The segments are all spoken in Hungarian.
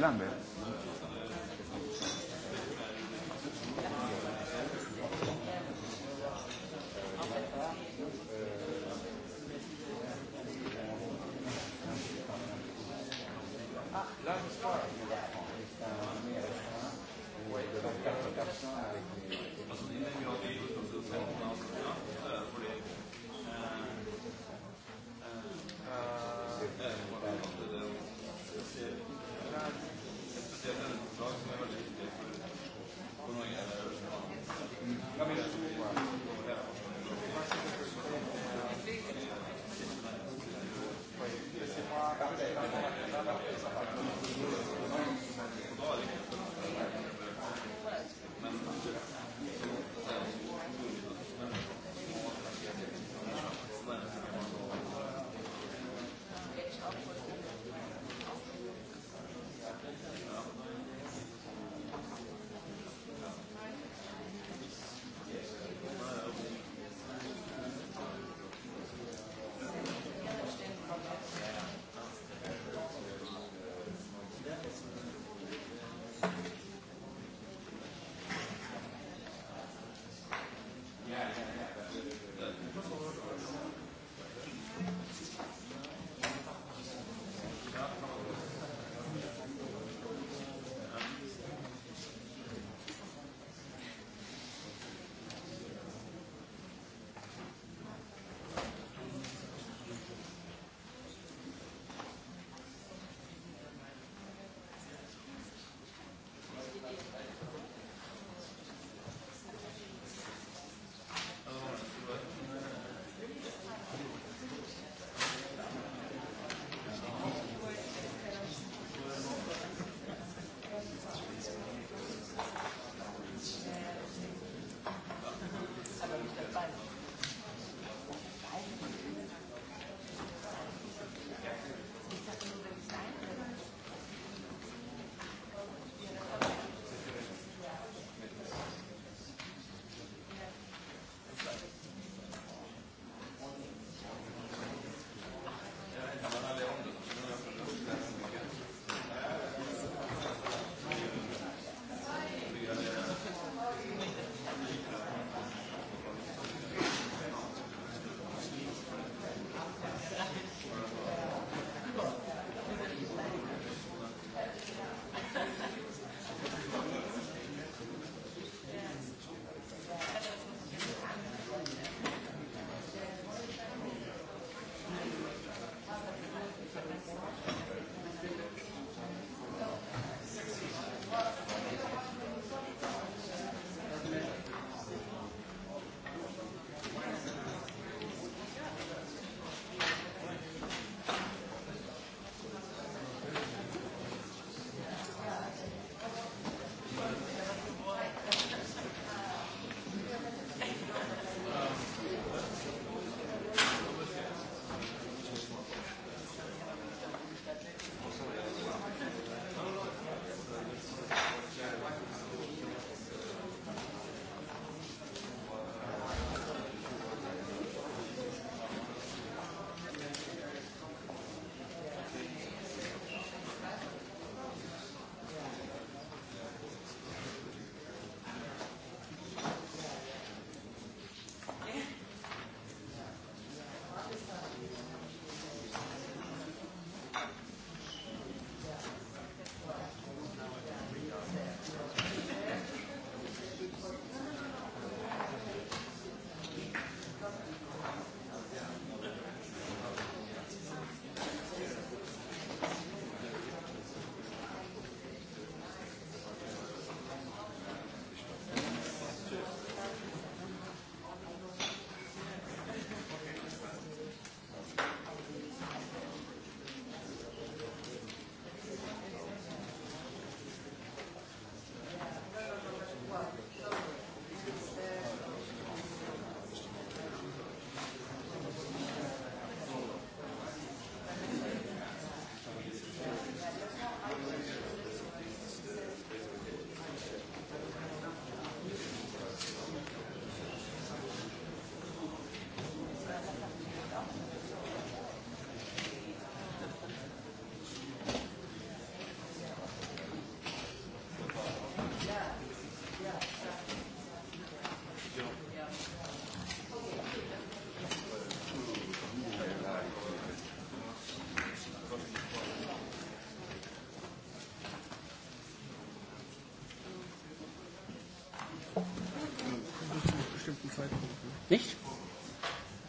Lambert.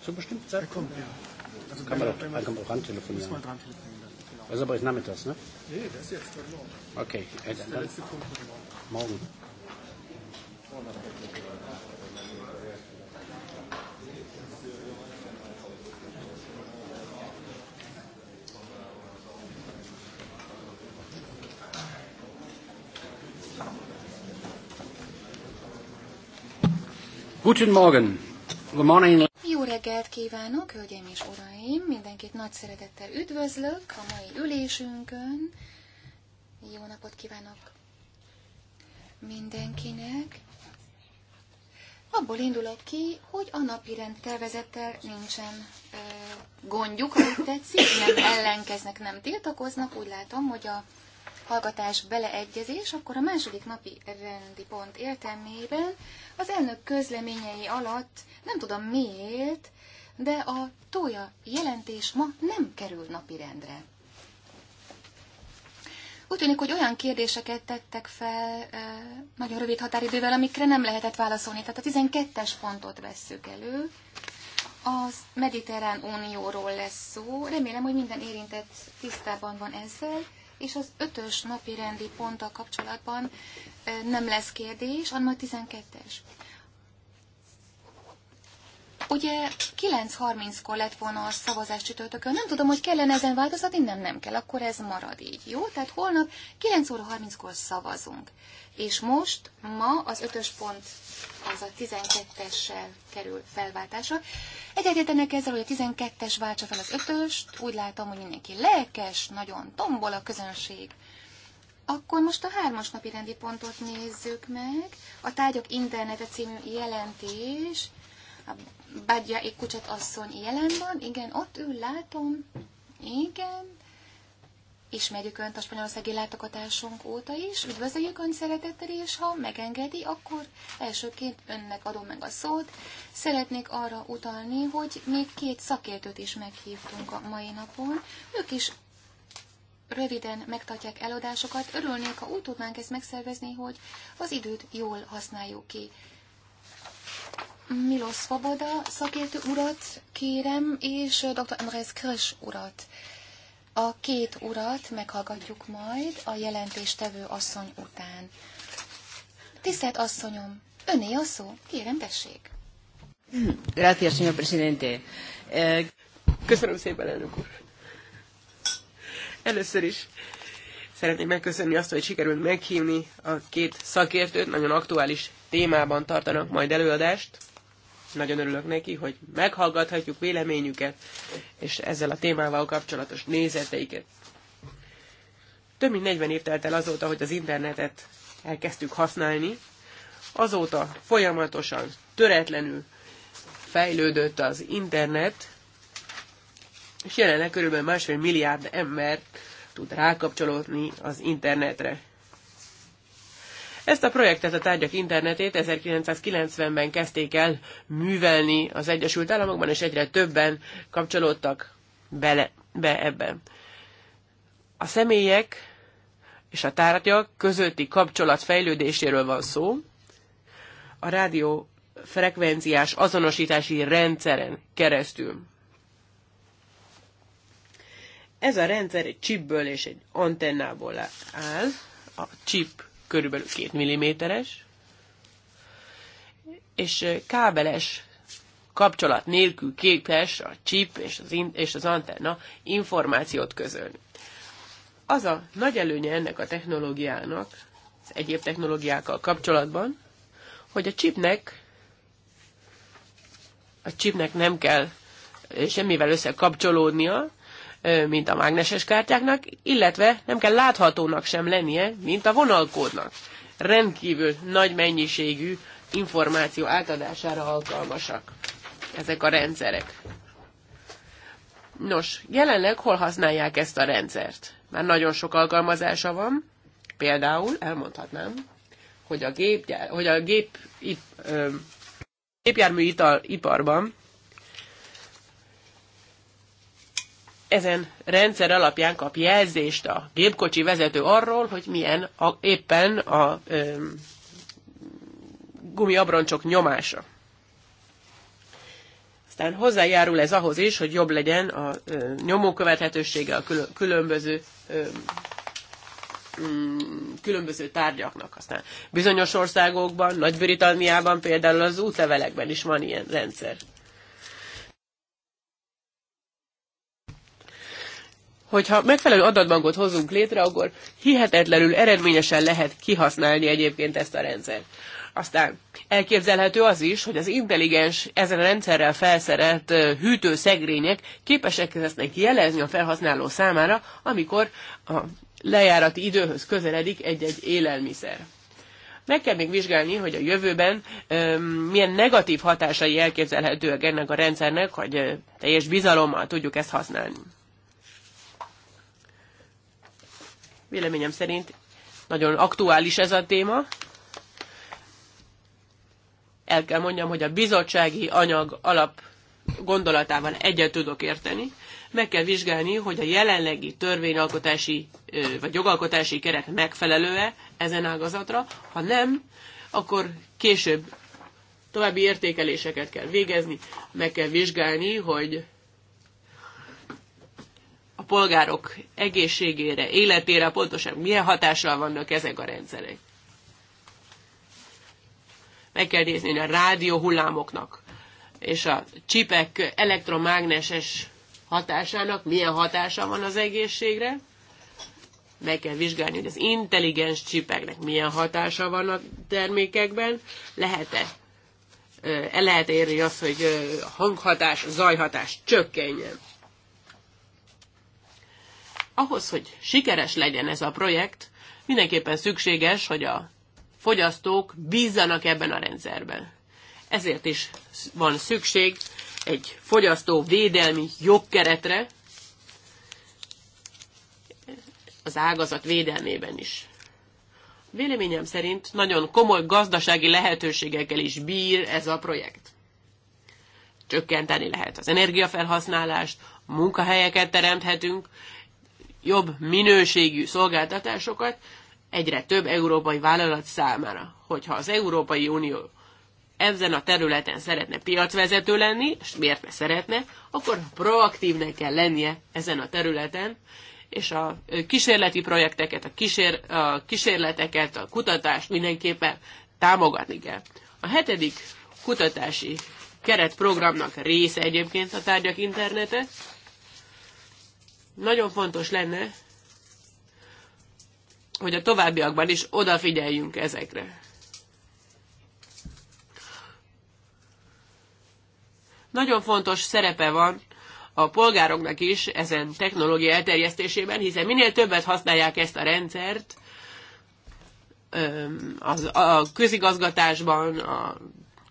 Zu bestimmten Zeitpunkt? Er kommt, ja. Also kann man doch, dran telefonieren. dran telefonieren. dann. Genau. Das ist aber nicht nachmittags, ne? Nee, das ist jetzt morgen. Okay. Äh, das ist der letzte Punkt für Morgen. Morgen. Guten Morgen. Good morning kívánok, hölgyeim és uraim! Mindenkit nagy szeretettel üdvözlök a mai ülésünkön. Jó napot kívánok mindenkinek. Abból indulok ki, hogy a napi rendtervezettel nincsen ö, gondjuk, ha tetszik, nem ellenkeznek, nem tiltakoznak. Úgy látom, hogy a hallgatás beleegyezés, akkor a második napi rendi pont értelmében az elnök közleményei alatt nem tudom miért, de a tója jelentés ma nem kerül napirendre. Úgy tűnik, hogy olyan kérdéseket tettek fel nagyon rövid határidővel, amikre nem lehetett válaszolni. Tehát a 12-es pontot vesszük elő. Az Mediterrán Unióról lesz szó. Remélem, hogy minden érintett tisztában van ezzel és az ötös napi rendi ponttal kapcsolatban nem lesz kérdés, hanem a 12-es. Ugye 9.30-kor lett volna a szavazás csütörtökön. Nem tudom, hogy kellene ezen változat, nem, nem kell, akkor ez marad így. Jó? Tehát holnap 9 óra 30-kor szavazunk. És most, ma az ötös pont, az a 12-essel kerül felváltásra. Egyetértenek ezzel, hogy a 12-es váltsa fel az ötöst. Úgy látom, hogy mindenki lelkes, nagyon tombol a közönség. Akkor most a hármas napi rendi pontot nézzük meg. A tárgyak internete című jelentés Badja kucsat asszony jelen van, igen, ott ül, látom, igen. Ismerjük Önt a spanyolországi látogatásunk óta is, üdvözöljük Önt szeretettel, és ha megengedi, akkor elsőként Önnek adom meg a szót. Szeretnék arra utalni, hogy még két szakértőt is meghívtunk a mai napon. Ők is röviden megtartják eladásokat. Örülnék, ha úgy tudnánk ezt megszervezni, hogy az időt jól használjuk ki. Milos Svoboda szakértő urat kérem, és dr. Andrés Krös urat. A két urat meghallgatjuk majd a jelentéstevő asszony után. Tisztelt asszonyom, öné a szó, kérem tessék. Gracias, señor presidente. Eh, Köszönöm szépen, elnök úr. Először is szeretném megköszönni azt, hogy sikerült meghívni a két szakértőt, nagyon aktuális témában tartanak majd előadást. Nagyon örülök neki, hogy meghallgathatjuk véleményüket, és ezzel a témával kapcsolatos nézeteiket. Több mint 40 év telt el azóta, hogy az internetet elkezdtük használni. Azóta folyamatosan, töretlenül fejlődött az internet, és jelenleg körülbelül másfél milliárd ember tud rákapcsolódni az internetre. Ezt a projektet, a tárgyak internetét 1990-ben kezdték el művelni az Egyesült Államokban, és egyre többen kapcsolódtak bele, be ebben. A személyek és a tárgyak közötti kapcsolat fejlődéséről van szó. A rádió frekvenciás azonosítási rendszeren keresztül. Ez a rendszer egy chipből és egy antennából áll. A chip körülbelül 2 milliméteres, és kábeles kapcsolat nélkül képes a chip és az, in- és az antenna információt közölni. Az a nagy előnye ennek a technológiának, az egyéb technológiákkal kapcsolatban, hogy a chipnek a chipnek nem kell semmivel összekapcsolódnia, mint a mágneses kártyáknak, illetve nem kell láthatónak sem lennie, mint a vonalkódnak. Rendkívül nagy mennyiségű információ átadására alkalmasak ezek a rendszerek. Nos, jelenleg hol használják ezt a rendszert? Már nagyon sok alkalmazása van. Például elmondhatnám, hogy a, gép, hogy a gép, ö, gépjármű ital, iparban ezen rendszer alapján kap jelzést a gépkocsi vezető arról, hogy milyen a, éppen a ö, gumiabroncsok nyomása. Aztán hozzájárul ez ahhoz is, hogy jobb legyen a ö, nyomókövethetősége a különböző ö, mm, különböző tárgyaknak. Aztán bizonyos országokban, Nagy-Britanniában például az útlevelekben is van ilyen rendszer. hogyha megfelelő adatbankot hozunk létre, akkor hihetetlenül eredményesen lehet kihasználni egyébként ezt a rendszert. Aztán elképzelhető az is, hogy az intelligens, ezen a rendszerrel felszerelt hűtőszegrények képesek lesznek jelezni a felhasználó számára, amikor a lejárati időhöz közeledik egy-egy élelmiszer. Meg kell még vizsgálni, hogy a jövőben um, milyen negatív hatásai elképzelhetőek ennek a rendszernek, hogy uh, teljes bizalommal tudjuk ezt használni. Véleményem szerint nagyon aktuális ez a téma. El kell mondjam, hogy a bizottsági anyag alap gondolatával egyet tudok érteni. Meg kell vizsgálni, hogy a jelenlegi törvényalkotási vagy jogalkotási keret megfelelő-e ezen ágazatra. Ha nem, akkor később további értékeléseket kell végezni, meg kell vizsgálni, hogy polgárok egészségére, életére pontosan milyen hatással vannak ezek a rendszerek. Meg kell nézni a rádió hullámoknak és a csipek elektromágneses hatásának milyen hatása van az egészségre. Meg kell vizsgálni, hogy az intelligens csipeknek milyen hatása van a termékekben. Lehet-e el lehet érni azt, hogy hanghatás, zajhatás csökkenjen ahhoz, hogy sikeres legyen ez a projekt, mindenképpen szükséges, hogy a fogyasztók bízzanak ebben a rendszerben. Ezért is van szükség egy fogyasztó védelmi jogkeretre, az ágazat védelmében is. Véleményem szerint nagyon komoly gazdasági lehetőségekkel is bír ez a projekt. Csökkenteni lehet az energiafelhasználást, munkahelyeket teremthetünk, jobb minőségű szolgáltatásokat egyre több európai vállalat számára. Hogyha az Európai Unió ezen a területen szeretne piacvezető lenni, és miért ne szeretne, akkor proaktívnek kell lennie ezen a területen, és a kísérleti projekteket, a, kísér, a kísérleteket, a kutatást mindenképpen támogatni kell. A hetedik kutatási keretprogramnak része egyébként a tárgyak internete, nagyon fontos lenne, hogy a továbbiakban is odafigyeljünk ezekre. Nagyon fontos szerepe van a polgároknak is ezen technológia elterjesztésében, hiszen minél többet használják ezt a rendszert, az, a közigazgatásban, a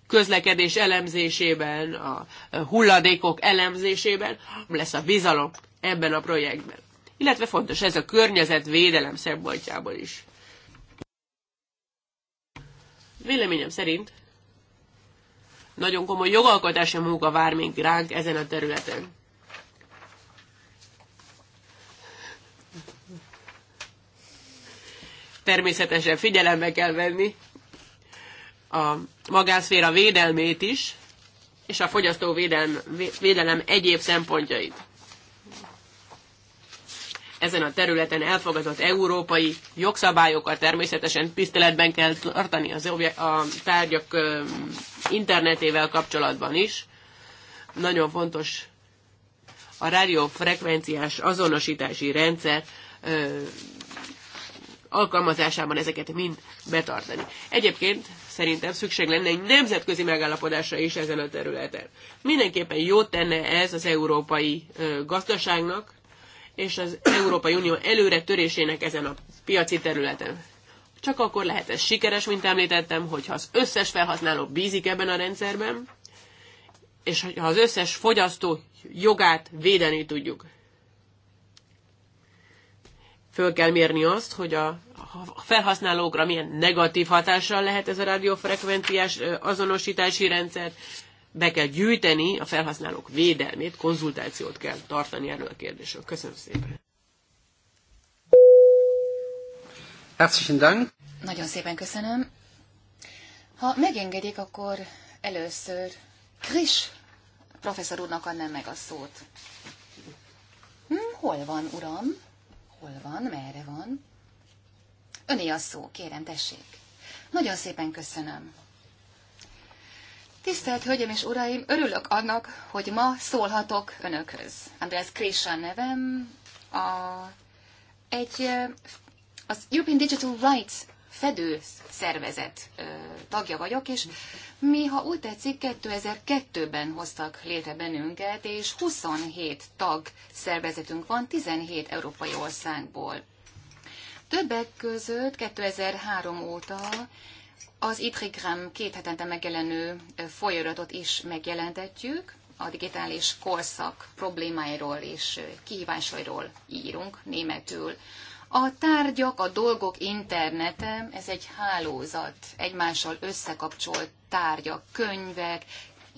közlekedés elemzésében, a hulladékok elemzésében lesz a bizalom ebben a projektben. Illetve fontos ez a környezetvédelem szempontjából is. Véleményem szerint nagyon komoly jogalkotási munka vár még ránk ezen a területen. Természetesen figyelembe kell venni a magánszféra védelmét is, és a fogyasztó védelem, védelem egyéb szempontjait ezen a területen elfogadott európai jogszabályokat természetesen tiszteletben kell tartani az a tárgyak internetével kapcsolatban is. Nagyon fontos a rádiófrekvenciás azonosítási rendszer alkalmazásában ezeket mind betartani. Egyébként szerintem szükség lenne egy nemzetközi megállapodásra is ezen a területen. Mindenképpen jót tenne ez az európai gazdaságnak, és az Európai Unió előre törésének ezen a piaci területen. Csak akkor lehet ez sikeres, mint említettem, hogyha az összes felhasználó bízik ebben a rendszerben, és ha az összes fogyasztó jogát védeni tudjuk. Föl kell mérni azt, hogy a felhasználókra milyen negatív hatással lehet ez a rádiófrekvenciás azonosítási rendszer, be kell gyűjteni a felhasználók védelmét, konzultációt kell tartani erről a kérdésről. Köszönöm szépen! Herzlichen Dank! Nagyon szépen köszönöm! Ha megengedik, akkor először Kris professzor úrnak adnám meg a szót. Hm, hol van, uram? Hol van? Merre van? Öné a szó, kérem, tessék. Nagyon szépen köszönöm. Tisztelt Hölgyeim és Uraim, örülök annak, hogy ma szólhatok Önökhöz. Andreas Krishan nevem, a, egy, az European Digital Rights fedő szervezet tagja vagyok, és mi, ha úgy tetszik, 2002-ben hoztak létre bennünket, és 27 tag szervezetünk van 17 európai országból. Többek között 2003 óta az Itrigram két hetente megjelenő folyóiratot is megjelentetjük, a digitális korszak problémáiról és kihívásairól írunk németül. A tárgyak, a dolgok internete, ez egy hálózat, egymással összekapcsolt tárgyak, könyvek,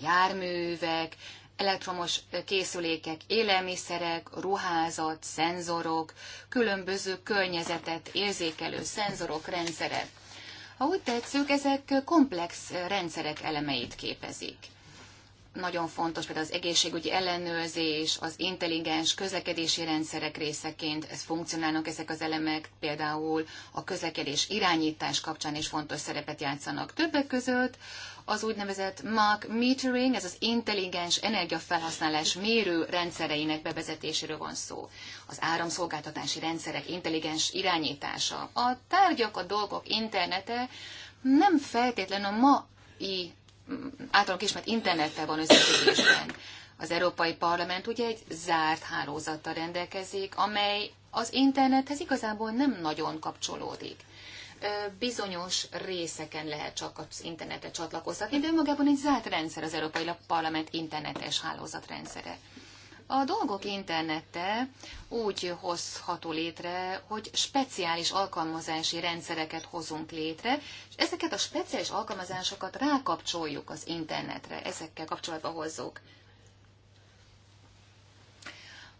járművek, elektromos készülékek, élelmiszerek, ruházat, szenzorok, különböző környezetet érzékelő szenzorok rendszere. Ha úgy tetszük, ezek komplex rendszerek elemeit képezik nagyon fontos, például az egészségügyi ellenőrzés, az intelligens közlekedési rendszerek részeként ez funkcionálnak ezek az elemek, például a közlekedés irányítás kapcsán is fontos szerepet játszanak. Többek között az úgynevezett MAC metering, ez az intelligens energiafelhasználás mérő rendszereinek bevezetéséről van szó. Az áramszolgáltatási rendszerek intelligens irányítása. A tárgyak, a dolgok internete nem feltétlenül a mai általunk ismert internettel van összefüggésben. Az Európai Parlament ugye egy zárt hálózattal rendelkezik, amely az internethez igazából nem nagyon kapcsolódik. Bizonyos részeken lehet csak az internetre csatlakoztatni, de önmagában egy zárt rendszer az Európai Parlament internetes hálózatrendszere. A dolgok internete úgy hozható létre, hogy speciális alkalmazási rendszereket hozunk létre, és ezeket a speciális alkalmazásokat rákapcsoljuk az internetre, ezekkel kapcsolatba hozzuk.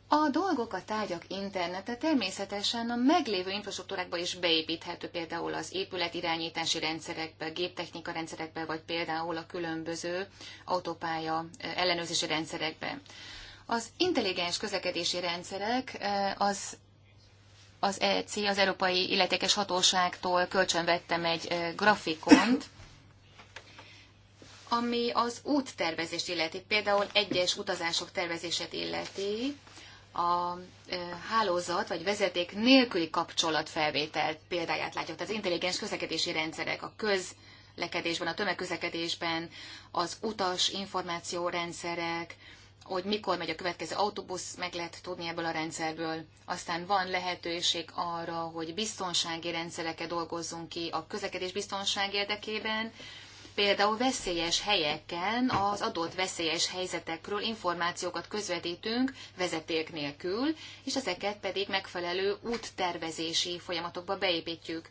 A dolgok, a tárgyak internete természetesen a meglévő infrastruktúrákba is beépíthető, például az épületirányítási rendszerekbe, géptechnika rendszerekbe, vagy például a különböző autópálya ellenőrzési rendszerekbe. Az intelligens közlekedési rendszerek az az EC, az Európai Illetékes Hatóságtól kölcsönvettem egy grafikont, ami az úttervezést illeti, például egyes utazások tervezését illeti, a hálózat vagy vezeték nélküli kapcsolatfelvétel példáját látjuk. Tehát az intelligens közlekedési rendszerek a közlekedésben, a tömegközlekedésben, az utas információrendszerek, hogy mikor megy a következő autóbusz, meg lehet tudni ebből a rendszerből. Aztán van lehetőség arra, hogy biztonsági rendszereket dolgozzunk ki a közlekedés biztonság érdekében, például veszélyes helyeken az adott veszélyes helyzetekről információkat közvetítünk vezeték nélkül, és ezeket pedig megfelelő úttervezési folyamatokba beépítjük.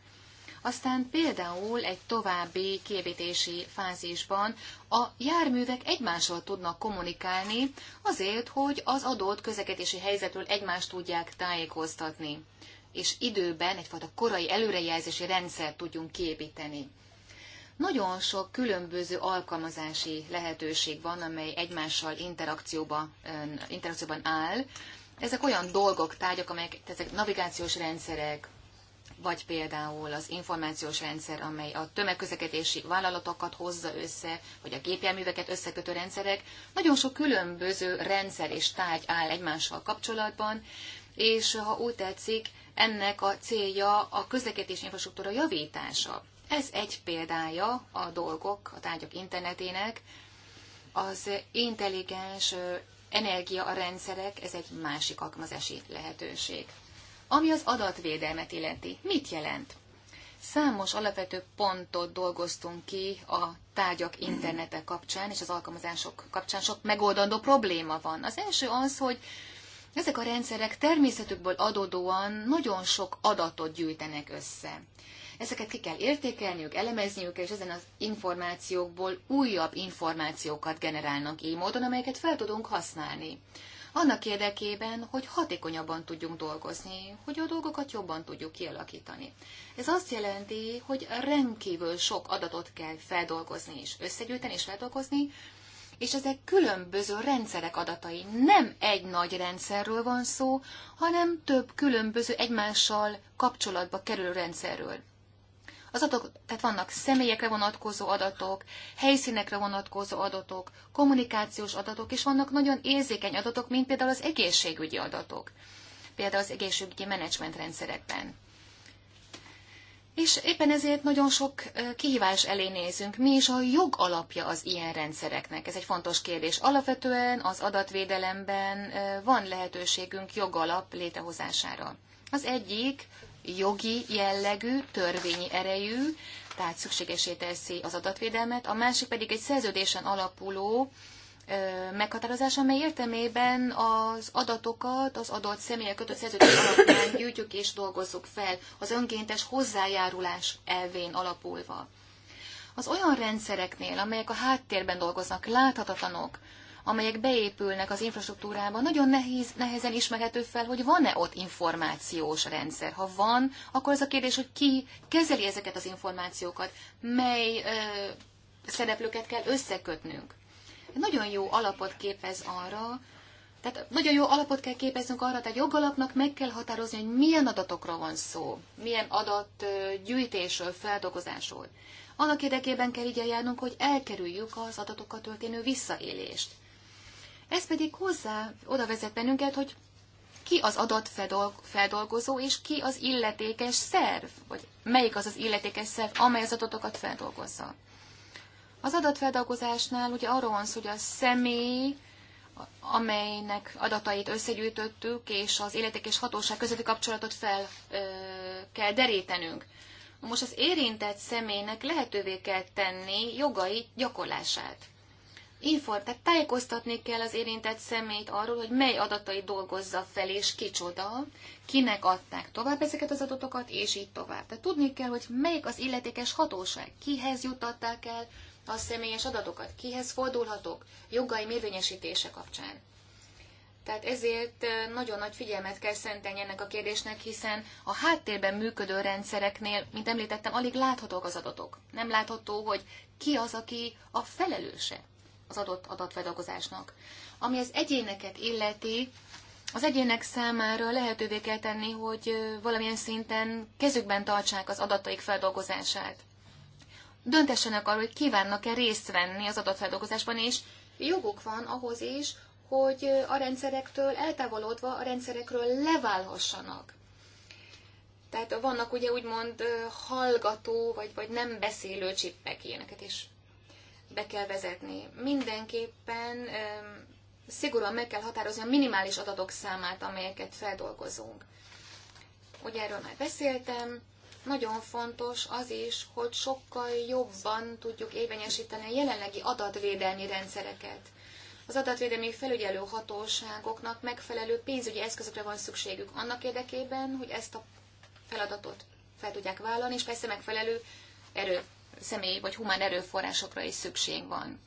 Aztán például egy további kiépítési fázisban a járművek egymással tudnak kommunikálni azért, hogy az adott közlekedési helyzetről egymást tudják tájékoztatni és időben egyfajta korai előrejelzési rendszert tudjunk kiépíteni. Nagyon sok különböző alkalmazási lehetőség van, amely egymással interakcióba, interakcióban áll. Ezek olyan dolgok, tárgyak, amelyek ezek navigációs rendszerek, vagy például az információs rendszer, amely a tömegközlekedési vállalatokat hozza össze, vagy a gépjárműveket összekötő rendszerek. Nagyon sok különböző rendszer és tárgy áll egymással kapcsolatban, és ha úgy tetszik, ennek a célja a közlekedési infrastruktúra javítása. Ez egy példája a dolgok, a tárgyak internetének, az intelligens energiarendszerek, ez egy másik alkalmazási lehetőség. Ami az adatvédelmet illeti, mit jelent? Számos alapvető pontot dolgoztunk ki a tárgyak internete kapcsán és az alkalmazások kapcsán sok megoldandó probléma van. Az első az, hogy ezek a rendszerek természetükből adódóan nagyon sok adatot gyűjtenek össze. Ezeket ki kell értékelniük, elemezniük, és ezen az információkból újabb információkat generálnak így módon, amelyeket fel tudunk használni annak érdekében, hogy hatékonyabban tudjunk dolgozni, hogy a dolgokat jobban tudjuk kialakítani. Ez azt jelenti, hogy rendkívül sok adatot kell feldolgozni és összegyűjteni és feldolgozni, és ezek különböző rendszerek adatai. Nem egy nagy rendszerről van szó, hanem több különböző egymással kapcsolatba kerülő rendszerről. Az adatok, tehát vannak személyekre vonatkozó adatok, helyszínekre vonatkozó adatok, kommunikációs adatok, és vannak nagyon érzékeny adatok, mint például az egészségügyi adatok, például az egészségügyi menedzsmentrendszerekben. És éppen ezért nagyon sok kihívás elé nézünk. Mi is a jog alapja az ilyen rendszereknek? Ez egy fontos kérdés. Alapvetően az adatvédelemben van lehetőségünk jogalap létrehozására. Az egyik jogi jellegű, törvényi erejű, tehát szükségesé teszi az adatvédelmet, a másik pedig egy szerződésen alapuló meghatározás, amely értelmében az adatokat az adott személyek kötött szerződés alapján gyűjtjük és dolgozzuk fel, az önkéntes hozzájárulás elvén alapulva. Az olyan rendszereknél, amelyek a háttérben dolgoznak, láthatatlanok, amelyek beépülnek az infrastruktúrába, nagyon nehéz, nehezen ismerhető fel, hogy van-e ott információs rendszer. Ha van, akkor az a kérdés, hogy ki kezeli ezeket az információkat, mely ö, szereplőket kell összekötnünk. Nagyon jó alapot képez arra, tehát nagyon jó alapot kell képeznünk arra, tehát jogalapnak meg kell határozni, hogy milyen adatokra van szó, milyen adatgyűjtésről, feldolgozásról. Annak érdekében kell így eljárnunk, hogy elkerüljük az adatokkal történő visszaélést. Ez pedig hozzá oda vezet bennünket, hogy ki az adatfeldolgozó, és ki az illetékes szerv, vagy melyik az az illetékes szerv, amely az adatokat feldolgozza. Az adatfeldolgozásnál ugye arról van szó, hogy a személy, amelynek adatait összegyűjtöttük, és az illetékes hatóság közötti kapcsolatot fel ö, kell derítenünk. Most az érintett személynek lehetővé kell tenni jogait gyakorlását inform, tehát tájékoztatni kell az érintett személyt arról, hogy mely adatai dolgozza fel, és kicsoda, kinek adták tovább ezeket az adatokat, és így tovább. Tehát tudni kell, hogy melyik az illetékes hatóság, kihez juttatták el a személyes adatokat, kihez fordulhatok jogai mérvényesítése kapcsán. Tehát ezért nagyon nagy figyelmet kell szentelni ennek a kérdésnek, hiszen a háttérben működő rendszereknél, mint említettem, alig láthatók az adatok. Nem látható, hogy ki az, aki a felelőse az adott adatfeldolgozásnak. Ami az egyéneket illeti, az egyének számára lehetővé kell tenni, hogy valamilyen szinten kezükben tartsák az adataik feldolgozását. Döntessenek arról, hogy kívánnak-e részt venni az adatfeldolgozásban, és joguk van ahhoz is, hogy a rendszerektől eltávolodva a rendszerekről leválhassanak. Tehát vannak ugye úgymond hallgató, vagy, vagy nem beszélő csippek ilyeneket, és be kell vezetni. Mindenképpen szigorúan meg kell határozni a minimális adatok számát, amelyeket feldolgozunk. Ugye erről már beszéltem, nagyon fontos az is, hogy sokkal jobban tudjuk érvényesíteni a jelenlegi adatvédelmi rendszereket. Az adatvédelmi felügyelő hatóságoknak megfelelő pénzügyi eszközökre van szükségük annak érdekében, hogy ezt a feladatot fel tudják vállalni, és persze megfelelő erő személyi vagy humán erőforrásokra is szükség van.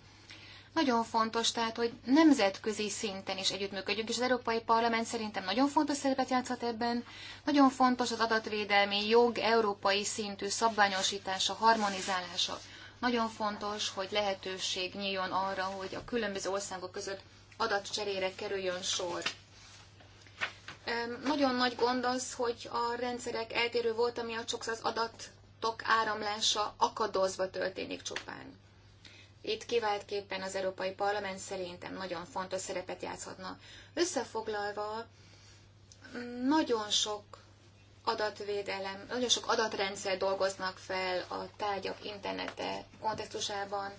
Nagyon fontos tehát, hogy nemzetközi szinten is együttműködjünk, és az Európai Parlament szerintem nagyon fontos szerepet játszhat ebben. Nagyon fontos az adatvédelmi jog európai szintű szabványosítása, harmonizálása. Nagyon fontos, hogy lehetőség nyíljon arra, hogy a különböző országok között adatcserére kerüljön sor. Nagyon nagy gond az, hogy a rendszerek eltérő volt, ami a sokszor az adat adatok áramlása akadozva történik csupán. Itt kiváltképpen az Európai Parlament szerintem nagyon fontos szerepet játszhatna. Összefoglalva, nagyon sok adatvédelem, nagyon sok adatrendszer dolgoznak fel a tárgyak internete kontextusában.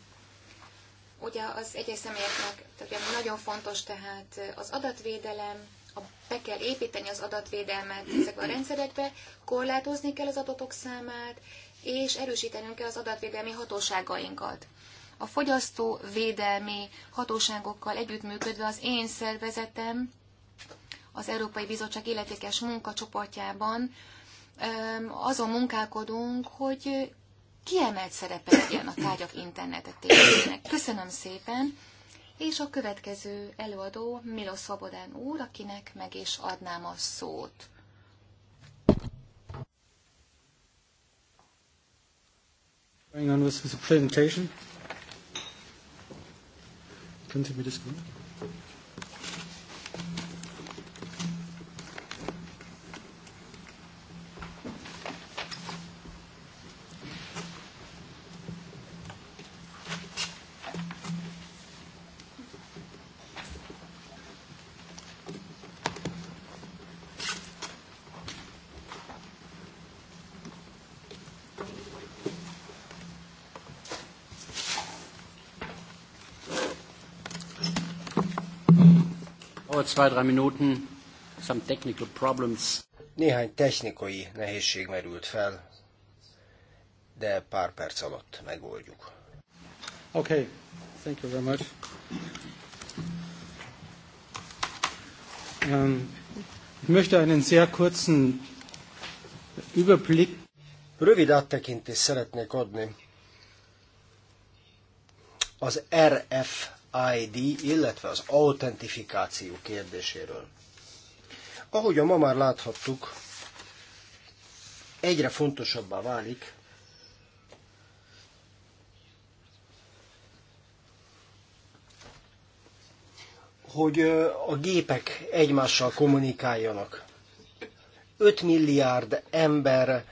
Ugye az egyes személyeknek nagyon fontos tehát az adatvédelem, be kell építeni az adatvédelmet ezekbe a rendszerekbe, korlátozni kell az adatok számát, és erősítenünk kell az adatvédelmi hatóságainkat. A fogyasztó védelmi hatóságokkal együttműködve az én szervezetem az Európai Bizottság illetékes munkacsoportjában azon munkálkodunk, hogy kiemelt szerepe legyen a tárgyak internetet Köszönöm szépen! és a következő előadó Milo Szabodán úr, akinek meg is adnám a szót. Going on with the presentation. Can you see me das gut? zwei, drei Minuten. Some technical problems. Néhány technikai nehézség merült fel, de pár perc alatt megoldjuk. Okay, thank you very much. Um, ich möchte einen sehr kurzen Überblick. Rövid áttekintést szeretnék adni az RF ID, illetve az autentifikáció kérdéséről. Ahogy a ma már láthattuk, egyre fontosabbá válik, hogy a gépek egymással kommunikáljanak. 5 milliárd ember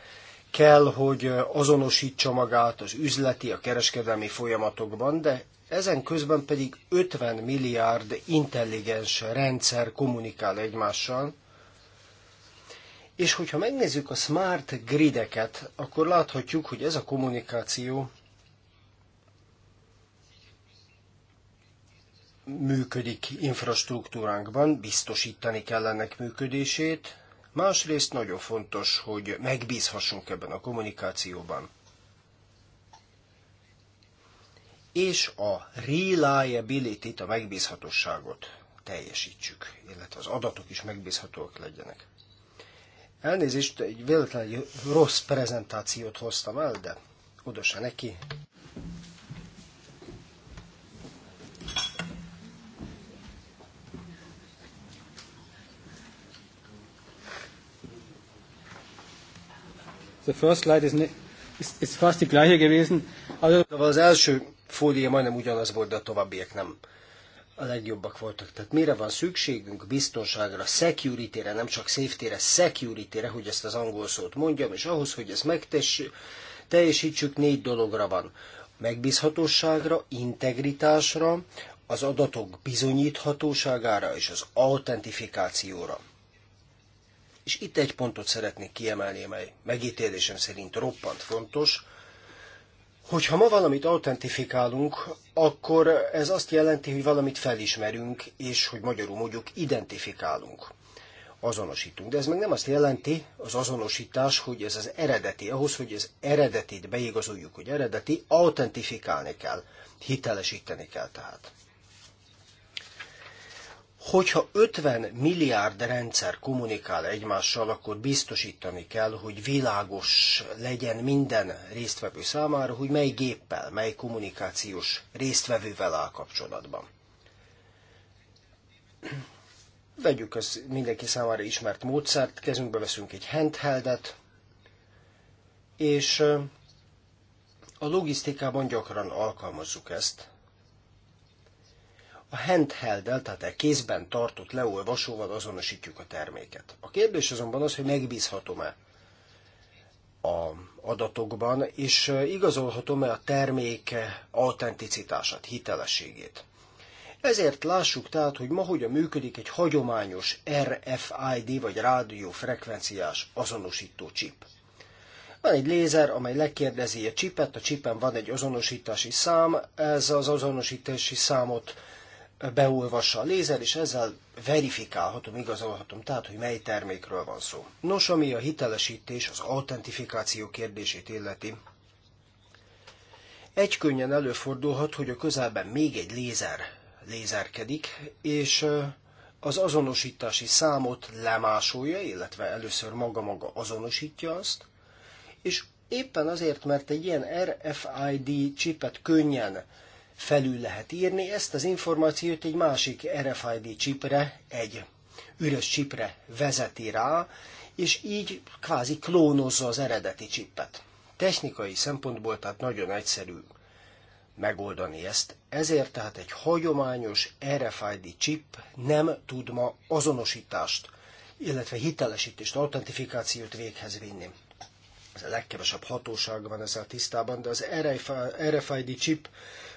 kell, hogy azonosítsa magát az üzleti, a kereskedelmi folyamatokban, de ezen közben pedig 50 milliárd intelligens rendszer kommunikál egymással, és hogyha megnézzük a smart grideket, akkor láthatjuk, hogy ez a kommunikáció működik infrastruktúránkban, biztosítani kell ennek működését. Másrészt nagyon fontos, hogy megbízhassunk ebben a kommunikációban. és a reliability-t, a megbízhatóságot teljesítsük, illetve az adatok is megbízhatóak legyenek. Elnézést, egy véletlenül rossz prezentációt hoztam el, de oda se neki. The first slide is, is, is fast die gleiche gewesen. Also az első fólia majdnem ugyanaz volt, de a továbbiak nem a legjobbak voltak. Tehát mire van szükségünk? Biztonságra, security-re, nem csak safety-re, security-re, hogy ezt az angol szót mondjam, és ahhoz, hogy ezt megtessük, teljesítsük, négy dologra van. Megbízhatóságra, integritásra, az adatok bizonyíthatóságára és az autentifikációra. És itt egy pontot szeretnék kiemelni, mely megítélésem szerint roppant fontos, Hogyha ma valamit autentifikálunk, akkor ez azt jelenti, hogy valamit felismerünk, és hogy magyarul mondjuk identifikálunk, azonosítunk. De ez meg nem azt jelenti, az azonosítás, hogy ez az eredeti. Ahhoz, hogy az eredetit beigazoljuk, hogy eredeti, autentifikálni kell, hitelesíteni kell tehát. Hogyha 50 milliárd rendszer kommunikál egymással, akkor biztosítani kell, hogy világos legyen minden résztvevő számára, hogy mely géppel, mely kommunikációs résztvevővel áll kapcsolatban. Vegyük az mindenki számára ismert módszert, kezünkbe veszünk egy handheldet, és a logisztikában gyakran alkalmazzuk ezt, a handheld tehát a kézben tartott leolvasóval azonosítjuk a terméket. A kérdés azonban az, hogy megbízhatom-e a adatokban, és igazolhatom-e a termék autenticitását, hitelességét. Ezért lássuk tehát, hogy ma hogyan működik egy hagyományos RFID vagy rádiófrekvenciás azonosító csip. Van egy lézer, amely lekérdezi a csipet, a csipen van egy azonosítási szám, ez az azonosítási számot beolvassa a lézer, és ezzel verifikálhatom, igazolhatom, tehát, hogy mely termékről van szó. Nos, ami a hitelesítés, az autentifikáció kérdését illeti, egy könnyen előfordulhat, hogy a közelben még egy lézer lézerkedik, és az azonosítási számot lemásolja, illetve először maga-maga azonosítja azt, és éppen azért, mert egy ilyen RFID csipet könnyen felül lehet írni, ezt az információt egy másik RFID csipre, egy üres csipre vezeti rá, és így kvázi klónozza az eredeti csippet. Technikai szempontból tehát nagyon egyszerű megoldani ezt, ezért tehát egy hagyományos RFID chip nem tud ma azonosítást, illetve hitelesítést, autentifikációt véghez vinni. Ez a legkevesebb hatóság van ezzel tisztában, de az RFID chip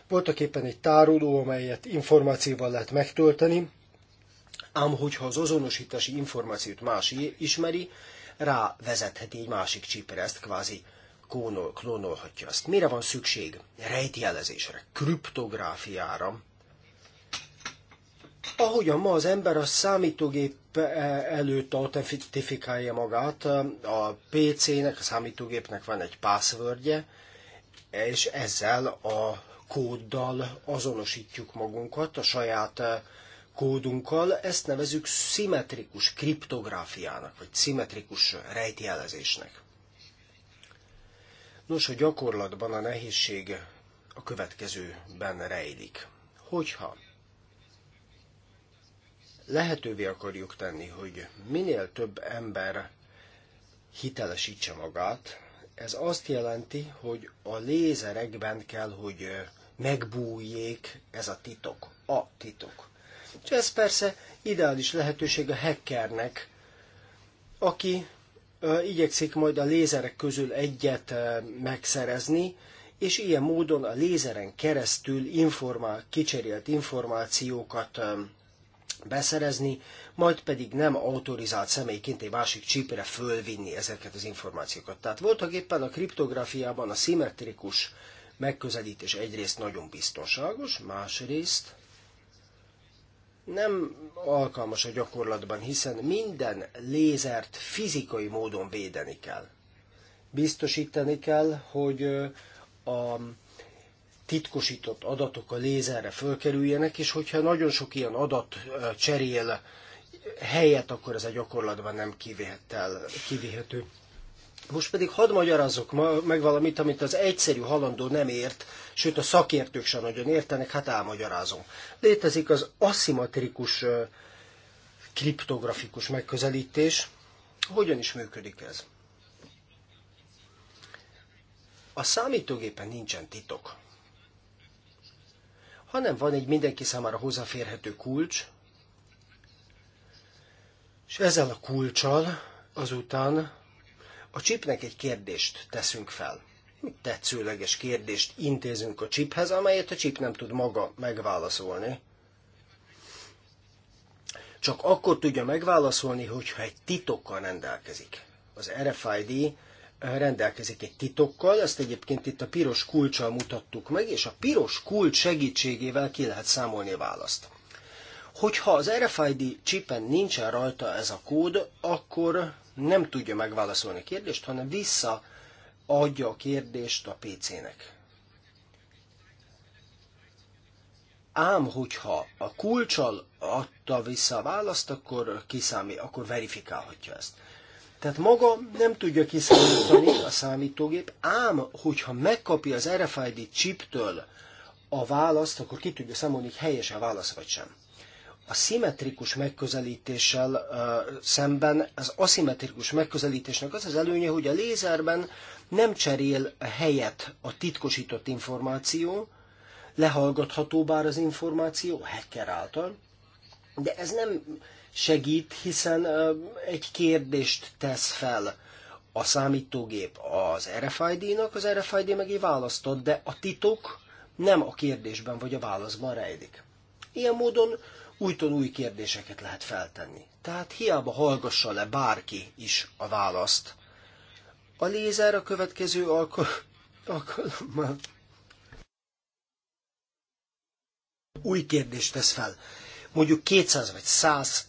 voltak éppen egy tároló, amelyet információval lehet megtölteni, ám hogyha az azonosítási információt más ismeri, rá vezetheti egy másik csípre, ezt kvázi kónol, klónolhatja azt. Mire van szükség? Rejtjelezésre, kriptográfiára. Ahogyan ma az ember a számítógép e, előtt autentifikálja magát, a PC-nek, a számítógépnek van egy passwordje, és ezzel a kóddal azonosítjuk magunkat, a saját eh, kódunkkal, ezt nevezük szimmetrikus kriptográfiának, vagy szimmetrikus rejtjelezésnek. Nos, a gyakorlatban a nehézség a következőben rejlik. Hogyha lehetővé akarjuk tenni, hogy minél több ember hitelesítse magát, ez azt jelenti, hogy a lézerekben kell, hogy megbújjék ez a titok, a titok. És ez persze ideális lehetőség a hackernek, aki igyekszik majd a lézerek közül egyet megszerezni, és ilyen módon a lézeren keresztül informál, kicserélt információkat beszerezni, majd pedig nem autorizált személyként egy másik csípre fölvinni ezeket az információkat. Tehát voltak éppen a kriptográfiában a szimmetrikus megközelítés egyrészt nagyon biztonságos, másrészt nem alkalmas a gyakorlatban, hiszen minden lézert fizikai módon védeni kell. Biztosítani kell, hogy a titkosított adatok a lézerre fölkerüljenek, és hogyha nagyon sok ilyen adat cserél helyet, akkor ez a gyakorlatban nem kivéhető. Most pedig hadd magyarázzok meg valamit, amit az egyszerű halandó nem ért, sőt a szakértők sem nagyon értenek, hát elmagyarázom. Létezik az aszimmetrikus kriptografikus megközelítés. Hogyan is működik ez? A számítógépen nincsen titok hanem van egy mindenki számára hozzáférhető kulcs, és ezzel a kulcsal azután a csipnek egy kérdést teszünk fel. Tetszőleges kérdést intézünk a csiphez, amelyet a csip nem tud maga megválaszolni. Csak akkor tudja megválaszolni, hogyha egy titokkal rendelkezik. Az RFID rendelkezik egy titokkal, ezt egyébként itt a piros kulcsal mutattuk meg, és a piros kulcs segítségével ki lehet számolni a választ. Hogyha az RFID csipen nincsen rajta ez a kód, akkor nem tudja megválaszolni a kérdést, hanem visszaadja a kérdést a PC-nek. Ám, hogyha a kulcsal adta vissza a választ, akkor kiszámít, akkor verifikálhatja ezt. Tehát maga nem tudja kiszámítani a számítógép, ám hogyha megkapja az RFID chiptől a választ, akkor ki tudja számolni, hogy helyes a válasz vagy sem. A szimmetrikus megközelítéssel uh, szemben az aszimmetrikus megközelítésnek az az előnye, hogy a lézerben nem cserél helyet a titkosított információ, lehallgatható bár az információ hacker által, de ez nem segít, hiszen egy kérdést tesz fel a számítógép az RFID-nak, az RFID meg egy választ ad, de a titok nem a kérdésben vagy a válaszban rejlik. Ilyen módon újton új kérdéseket lehet feltenni. Tehát hiába hallgassa le bárki is a választ. A lézer a következő alkalommal új kérdést tesz fel. Mondjuk 200 vagy 100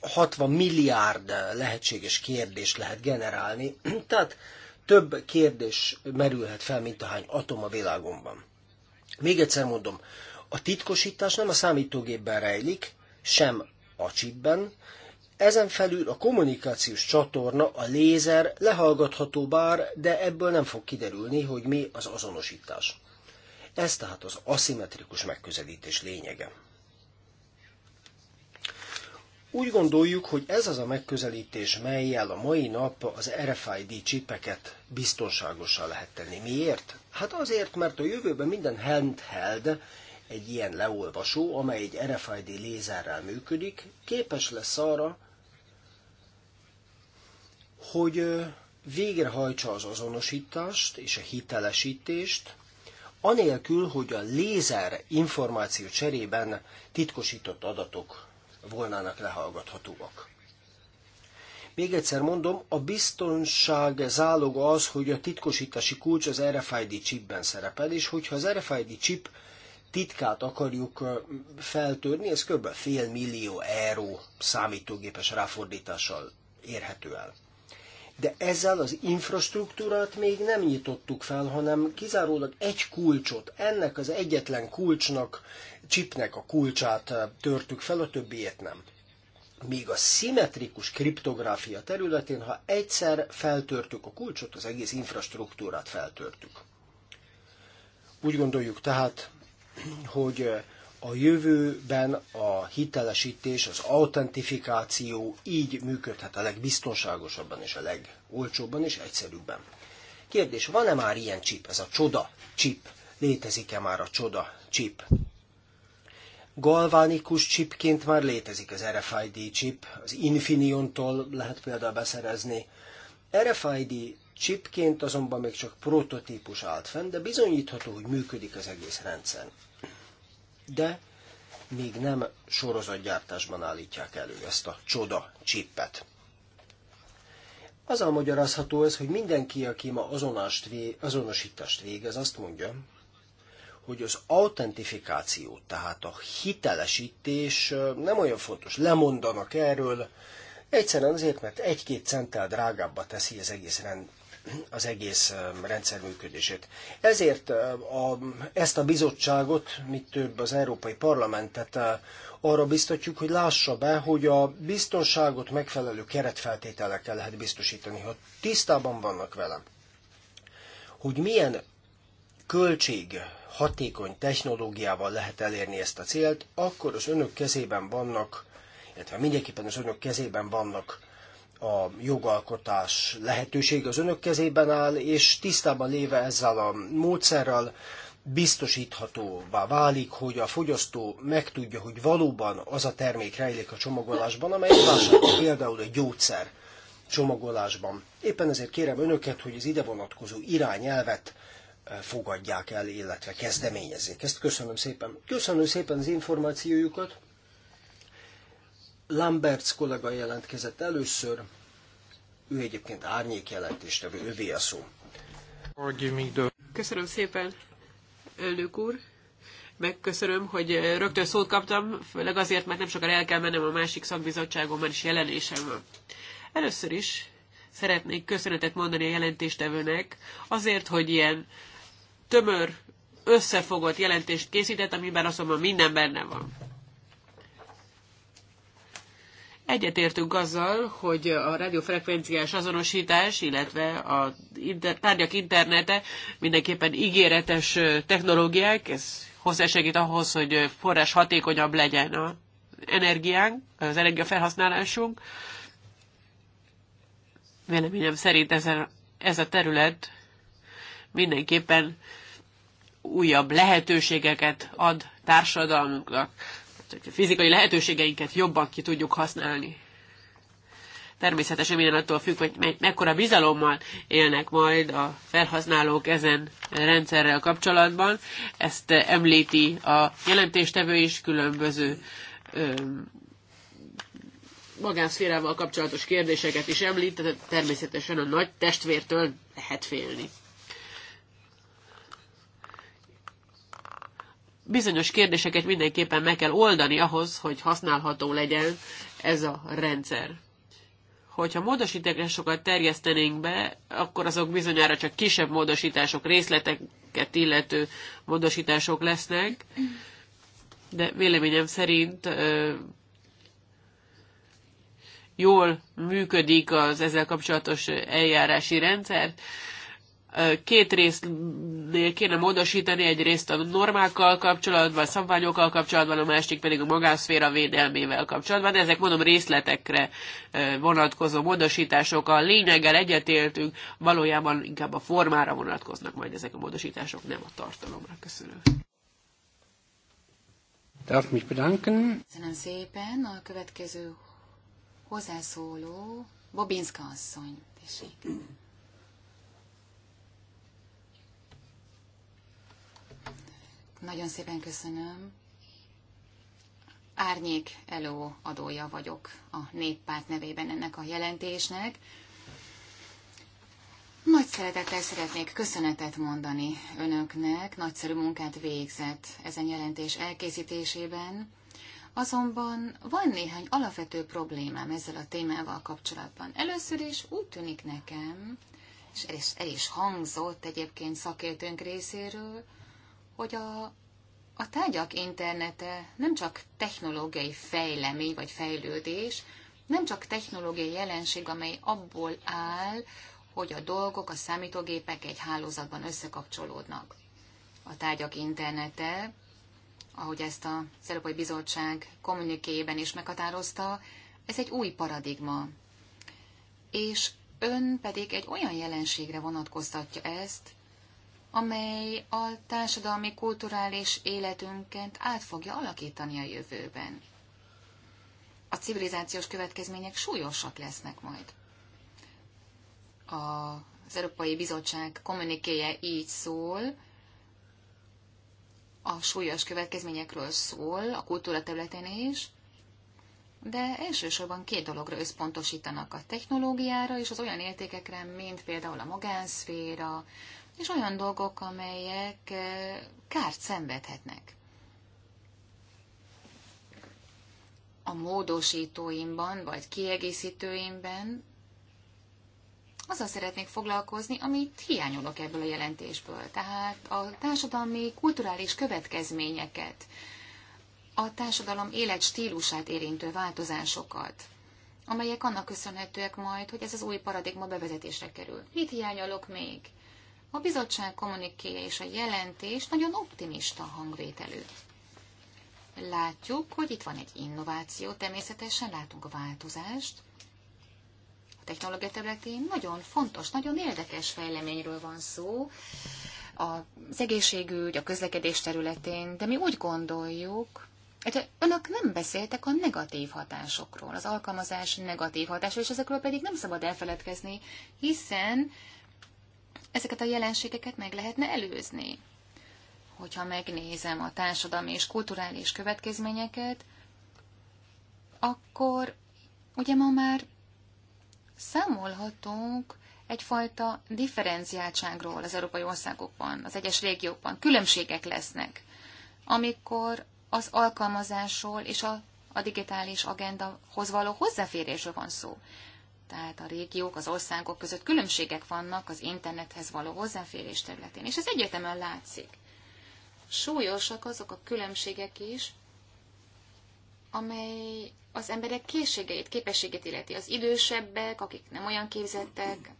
60 milliárd lehetséges kérdést lehet generálni, tehát több kérdés merülhet fel, mint ahány atom a világomban. Még egyszer mondom, a titkosítás nem a számítógépben rejlik, sem a chipben, ezen felül a kommunikációs csatorna, a lézer lehallgatható bár, de ebből nem fog kiderülni, hogy mi az azonosítás. Ez tehát az aszimmetrikus megközelítés lényege. Úgy gondoljuk, hogy ez az a megközelítés, melyel a mai nap az RFID csipeket biztonságosan lehet tenni. Miért? Hát azért, mert a jövőben minden handheld, egy ilyen leolvasó, amely egy RFID lézerrel működik, képes lesz arra, hogy végrehajtsa az azonosítást és a hitelesítést, anélkül, hogy a lézer információ cserében titkosított adatok volnának lehallgathatóak. Még egyszer mondom, a biztonság záloga az, hogy a titkosítási kulcs az RFID chipben szerepel, és hogyha az RFID chip titkát akarjuk feltörni, ez kb. fél millió euró számítógépes ráfordítással érhető el. De ezzel az infrastruktúrát még nem nyitottuk fel, hanem kizárólag egy kulcsot, ennek az egyetlen kulcsnak csipnek a kulcsát törtük fel, a többiét nem. Míg a szimmetrikus kriptográfia területén, ha egyszer feltörtük a kulcsot, az egész infrastruktúrát feltörtük. Úgy gondoljuk tehát, hogy a jövőben a hitelesítés, az autentifikáció így működhet a legbiztonságosabban és a legolcsóbban és egyszerűbben. Kérdés, van-e már ilyen csip, ez a csoda csip? Létezik-e már a csoda csip? galvánikus chipként már létezik az RFID chip, az Infineon-tól lehet például beszerezni. RFID chipként azonban még csak prototípus állt fenn, de bizonyítható, hogy működik az egész rendszer. De még nem sorozatgyártásban állítják elő ezt a csoda csippet. Azzal magyarázható ez, hogy mindenki, aki ma azonosítást végez, azt mondja, hogy az autentifikáció, tehát a hitelesítés nem olyan fontos. Lemondanak erről, egyszerűen azért, mert egy-két centtel drágábbá teszi az egész rend, az egész rendszer működését. Ezért a, ezt a bizottságot, mit több az Európai Parlamentet arra biztatjuk, hogy lássa be, hogy a biztonságot megfelelő keretfeltételekkel lehet biztosítani, ha tisztában vannak velem, hogy milyen költség hatékony technológiával lehet elérni ezt a célt, akkor az önök kezében vannak, illetve mindenképpen az önök kezében vannak a jogalkotás lehetőség az önök kezében áll, és tisztában léve ezzel a módszerrel biztosíthatóvá válik, hogy a fogyasztó megtudja, hogy valóban az a termék rejlik a csomagolásban, amely vásárol például egy gyógyszer csomagolásban. Éppen ezért kérem önöket, hogy az ide vonatkozó irányelvet fogadják el, illetve kezdeményezzék. Ezt köszönöm szépen. Köszönöm szépen az információjukat. Lamberts kollega jelentkezett először, ő egyébként árnyék jelentéstevő, ővé a szó. Köszönöm szépen, elnök úr. Megköszönöm, hogy rögtön szót kaptam, főleg azért, mert nem sokára el kell mennem a másik szakbizottságomban is jelenésem van. Először is szeretnék köszönetet mondani a jelentéstevőnek azért, hogy ilyen tömör, összefogott jelentést készített, amiben azonban minden benne van. Egyetértünk azzal, hogy a rádiófrekvenciás azonosítás, illetve a inter- tárgyak internete mindenképpen ígéretes technológiák, ez hozzásegít ahhoz, hogy forrás hatékonyabb legyen a energiánk, az energiafelhasználásunk. Véleményem szerint ezen, ez a terület mindenképpen újabb lehetőségeket ad társadalmunknak, hogy a fizikai lehetőségeinket jobban ki tudjuk használni. Természetesen minden attól függ, hogy mekkora bizalommal élnek majd a felhasználók ezen rendszerrel kapcsolatban. Ezt említi a jelentéstevő is különböző magánszférával kapcsolatos kérdéseket is említ, tehát természetesen a nagy testvértől lehet félni. bizonyos kérdéseket mindenképpen meg kell oldani ahhoz, hogy használható legyen ez a rendszer. Hogyha módosításokat terjesztenénk be, akkor azok bizonyára csak kisebb módosítások, részleteket illető módosítások lesznek, de véleményem szerint jól működik az ezzel kapcsolatos eljárási rendszer, két részt kéne módosítani, egy részt a normákkal kapcsolatban, a szabványokkal kapcsolatban, a másik pedig a magánszféra védelmével kapcsolatban. De ezek mondom részletekre vonatkozó módosítások. A lényeggel egyetértünk, valójában inkább a formára vonatkoznak majd ezek a módosítások, nem a tartalomra. Köszönöm. Darf mich bedanken. Köszönöm szépen. A következő hozzászóló Bobinska asszony. Tessék. Nagyon szépen köszönöm. Árnyék előadója vagyok a néppárt nevében ennek a jelentésnek. Nagy szeretettel szeretnék köszönetet mondani önöknek, nagyszerű munkát végzett ezen jelentés elkészítésében. Azonban van néhány alapvető problémám ezzel a témával kapcsolatban. Először is úgy tűnik nekem, és el is, el is hangzott egyébként szakértőnk részéről, hogy a, a tárgyak internete nem csak technológiai fejlemény vagy fejlődés, nem csak technológiai jelenség, amely abból áll, hogy a dolgok, a számítógépek egy hálózatban összekapcsolódnak. A tárgyak internete, ahogy ezt a Európai Bizottság kommunikében is meghatározta, ez egy új paradigma. És ön pedig egy olyan jelenségre vonatkoztatja ezt, amely a társadalmi, kulturális életünket át fogja alakítani a jövőben. A civilizációs következmények súlyosak lesznek majd. Az Európai Bizottság kommunikéje így szól, a súlyos következményekről szól, a kultúra területén is, de elsősorban két dologra összpontosítanak a technológiára és az olyan értékekre, mint például a magánszféra, és olyan dolgok, amelyek kárt szenvedhetnek. A módosítóimban, vagy kiegészítőimben azzal szeretnék foglalkozni, amit hiányolok ebből a jelentésből. Tehát a társadalmi, kulturális következményeket, a társadalom életstílusát érintő változásokat, amelyek annak köszönhetőek majd, hogy ez az új paradigma bevezetésre kerül. Mit hiányolok még? A bizottság kommunikéje és a jelentés nagyon optimista hangvételű. Látjuk, hogy itt van egy innováció, természetesen látunk a változást. A technológia területén nagyon fontos, nagyon érdekes fejleményről van szó az egészségügy, a közlekedés területén, de mi úgy gondoljuk, hát, hogy önök nem beszéltek a negatív hatásokról, az alkalmazás negatív hatásról, és ezekről pedig nem szabad elfeledkezni, hiszen ezeket a jelenségeket meg lehetne előzni. Hogyha megnézem a társadalmi és kulturális következményeket, akkor ugye ma már számolhatunk egyfajta differenciáltságról az európai országokban, az egyes régiókban. Különbségek lesznek, amikor az alkalmazásról és a, a digitális agendahoz való hozzáférésről van szó tehát a régiók, az országok között különbségek vannak az internethez való hozzáférés területén, és ez egyértelműen látszik. Súlyosak azok a különbségek is, amely az emberek készségeit, képességét illeti. Az idősebbek, akik nem olyan képzettek,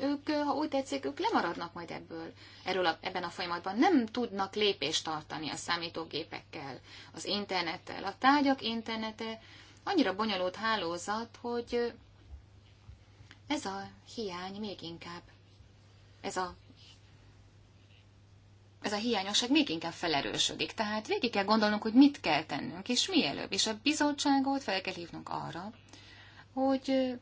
ők, ha úgy tetszik, ők lemaradnak majd ebből, erről a, ebben a folyamatban. Nem tudnak lépést tartani a számítógépekkel, az internettel. A tárgyak internete annyira bonyolult hálózat, hogy ez a hiány még inkább, ez a, ez a hiányosság még inkább felerősödik. Tehát végig kell gondolnunk, hogy mit kell tennünk, és mielőbb. És a bizottságot fel kell hívnunk arra, hogy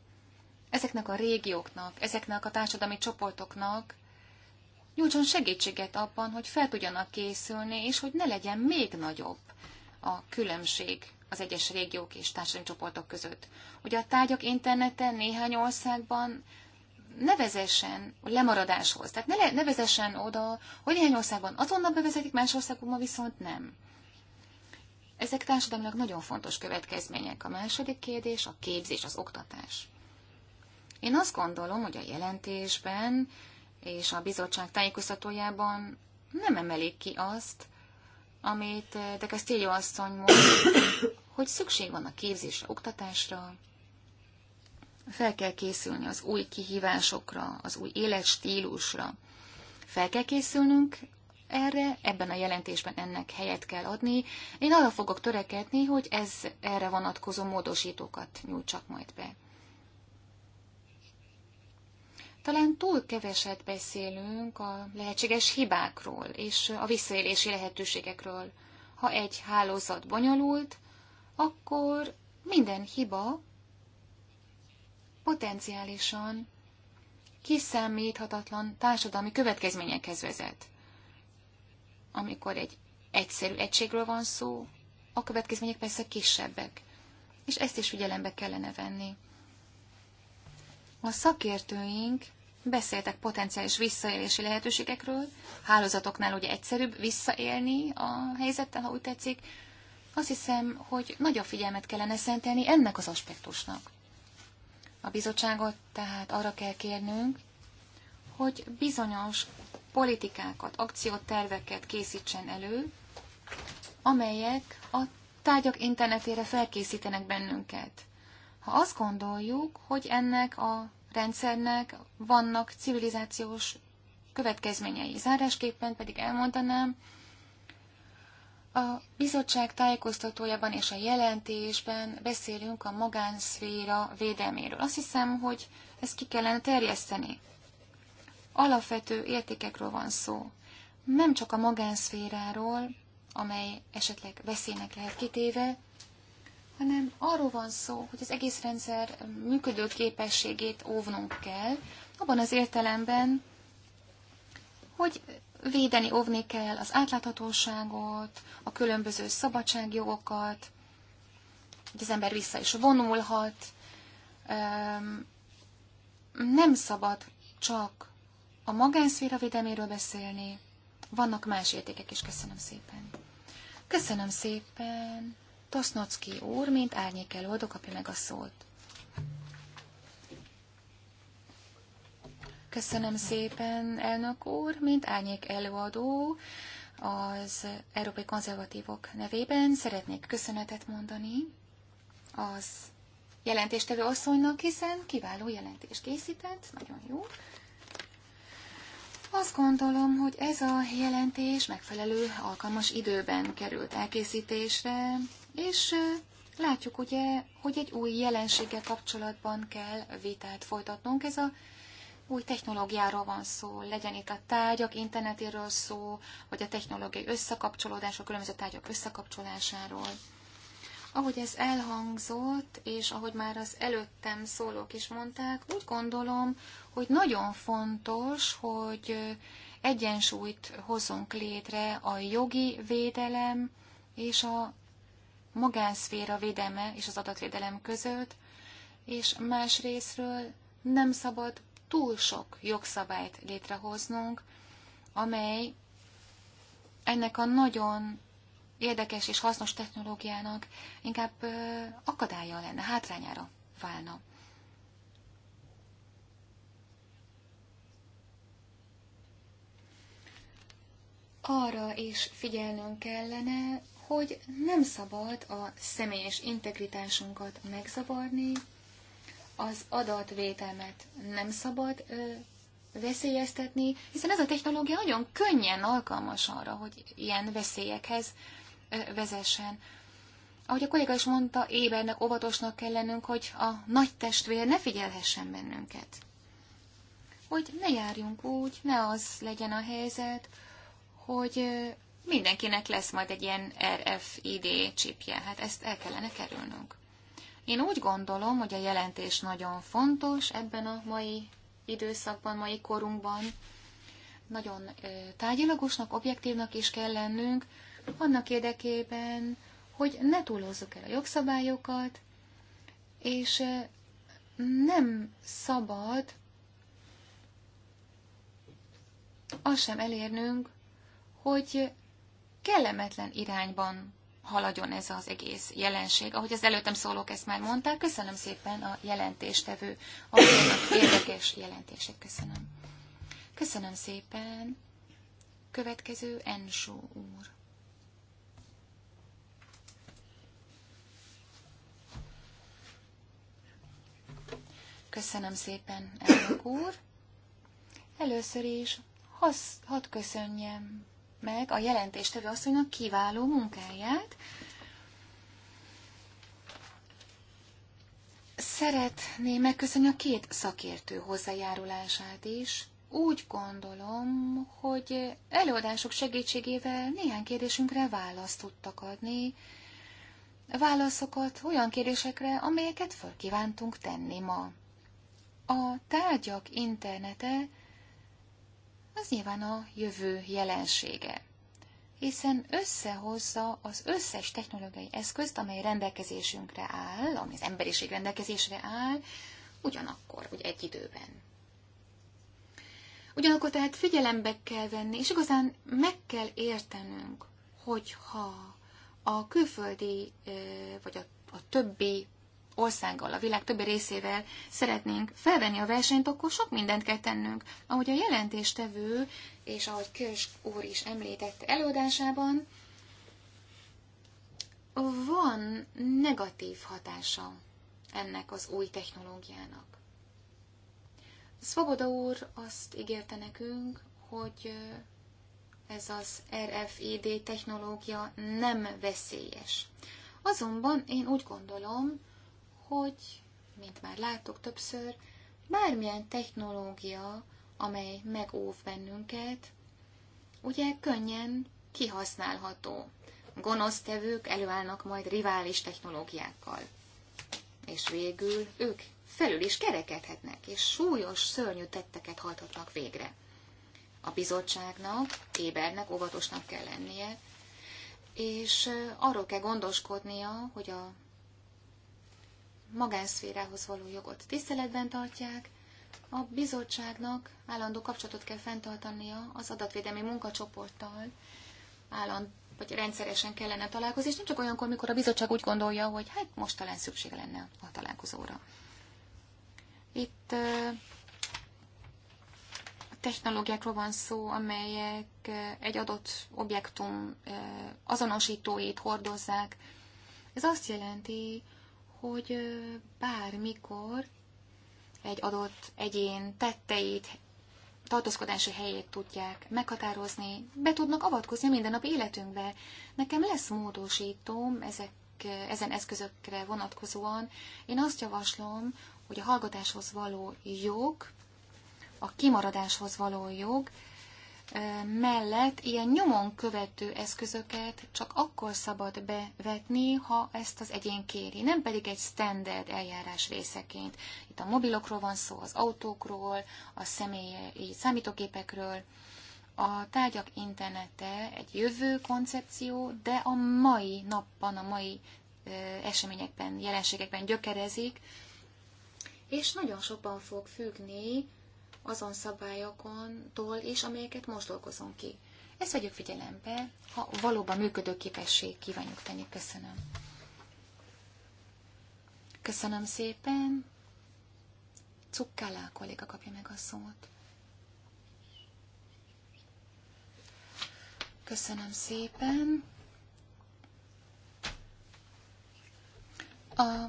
ezeknek a régióknak, ezeknek a társadalmi csoportoknak nyújtson segítséget abban, hogy fel tudjanak készülni, és hogy ne legyen még nagyobb a különbség az egyes régiók és társadalmi csoportok között. Ugye a tárgyak interneten néhány országban nevezesen lemaradáshoz. Tehát ne, ne oda, hogy néhány országban azonnal bevezetik, más országokban viszont nem. Ezek társadalmilag nagyon fontos következmények. A második kérdés a képzés, az oktatás. Én azt gondolom, hogy a jelentésben és a bizottság tájékoztatójában nem emelik ki azt, amit eh, de Castillo asszony mond hogy szükség van a képzésre, oktatásra, fel kell készülni az új kihívásokra, az új életstílusra. Fel kell készülnünk erre, ebben a jelentésben ennek helyet kell adni. Én arra fogok törekedni, hogy ez erre vonatkozó módosítókat nyújtsak majd be. Talán túl keveset beszélünk a lehetséges hibákról és a visszaélési lehetőségekről. Ha egy hálózat bonyolult, akkor minden hiba potenciálisan kiszámíthatatlan társadalmi következményekhez vezet. Amikor egy egyszerű egységről van szó, a következmények persze kisebbek, és ezt is figyelembe kellene venni. A szakértőink beszéltek potenciális visszaélési lehetőségekről, hálózatoknál ugye egyszerűbb visszaélni a helyzettel, ha úgy tetszik, azt hiszem, hogy nagyobb figyelmet kellene szentelni ennek az aspektusnak. A bizottságot tehát arra kell kérnünk, hogy bizonyos politikákat, akcióterveket készítsen elő, amelyek a tárgyak internetére felkészítenek bennünket. Ha azt gondoljuk, hogy ennek a rendszernek vannak civilizációs következményei. Zárásképpen pedig elmondanám, a bizottság tájékoztatójában és a jelentésben beszélünk a magánszféra védelméről. Azt hiszem, hogy ezt ki kellene terjeszteni. Alapvető értékekről van szó. Nem csak a magánszféráról, amely esetleg veszélynek lehet kitéve, hanem arról van szó, hogy az egész rendszer működő képességét óvnunk kell, abban az értelemben, hogy Védeni, óvni kell az átláthatóságot, a különböző szabadságjogokat, hogy az ember vissza is vonulhat. Nem szabad csak a magánszféra védelméről beszélni, vannak más értékek is. Köszönöm szépen. Köszönöm szépen. Tosznocki úr, mint árnyékelő, kapja meg a szót. Köszönöm szépen, elnök úr, mint árnyék előadó az Európai Konzervatívok nevében szeretnék köszönetet mondani az jelentéstevő asszonynak, hiszen kiváló jelentés készített, nagyon jó. Azt gondolom, hogy ez a jelentés megfelelő alkalmas időben került elkészítésre, és látjuk ugye, hogy egy új jelenséggel kapcsolatban kell vitát folytatnunk. Ez a új technológiáról van szó, legyen itt a tárgyak internetéről szó, vagy a technológiai összekapcsolódás, a különböző tárgyak összekapcsolásáról. Ahogy ez elhangzott, és ahogy már az előttem szólók is mondták, úgy gondolom, hogy nagyon fontos, hogy egyensúlyt hozunk létre a jogi védelem és a magánszféra védelme és az adatvédelem között, és másrésztről nem szabad túl sok jogszabályt létrehoznunk, amely ennek a nagyon érdekes és hasznos technológiának inkább akadálya lenne, hátrányára válna. Arra is figyelnünk kellene, hogy nem szabad a személyes integritásunkat megzavarni, az adatvételmet nem szabad ö, veszélyeztetni, hiszen ez a technológia nagyon könnyen alkalmas arra, hogy ilyen veszélyekhez ö, vezessen. Ahogy a kolléga is mondta, ébernek, óvatosnak kell lennünk, hogy a nagy testvér ne figyelhessen bennünket. Hogy ne járjunk úgy, ne az legyen a helyzet, hogy mindenkinek lesz majd egy ilyen RFID csipje. Hát ezt el kellene kerülnünk. Én úgy gondolom, hogy a jelentés nagyon fontos ebben a mai időszakban, mai korunkban. Nagyon tárgyilagosnak, objektívnak is kell lennünk, annak érdekében, hogy ne túlozzuk el a jogszabályokat, és nem szabad azt sem elérnünk, hogy kellemetlen irányban haladjon ez az egész jelenség. Ahogy az előttem szólók ezt már mondták, köszönöm szépen a jelentéstevő, a érdekes jelentését köszönöm. Köszönöm szépen. Következő Ensó úr. Köszönöm szépen, elnök úr. Először is hadd köszönjem meg a jelentéstevő asszonynak kiváló munkáját. Szeretném megköszönni a két szakértő hozzájárulását is. Úgy gondolom, hogy előadások segítségével néhány kérdésünkre választ tudtak adni, válaszokat olyan kérdésekre, amelyeket fölkívántunk tenni ma. A tárgyak internete az nyilván a jövő jelensége, hiszen összehozza az összes technológiai eszközt, amely rendelkezésünkre áll, ami az emberiség rendelkezésre áll, ugyanakkor, ugye egy időben. Ugyanakkor tehát figyelembe kell venni, és igazán meg kell értenünk, hogyha a külföldi, vagy a, a többi országgal, a világ többi részével szeretnénk felvenni a versenyt, akkor sok mindent kell tennünk. Ahogy a jelentéstevő, és ahogy Kös úr is említette előadásában, van negatív hatása ennek az új technológiának. Szvoboda úr azt ígérte nekünk, hogy ez az RFID technológia nem veszélyes. Azonban én úgy gondolom, hogy, mint már láttuk többször, bármilyen technológia, amely megóv bennünket, ugye könnyen kihasználható. Gonosztevők előállnak majd rivális technológiákkal. És végül ők felül is kerekedhetnek, és súlyos, szörnyű tetteket hajthatnak végre. A bizottságnak, ébernek, óvatosnak kell lennie, és arról kell gondoskodnia, hogy a magánszférához való jogot tiszteletben tartják, a bizottságnak állandó kapcsolatot kell fenntartania az adatvédelmi munkacsoporttal, állandó vagy rendszeresen kellene találkozni, és nem csak olyankor, mikor a bizottság úgy gondolja, hogy hát most talán szükség lenne a találkozóra. Itt a technológiákról van szó, amelyek egy adott objektum azonosítóit hordozzák. Ez azt jelenti, hogy bármikor egy adott egyén tetteit, tartózkodási helyét tudják meghatározni, be tudnak avatkozni a mindennapi életünkbe. Nekem lesz módosítom ezek, ezen eszközökre vonatkozóan. Én azt javaslom, hogy a hallgatáshoz való jog, a kimaradáshoz való jog mellett ilyen nyomon követő eszközöket csak akkor szabad bevetni, ha ezt az egyén kéri, nem pedig egy standard eljárás részeként. Itt a mobilokról van szó, az autókról, a személyi számítógépekről. A tárgyak internete egy jövő koncepció, de a mai napban, a mai eseményekben, jelenségekben gyökerezik, és nagyon sokban fog függni azon szabályokon is, amelyeket most dolgozunk ki. Ezt vegyük figyelembe, ha valóban működőképesség kívánjuk tenni. Köszönöm. Köszönöm szépen. Cukkálá kolléga kapja meg a szót. Köszönöm szépen. A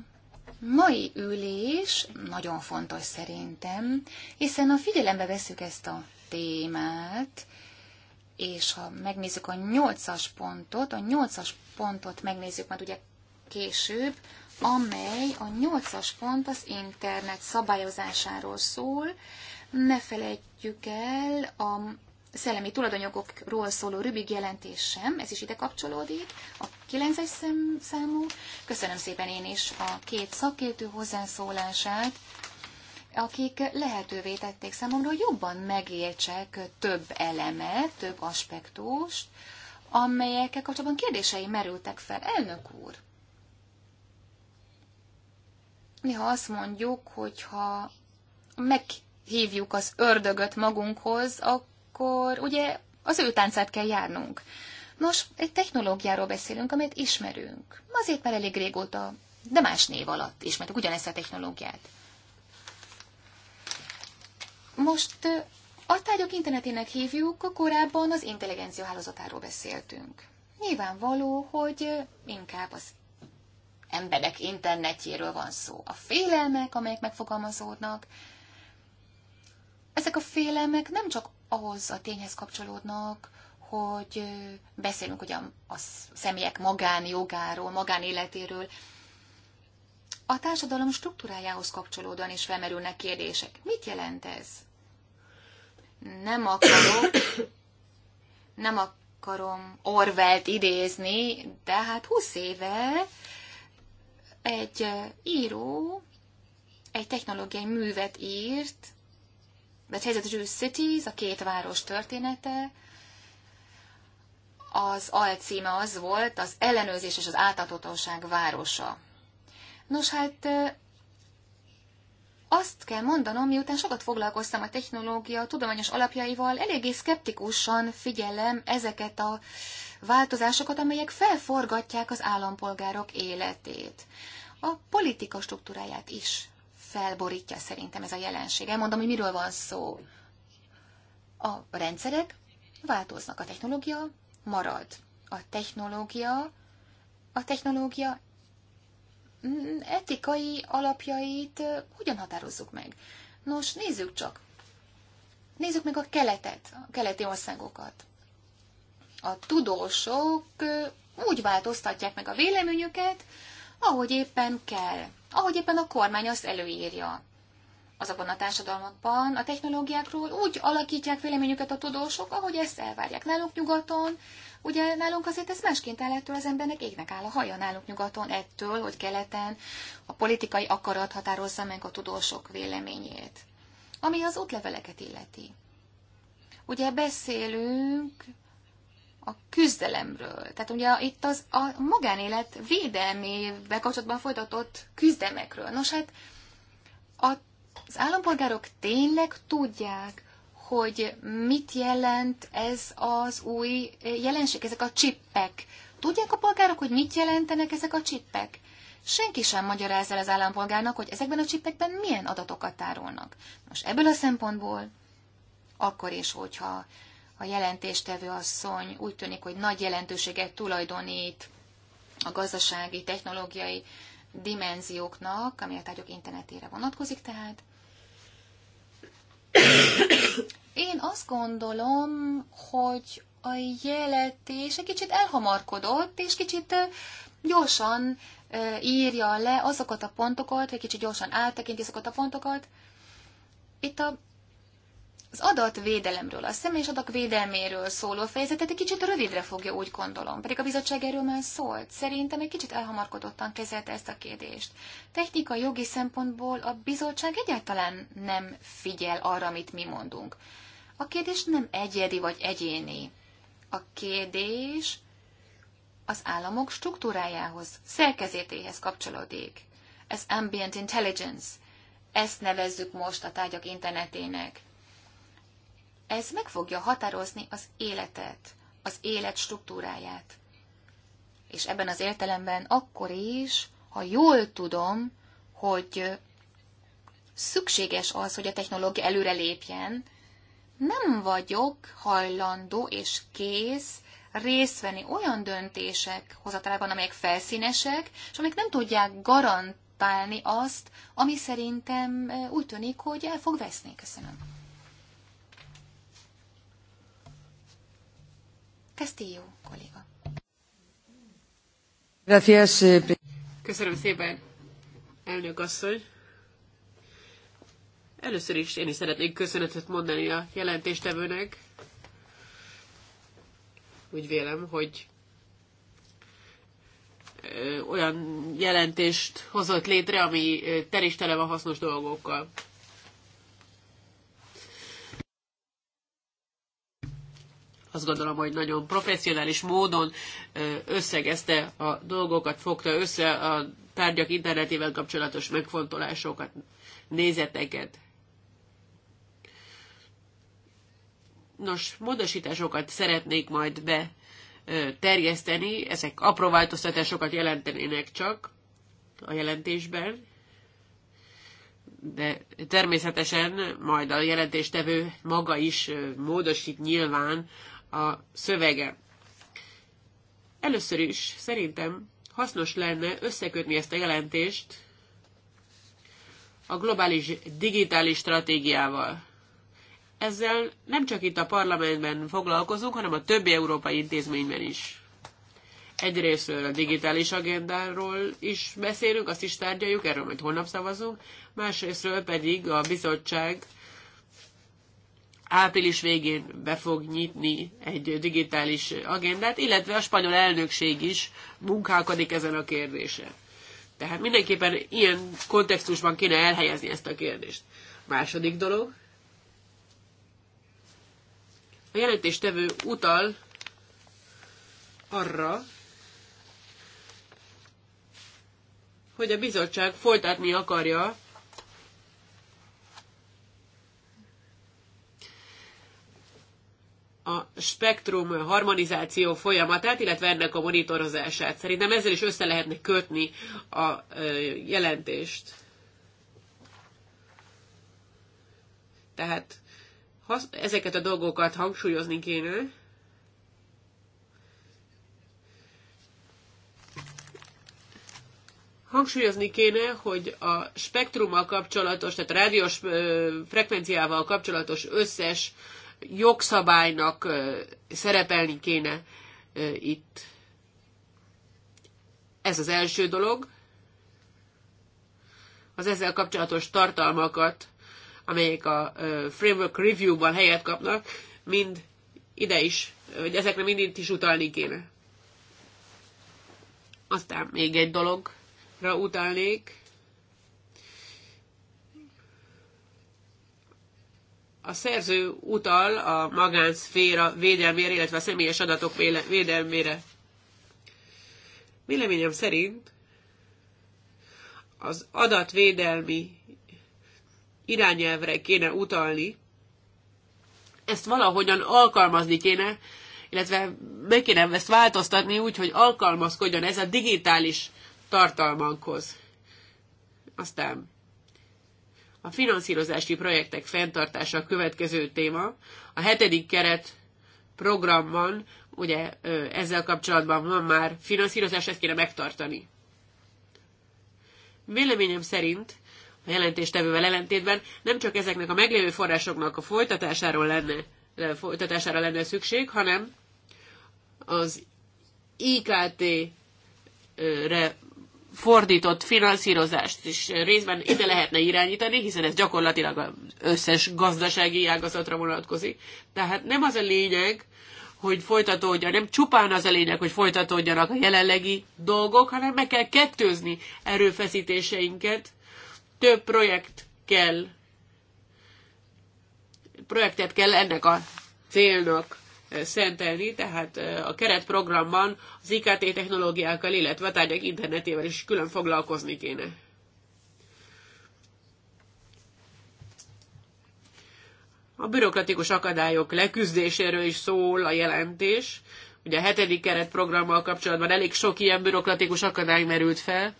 mai ülés nagyon fontos szerintem, hiszen ha figyelembe veszük ezt a témát, és ha megnézzük a nyolcas pontot, a nyolcas pontot megnézzük majd ugye később, amely a nyolcas pont az internet szabályozásáról szól. Ne felejtjük el a szellemi tulajdonjogokról szóló Rübig jelentés sem, ez is ide kapcsolódik, a 9-es számú. Köszönöm szépen én is a két szakértő hozzászólását, akik lehetővé tették számomra, hogy jobban megértsek több elemet, több aspektust, amelyekkel kapcsolatban kérdései merültek fel. Elnök úr, néha azt mondjuk, hogyha meghívjuk az ördögöt magunkhoz, akkor akkor ugye az ő táncát kell járnunk. Nos, egy technológiáról beszélünk, amit ismerünk. Azért már elég régóta, de más név alatt ismertük ugyanezt a technológiát. Most a tárgyak internetének hívjuk, korábban az intelligencia hálózatáról beszéltünk. Nyilvánvaló, hogy inkább az emberek internetjéről van szó. A félelmek, amelyek megfogalmazódnak, ezek a félelmek nem csak ahhoz a tényhez kapcsolódnak, hogy beszélünk ugyan a személyek magánjogáról, magánéletéről, a társadalom struktúrájához kapcsolódóan is felmerülnek kérdések. Mit jelent ez? Nem akarok, nem akarom Orwellt idézni, de hát 20 éve egy író egy technológiai művet írt, The Two Cities, a két város története, az alcíme az volt, az ellenőrzés és az átadhatóság városa. Nos, hát azt kell mondanom, miután sokat foglalkoztam a technológia tudományos alapjaival, eléggé szkeptikusan figyelem ezeket a változásokat, amelyek felforgatják az állampolgárok életét, a politika struktúráját is felborítja szerintem ez a jelenség. Elmondom, hogy miről van szó. A rendszerek változnak, a technológia marad. A technológia, a technológia mm, etikai alapjait hogyan határozzuk meg? Nos, nézzük csak. Nézzük meg a keletet, a keleti országokat. A tudósok úgy változtatják meg a véleményüket, ahogy éppen kell ahogy éppen a kormány azt előírja. Azokban a társadalmakban a technológiákról úgy alakítják véleményüket a tudósok, ahogy ezt elvárják nálunk nyugaton. Ugye nálunk azért ez másként áll ettől az embernek égnek áll a haja nálunk nyugaton ettől, hogy keleten a politikai akarat határozza meg a tudósok véleményét. Ami az útleveleket illeti. Ugye beszélünk a küzdelemről. Tehát ugye itt az a magánélet védelmével kapcsolatban folytatott küzdemekről. Nos hát az állampolgárok tényleg tudják, hogy mit jelent ez az új jelenség, ezek a csippek. Tudják a polgárok, hogy mit jelentenek ezek a csippek? Senki sem magyarázza az állampolgárnak, hogy ezekben a csippekben milyen adatokat tárolnak. Most ebből a szempontból, akkor is, hogyha a jelentéstevő asszony úgy tűnik, hogy nagy jelentőséget tulajdonít a gazdasági, technológiai dimenzióknak, ami a tárgyok internetére vonatkozik tehát. Én azt gondolom, hogy a jelentés egy kicsit elhamarkodott, és kicsit gyorsan írja le azokat a pontokat, egy kicsit gyorsan áttekinti azokat a pontokat. Itt a az adatvédelemről, a személyes adak védelméről szóló fejezetet egy kicsit rövidre fogja, úgy gondolom. Pedig a bizottság erről már szólt. Szerintem egy kicsit elhamarkodottan kezelte ezt a kérdést. Technika jogi szempontból a bizottság egyáltalán nem figyel arra, amit mi mondunk. A kérdés nem egyedi vagy egyéni. A kérdés az államok struktúrájához, szerkezetéhez kapcsolódik. Ez ambient intelligence. Ezt nevezzük most a tárgyak internetének ez meg fogja határozni az életet, az élet struktúráját. És ebben az értelemben akkor is, ha jól tudom, hogy szükséges az, hogy a technológia előrelépjen, nem vagyok hajlandó és kész részt venni olyan döntések hozatalában, amelyek felszínesek, és amelyek nem tudják garantálni azt, ami szerintem eh, úgy tűnik, hogy el fog veszni. Köszönöm. Castillo kolléga. Eh, Köszönöm szépen, elnök asszony. Először is én is szeretnék köszönetet mondani a jelentéstevőnek. Úgy vélem, hogy olyan jelentést hozott létre, ami teristele van hasznos dolgokkal. Azt gondolom, hogy nagyon professzionális módon összegezte a dolgokat, fogta össze a tárgyak internetével kapcsolatos megfontolásokat, nézeteket. Nos, módosításokat szeretnék majd be terjeszteni, ezek apró változtatásokat jelentenének csak a jelentésben, de természetesen majd a jelentéstevő maga is módosít nyilván a szövege. Először is szerintem hasznos lenne összekötni ezt a jelentést a globális digitális stratégiával. Ezzel nem csak itt a parlamentben foglalkozunk, hanem a többi európai intézményben is. Egyrésztről a digitális agendáról is beszélünk, azt is tárgyaljuk, erről majd holnap szavazunk, másrésztről pedig a bizottság április végén be fog nyitni egy digitális agendát, illetve a spanyol elnökség is munkálkodik ezen a kérdése. Tehát mindenképpen ilyen kontextusban kéne elhelyezni ezt a kérdést. Második dolog. A jelentéstevő utal arra, hogy a bizottság folytatni akarja a spektrum harmonizáció folyamatát, illetve ennek a monitorozását. Szerintem ezzel is össze lehetne kötni a jelentést. Tehát ezeket a dolgokat hangsúlyozni kéne. hangsúlyozni kéne, hogy a spektrummal kapcsolatos, tehát a rádiós frekvenciával kapcsolatos összes jogszabálynak szerepelni kéne itt. Ez az első dolog. Az ezzel kapcsolatos tartalmakat, amelyek a Framework Review-ban helyet kapnak, mind ide is, vagy ezekre mind itt is utalni kéne. Aztán még egy dologra utalnék. a szerző utal a magánszféra védelmére, illetve a személyes adatok védelmére. Véleményem szerint az adatvédelmi irányelvre kéne utalni, ezt valahogyan alkalmazni kéne, illetve meg kéne ezt változtatni úgy, hogy alkalmazkodjon ez a digitális tartalmankhoz. Aztán a finanszírozási projektek fenntartása a következő téma. A hetedik keret programban, ugye ezzel kapcsolatban van már finanszírozás, ezt kéne megtartani. Véleményem szerint a jelentéstevővel ellentétben nem csak ezeknek a meglévő forrásoknak a folytatásáról lenne, folytatására lenne szükség, hanem az IKT-re fordított finanszírozást is részben ide lehetne irányítani, hiszen ez gyakorlatilag az összes gazdasági ágazatra vonatkozik. Tehát nem az a lényeg, hogy folytatódjon, nem csupán az a lényeg, hogy folytatódjanak a jelenlegi dolgok, hanem meg kell kettőzni erőfeszítéseinket. Több projekt kell, projektet kell ennek a célnak szentelni, tehát a keretprogramban az IKT technológiákkal, illetve a tárgyak internetével is külön foglalkozni kéne. A bürokratikus akadályok leküzdéséről is szól a jelentés. Ugye a hetedik keretprogrammal kapcsolatban elég sok ilyen bürokratikus akadály merült fel.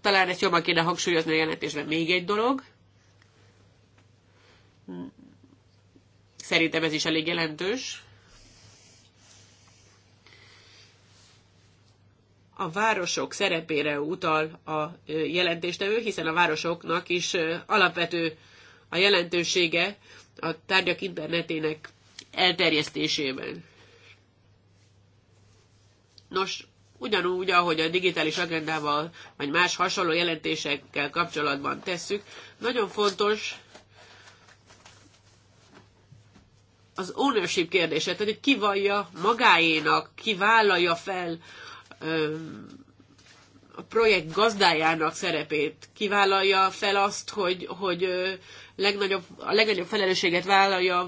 Talán ezt jobban kéne hangsúlyozni a jelentésben. Még egy dolog. Szerintem ez is elég jelentős. a városok szerepére utal a jelentéstevő, hiszen a városoknak is alapvető a jelentősége a tárgyak internetének elterjesztésében. Nos, ugyanúgy, ahogy a digitális agendával, vagy más hasonló jelentésekkel kapcsolatban tesszük, nagyon fontos az ownership kérdése, tehát hogy ki vallja magáénak, ki vállalja fel a projekt gazdájának szerepét kivállalja fel azt, hogy, hogy legnagyobb, a legnagyobb felelősséget vállalja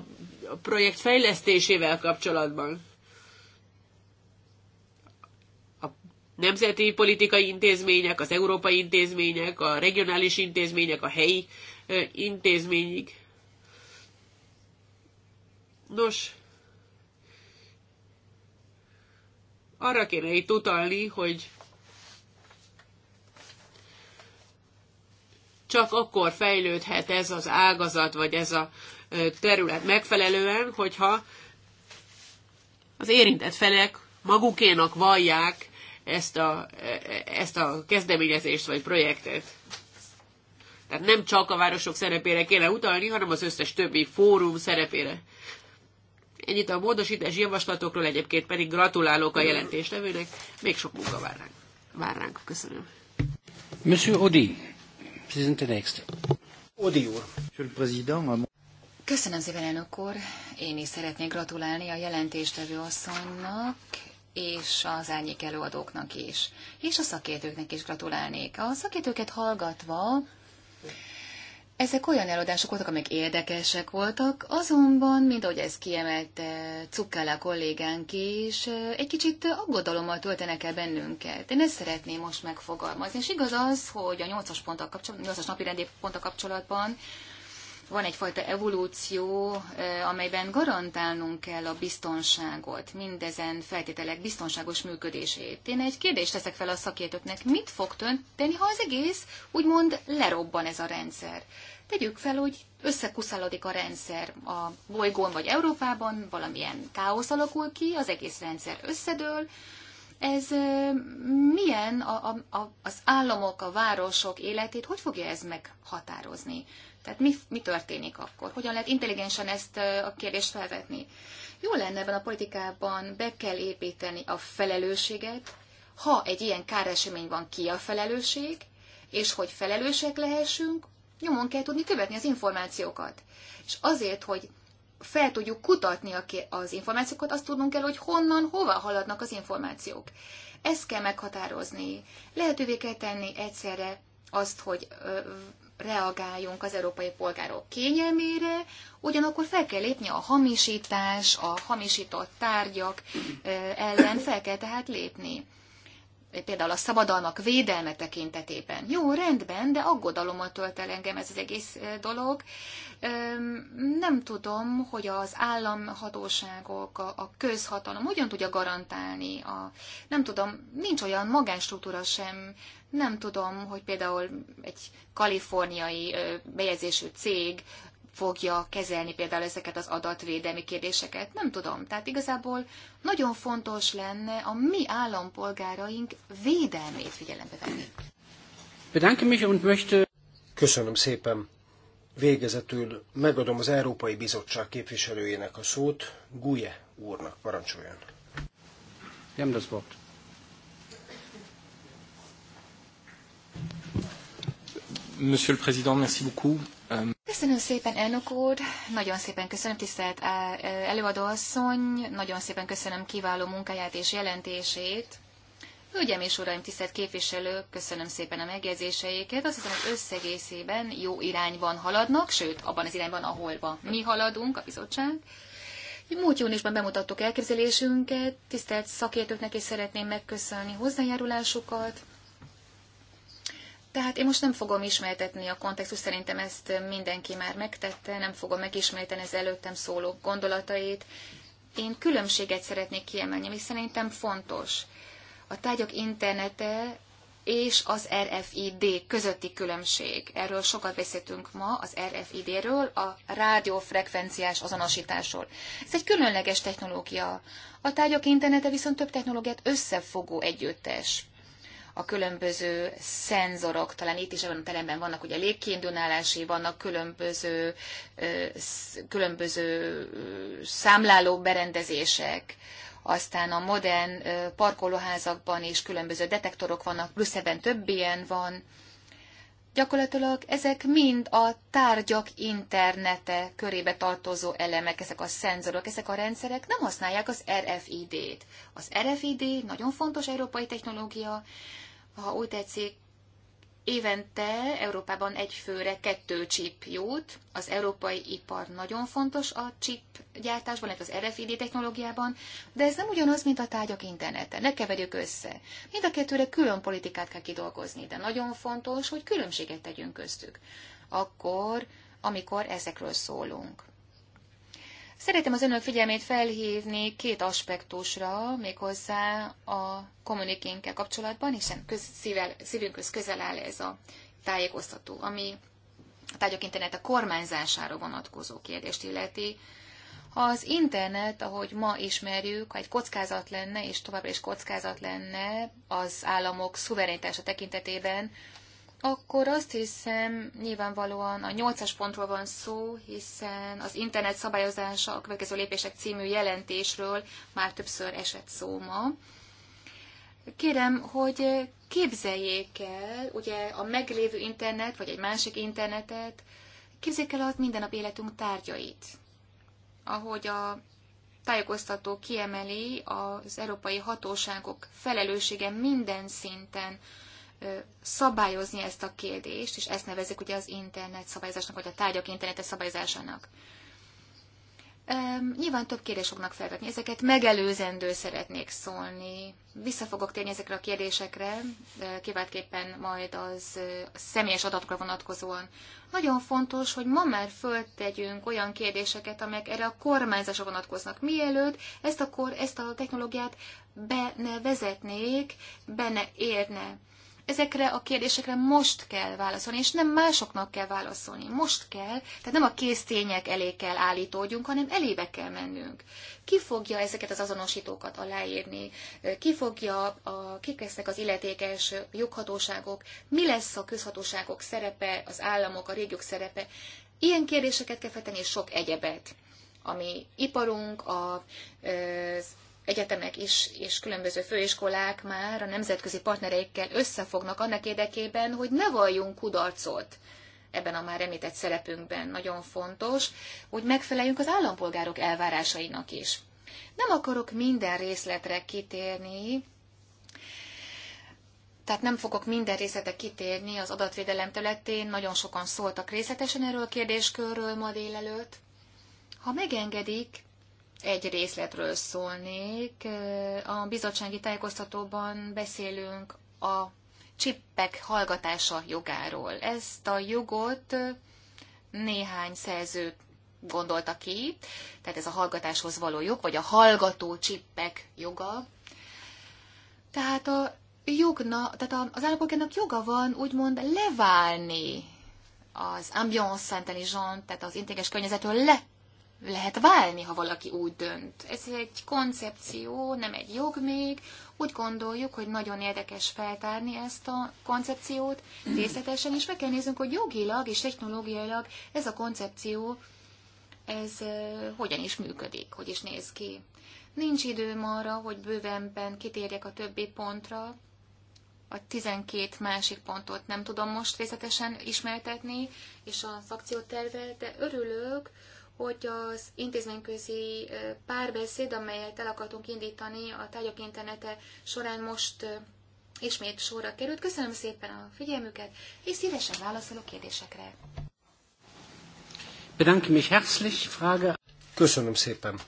a projekt fejlesztésével kapcsolatban. A nemzeti politikai intézmények, az európai intézmények, a regionális intézmények, a helyi intézményig. Nos, Arra kéne itt utalni, hogy csak akkor fejlődhet ez az ágazat, vagy ez a terület megfelelően, hogyha az érintett felek magukénak vallják ezt a, e, e, ezt a kezdeményezést vagy projektet. Tehát nem csak a városok szerepére kéne utalni, hanem az összes többi fórum szerepére. Ennyit a módosítási javaslatokról, egyébként pedig gratulálok a jelentéstevőnek, még sok munka vár ránk. Vár ránk. Köszönöm. Monsieur Audi, present the next. Audi úr. Monsieur le Président, Köszönöm szépen, elnök úr. Én is szeretnék gratulálni a jelentéstevő asszonynak, és az árnyék előadóknak is, és a szakértőknek is gratulálnék. A szakértőket hallgatva ezek olyan előadások voltak, amik érdekesek voltak, azonban, mint ahogy ezt kiemelte a kollégánk is, egy kicsit aggodalommal töltenek el bennünket. Én ezt szeretném most megfogalmazni. És igaz az, hogy a 8-as, ponttal kapcsolatban, 8-as napi rendi ponttal kapcsolatban van egyfajta evolúció, amelyben garantálnunk kell a biztonságot, mindezen feltételek biztonságos működését. Én egy kérdést teszek fel a szakértőknek, mit fog tönteni, ha az egész úgymond lerobban ez a rendszer? Tegyük fel, hogy összekuszálódik a rendszer a bolygón vagy Európában, valamilyen káosz alakul ki, az egész rendszer összedől, ez milyen a, a, az államok, a városok életét, hogy fogja ez meghatározni? Tehát mi, mi történik akkor? Hogyan lehet intelligensen ezt a kérdést felvetni? Jó lenne ebben a politikában be kell építeni a felelősséget, ha egy ilyen káresemény van, ki a felelősség, és hogy felelősek lehessünk, nyomon kell tudni követni az információkat. És azért, hogy fel tudjuk kutatni az információkat, azt tudnunk kell, hogy honnan, hova haladnak az információk. Ezt kell meghatározni. Lehetővé kell tenni egyszerre azt, hogy reagáljunk az európai polgárok kényelmére, ugyanakkor fel kell lépni a hamisítás, a hamisított tárgyak ellen fel kell tehát lépni. Például a szabadalmak védelme tekintetében. Jó, rendben, de aggodalommal tölt el engem ez az egész dolog. Nem tudom, hogy az államhatóságok, a közhatalom hogyan tudja garantálni. A, nem tudom, nincs olyan magánstruktúra sem, nem tudom, hogy például egy kaliforniai bejegyzésű cég fogja kezelni például ezeket az adatvédelmi kérdéseket. Nem tudom. Tehát igazából nagyon fontos lenne a mi állampolgáraink védelmét figyelembe venni. Köszönöm szépen. Végezetül megadom az Európai Bizottság képviselőjének a szót, Guje úrnak parancsoljon. Nem lesz volt. Monsieur le Président, merci beaucoup. Euh, köszönöm szépen, elnök úr, nagyon szépen köszönöm, tisztelt előadóasszony, nagyon szépen köszönöm kiváló munkáját és jelentését. Hölgyem és uraim, tisztelt képviselők, köszönöm szépen a megjegyzéseiket. Azt hiszem, hogy összegészében jó irányban haladnak, sőt, abban az irányban, aholba mi haladunk, a bizottság. Múlt júniusban bemutattuk elképzelésünket, tisztelt szakértőknek is szeretném megköszönni hozzájárulásukat. Tehát én most nem fogom ismertetni a kontextus, szerintem ezt mindenki már megtette, nem fogom megismerteni az előttem szóló gondolatait. Én különbséget szeretnék kiemelni, ami szerintem fontos. A tárgyak internete és az RFID közötti különbség. Erről sokat beszéltünk ma, az RFID-ről, a rádiófrekvenciás azonosításról. Ez egy különleges technológia. A tárgyak internete viszont több technológiát összefogó együttes a különböző szenzorok, talán itt is ebben a teremben vannak, ugye légkiindulási, vannak különböző, különböző számláló berendezések, aztán a modern parkolóházakban is különböző detektorok vannak, ebben több ilyen van. Gyakorlatilag ezek mind a tárgyak internete körébe tartozó elemek, ezek a szenzorok, ezek a rendszerek nem használják az RFID-t. Az RFID nagyon fontos európai technológia, ha úgy tetszik, évente Európában egy főre kettő chip jut. Az európai ipar nagyon fontos a chip gyártásban, illetve az RFID technológiában, de ez nem ugyanaz, mint a tárgyak interneten. Ne keverjük össze. Mind a kettőre külön politikát kell kidolgozni, de nagyon fontos, hogy különbséget tegyünk köztük. Akkor, amikor ezekről szólunk. Szeretem az önök figyelmét felhívni két aspektusra, méghozzá a kommunikénkkel kapcsolatban, hiszen köz, szívvel, szívünkhöz közel áll ez a tájékoztató, ami a tárgyak internet a kormányzására vonatkozó kérdést illeti. Ha az internet, ahogy ma ismerjük, ha egy kockázat lenne, és továbbra is kockázat lenne az államok szuverenitása tekintetében, akkor azt hiszem, nyilvánvalóan a nyolcas pontról van szó, hiszen az internet szabályozása a következő lépések című jelentésről már többször esett szó ma. Kérem, hogy képzeljék el, ugye a meglévő internet, vagy egy másik internetet, képzeljék el az mindennap életünk tárgyait. Ahogy a tájékoztató kiemeli az európai hatóságok felelőssége minden szinten, szabályozni ezt a kérdést, és ezt nevezik ugye az internet szabályozásnak, vagy a tárgyak internetes szabályozásának. Nyilván több kérdés fognak felvetni, ezeket megelőzendő szeretnék szólni. Vissza fogok térni ezekre a kérdésekre, kiváltképpen majd az személyes adatokra vonatkozóan. Nagyon fontos, hogy ma már föltegyünk olyan kérdéseket, amelyek erre a kormányzásra vonatkoznak. Mielőtt ezt a, kor, ezt a technológiát be ne vezetnék, be ne érne Ezekre a kérdésekre most kell válaszolni, és nem másoknak kell válaszolni. Most kell, tehát nem a tények elé kell állítódjunk, hanem elébe kell mennünk. Ki fogja ezeket az azonosítókat aláírni? Ki fogja, a, kik lesznek az illetékes joghatóságok? Mi lesz a közhatóságok szerepe, az államok, a régiók szerepe? Ilyen kérdéseket kell feltenni, és sok egyebet ami iparunk, a, az egyetemek is és különböző főiskolák már a nemzetközi partnereikkel összefognak annak érdekében, hogy ne valljunk kudarcot ebben a már említett szerepünkben. Nagyon fontos, hogy megfeleljünk az állampolgárok elvárásainak is. Nem akarok minden részletre kitérni, tehát nem fogok minden részletre kitérni az adatvédelem területén, nagyon sokan szóltak részletesen erről a kérdéskörről ma délelőtt. Ha megengedik, egy részletről szólnék. A bizottsági tájékoztatóban beszélünk a csippek hallgatása jogáról. Ezt a jogot néhány szerző gondolta ki, tehát ez a hallgatáshoz való jog, vagy a hallgató csippek joga. Tehát a jogna, tehát az állampolgárnak joga van úgymond leválni az ambiance intelligent, tehát az intéges környezetől le lehet válni, ha valaki úgy dönt. Ez egy koncepció, nem egy jog még. Úgy gondoljuk, hogy nagyon érdekes feltárni ezt a koncepciót részletesen, és meg kell néznünk, hogy jogilag és technológiailag ez a koncepció, ez hogyan is működik, hogy is néz ki. Nincs időm arra, hogy bővenben kitérjek a többi pontra, a 12 másik pontot nem tudom most részletesen ismertetni, és az akciótervet, de örülök, hogy az intézményközi párbeszéd, amelyet el akartunk indítani a tárgyak internete során most ismét sorra került. Köszönöm szépen a figyelmüket, és szívesen válaszolok kérdésekre. Köszönöm szépen.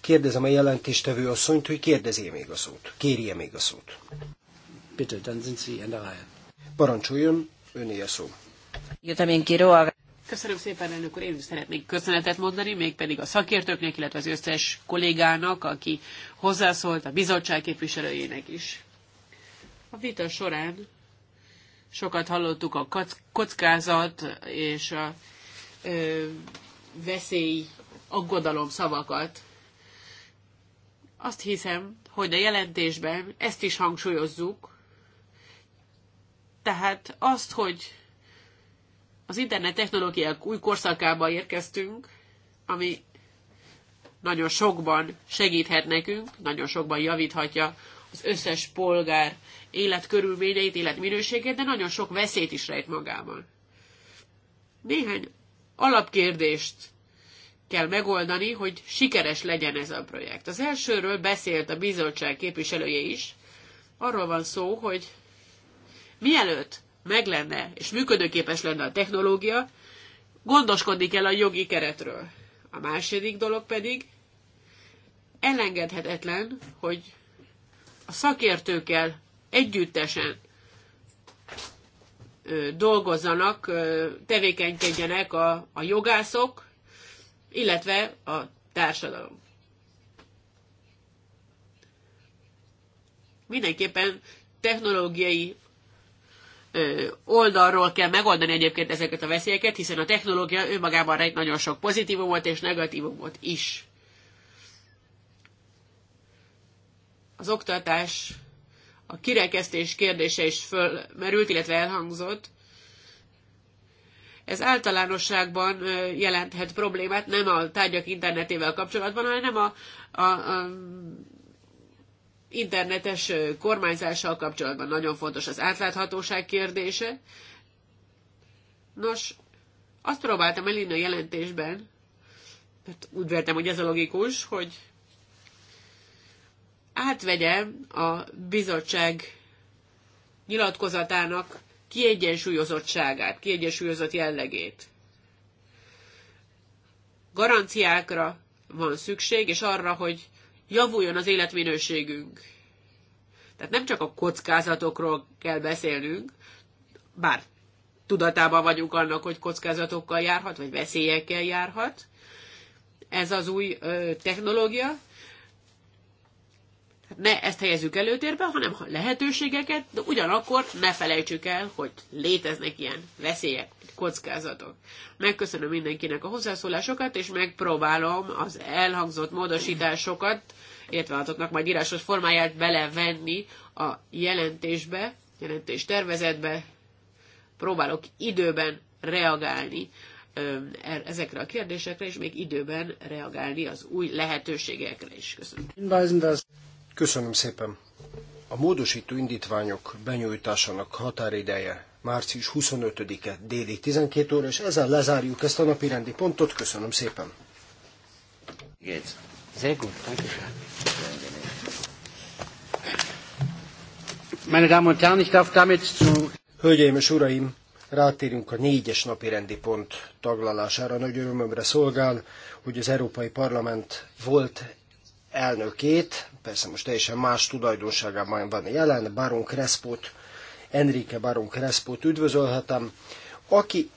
Kérdezem a jelentéstevő asszonyt, hogy kérdezé még a szót. Kérje még a szót. Bitte, dann sind Sie in der Reihe. Parancsoljon, öné a szó. Yo también quiero Köszönöm szépen, elnök úr. Én is szeretnék köszönetet mondani, mégpedig a szakértőknek, illetve az összes kollégának, aki hozzászólt, a bizottság képviselőjének is. A vita során sokat hallottuk a kockázat és a ö, veszély, aggodalom szavakat. Azt hiszem, hogy a jelentésben ezt is hangsúlyozzuk, tehát azt, hogy az internet technológiák új korszakába érkeztünk, ami nagyon sokban segíthet nekünk, nagyon sokban javíthatja az összes polgár életkörülményeit, életminőségét, de nagyon sok veszélyt is rejt magában. Néhány alapkérdést kell megoldani, hogy sikeres legyen ez a projekt. Az elsőről beszélt a bizottság képviselője is. Arról van szó, hogy mielőtt meg lenne, és működőképes lenne a technológia, gondoskodni kell a jogi keretről. A második dolog pedig elengedhetetlen, hogy a szakértőkkel együttesen dolgozzanak, tevékenykedjenek a, a jogászok, illetve a társadalom. Mindenképpen technológiai oldalról kell megoldani egyébként ezeket a veszélyeket, hiszen a technológia önmagában rejt nagyon sok pozitívumot és negatívumot is. Az oktatás, a kirekesztés kérdése is fölmerült, illetve elhangzott. Ez általánosságban jelenthet problémát, nem a tárgyak internetével kapcsolatban, hanem a, a, a internetes kormányzással kapcsolatban nagyon fontos az átláthatóság kérdése. Nos, azt próbáltam elinni a jelentésben, mert hát úgy vettem, hogy ez a logikus, hogy átvegyem a bizottság nyilatkozatának kiegyensúlyozottságát, kiegyensúlyozott jellegét. Garanciákra van szükség, és arra, hogy javuljon az életminőségünk. Tehát nem csak a kockázatokról kell beszélnünk, bár tudatában vagyunk annak, hogy kockázatokkal járhat, vagy veszélyekkel járhat, ez az új ö, technológia, ne ezt helyezzük előtérbe, hanem lehetőségeket, de ugyanakkor ne felejtsük el, hogy léteznek ilyen veszélyek, kockázatok. Megköszönöm mindenkinek a hozzászólásokat, és megpróbálom az elhangzott módosításokat, illetve azoknak majd írásos formáját belevenni a jelentésbe, jelentés tervezetbe. Próbálok időben reagálni er-, ezekre a kérdésekre, és még időben reagálni az új lehetőségekre is. Köszönöm. Köszönöm szépen. A módosító indítványok benyújtásának határideje március 25-e déli 12 óra, és ezzel lezárjuk ezt a napi rendi pontot. Köszönöm szépen. Good. Sehr gut, danke Meine Damen und Hölgyeim és uraim, rátérünk a négyes napi rendi pont taglalására. Nagy örömömre szolgál, hogy az Európai Parlament volt elnökét, persze most teljesen más tulajdonságában van jelen, Baron Crespo-t, Enrique Baron Crespo-t üdvözölhetem, aki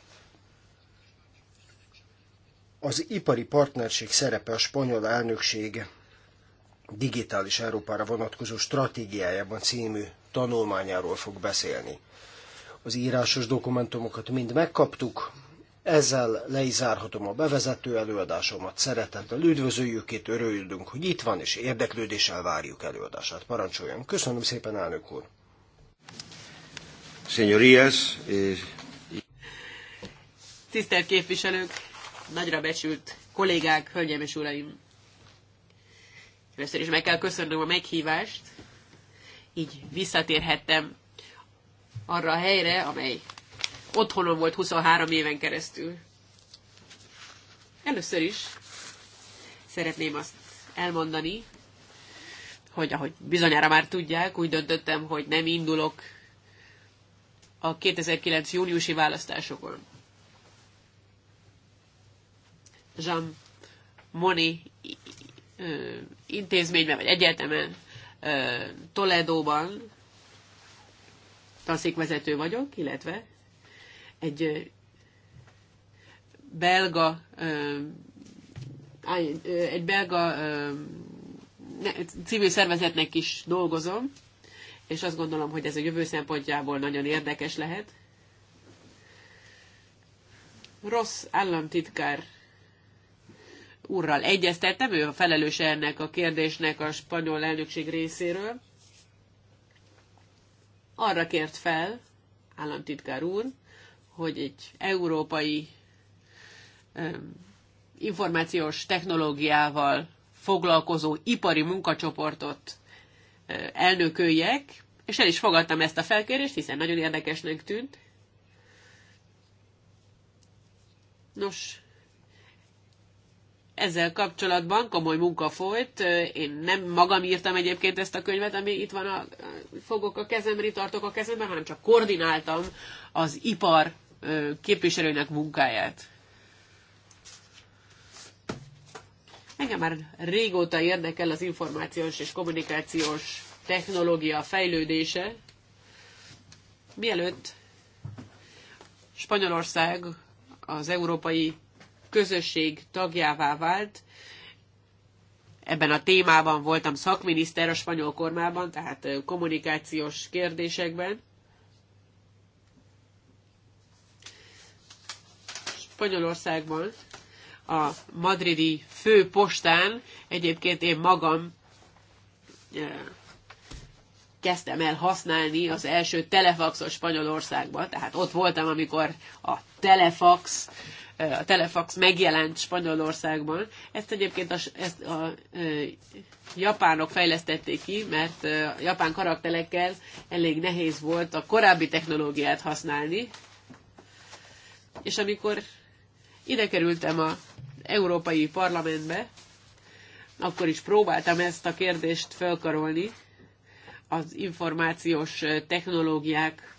az ipari partnerség szerepe a spanyol elnökség digitális Európára vonatkozó stratégiájában című tanulmányáról fog beszélni. Az írásos dokumentumokat mind megkaptuk, ezzel le is zárhatom a bevezető előadásomat. Szeretettel üdvözöljük itt, örülünk, hogy itt van, és érdeklődéssel várjuk előadását. Parancsoljon. Köszönöm szépen, elnök úr. Señorías, és... Eh, Tisztelt képviselők, nagyra becsült kollégák, hölgyeim és uraim! Először is meg kell köszönnöm a meghívást, így visszatérhettem arra a helyre, amely otthonom volt 23 éven keresztül. Először is szeretném azt elmondani, hogy ahogy bizonyára már tudják, úgy döntöttem, hogy nem indulok a 2009. júniusi választásokon. Jean Moni intézményben, vagy egyetemen, Toledóban tanszékvezető vagyok, illetve egy belga egy belga civil szervezetnek is dolgozom, és azt gondolom, hogy ez a jövő szempontjából nagyon érdekes lehet. Rossz államtitkár úrral egyeztettem, ő a felelős ennek a kérdésnek a spanyol elnökség részéről. Arra kért fel, államtitkár úr, hogy egy európai információs technológiával foglalkozó ipari munkacsoportot elnököljek, és el is fogadtam ezt a felkérést, hiszen nagyon érdekesnek tűnt. Nos, ezzel kapcsolatban komoly munka folyt. Én nem magam írtam egyébként ezt a könyvet, ami itt van, a, fogok a kezemre, tartok a kezemben, hanem csak koordináltam az ipar képviselőnek munkáját. Engem már régóta érdekel az információs és kommunikációs technológia fejlődése. Mielőtt Spanyolország az európai közösség tagjává vált, ebben a témában voltam szakminiszter a spanyol kormában, tehát kommunikációs kérdésekben. Spanyolországban, a madridi fő postán, egyébként én magam kezdtem el használni az első telefaxot Spanyolországban, tehát ott voltam, amikor a telefax, a telefax megjelent Spanyolországban. Ezt egyébként a, ezt a e, japánok fejlesztették ki, mert a japán karakterekkel elég nehéz volt a korábbi technológiát használni. És amikor ide kerültem az Európai Parlamentbe, akkor is próbáltam ezt a kérdést felkarolni, az információs technológiák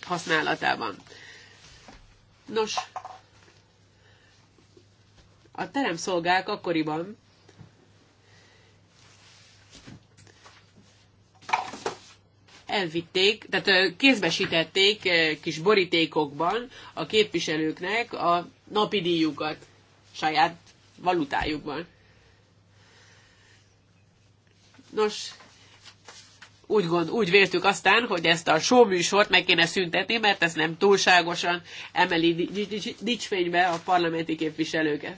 használatában. Nos, a teremszolgák akkoriban elvitték, tehát kézbesítették kis borítékokban a képviselőknek a napi díjukat saját valutájukban. Nos, úgy, gond, úgy véltük aztán, hogy ezt a show műsort meg kéne szüntetni, mert ez nem túlságosan emeli dicsfénybe a parlamenti képviselőket.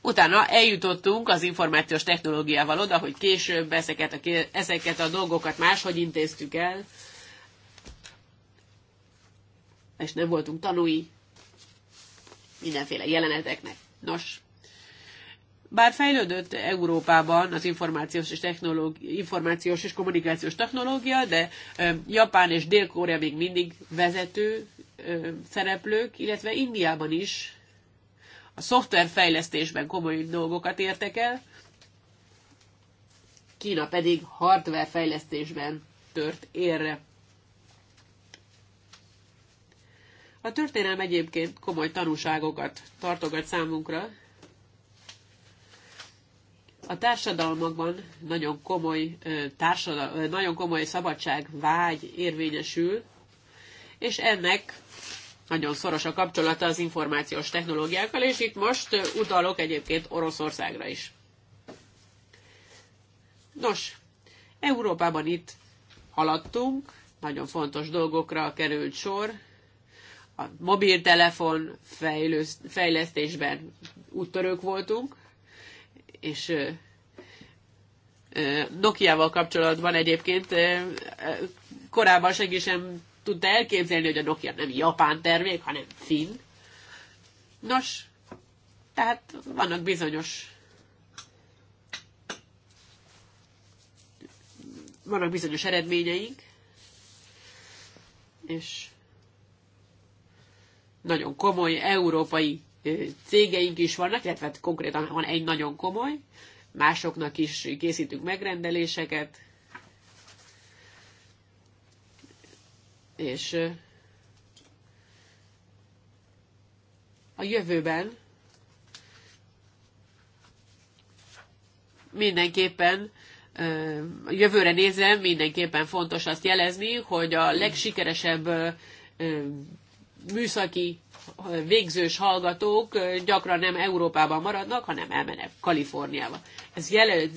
Utána eljutottunk az információs technológiával oda, hogy később ezeket a, ezeket a dolgokat máshogy intéztük el, és nem voltunk tanúi mindenféle jeleneteknek. Nos, bár fejlődött Európában az információs és, információs és kommunikációs technológia, de Japán és Dél-Korea még mindig vezető szereplők, illetve Indiában is a szoftverfejlesztésben komoly dolgokat értek el, Kína pedig hardwarefejlesztésben tört érre. A történelem egyébként komoly tanúságokat tartogat számunkra. A társadalmakban nagyon komoly, társadal, nagyon komoly szabadság, vágy érvényesül, és ennek nagyon szoros a kapcsolata az információs technológiákkal, és itt most utalok egyébként Oroszországra is. Nos, Európában itt haladtunk, nagyon fontos dolgokra került sor. A mobiltelefon fejlesztésben úttörők voltunk, és Nokia-val kapcsolatban egyébként korábban senki sem tudta elképzelni, hogy a Nokia nem japán termék, hanem finn. Nos, tehát vannak bizonyos vannak bizonyos eredményeink, és nagyon komoly európai cégeink is vannak, illetve hát konkrétan van egy nagyon komoly, másoknak is készítünk megrendeléseket, és a jövőben mindenképpen a jövőre nézve mindenképpen fontos azt jelezni, hogy a legsikeresebb műszaki végzős hallgatók gyakran nem Európában maradnak, hanem elmennek Kaliforniába. Ez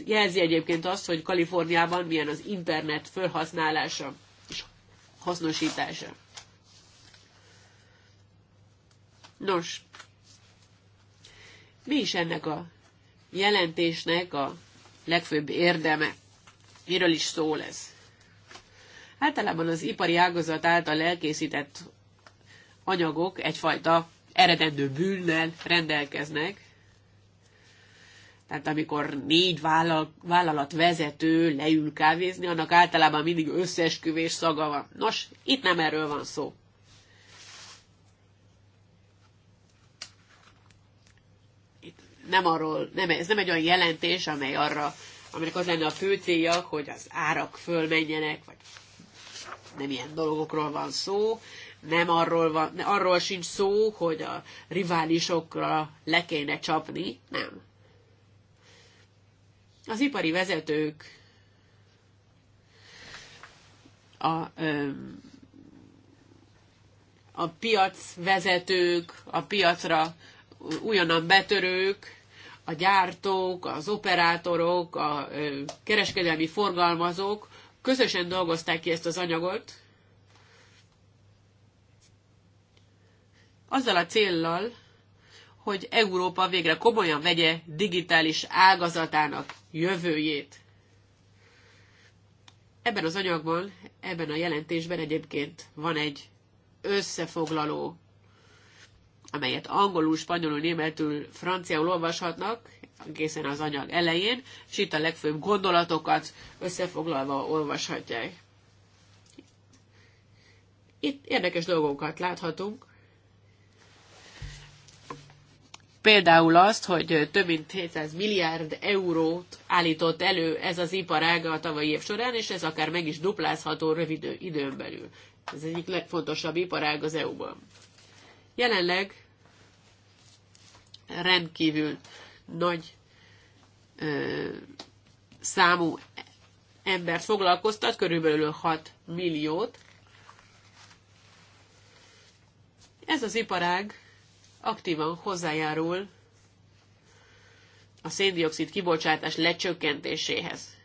jelzi egyébként azt, hogy Kaliforniában milyen az internet felhasználása hasznosítása. Nos, mi is ennek a jelentésnek a legfőbb érdeme? Miről is szól ez? Általában az ipari ágazat által elkészített anyagok egyfajta eredendő bűnnel rendelkeznek, tehát amikor négy vállal, vállalat vezető leül kávézni, annak általában mindig összeesküvés szaga van. Nos, itt nem erről van szó. Itt nem arról, nem, ez nem egy olyan jelentés, amely arra, aminek az lenne a fő célja, hogy az árak fölmenjenek, vagy nem ilyen dologokról van szó, nem arról, van, arról sincs szó, hogy a riválisokra le kéne csapni, nem az ipari vezetők a, a piac vezetők, a piacra újonnan betörők, a gyártók, az operátorok, a kereskedelmi forgalmazók közösen dolgozták ki ezt az anyagot, azzal a céllal, hogy Európa végre komolyan vegye digitális ágazatának jövőjét. Ebben az anyagban, ebben a jelentésben egyébként van egy összefoglaló, amelyet angolul, spanyolul, németül, franciául olvashatnak, egészen az anyag elején, és itt a legfőbb gondolatokat összefoglalva olvashatják. Itt érdekes dolgokat láthatunk, Például azt, hogy több mint 700 milliárd eurót állított elő ez az iparága a tavalyi év során, és ez akár meg is duplázható rövid időn belül. Ez egyik legfontosabb iparág az EU-ban. Jelenleg rendkívül nagy ö, számú ember foglalkoztat, körülbelül 6 milliót. Ez az iparág aktívan hozzájárul a széndiokszid kibocsátás lecsökkentéséhez.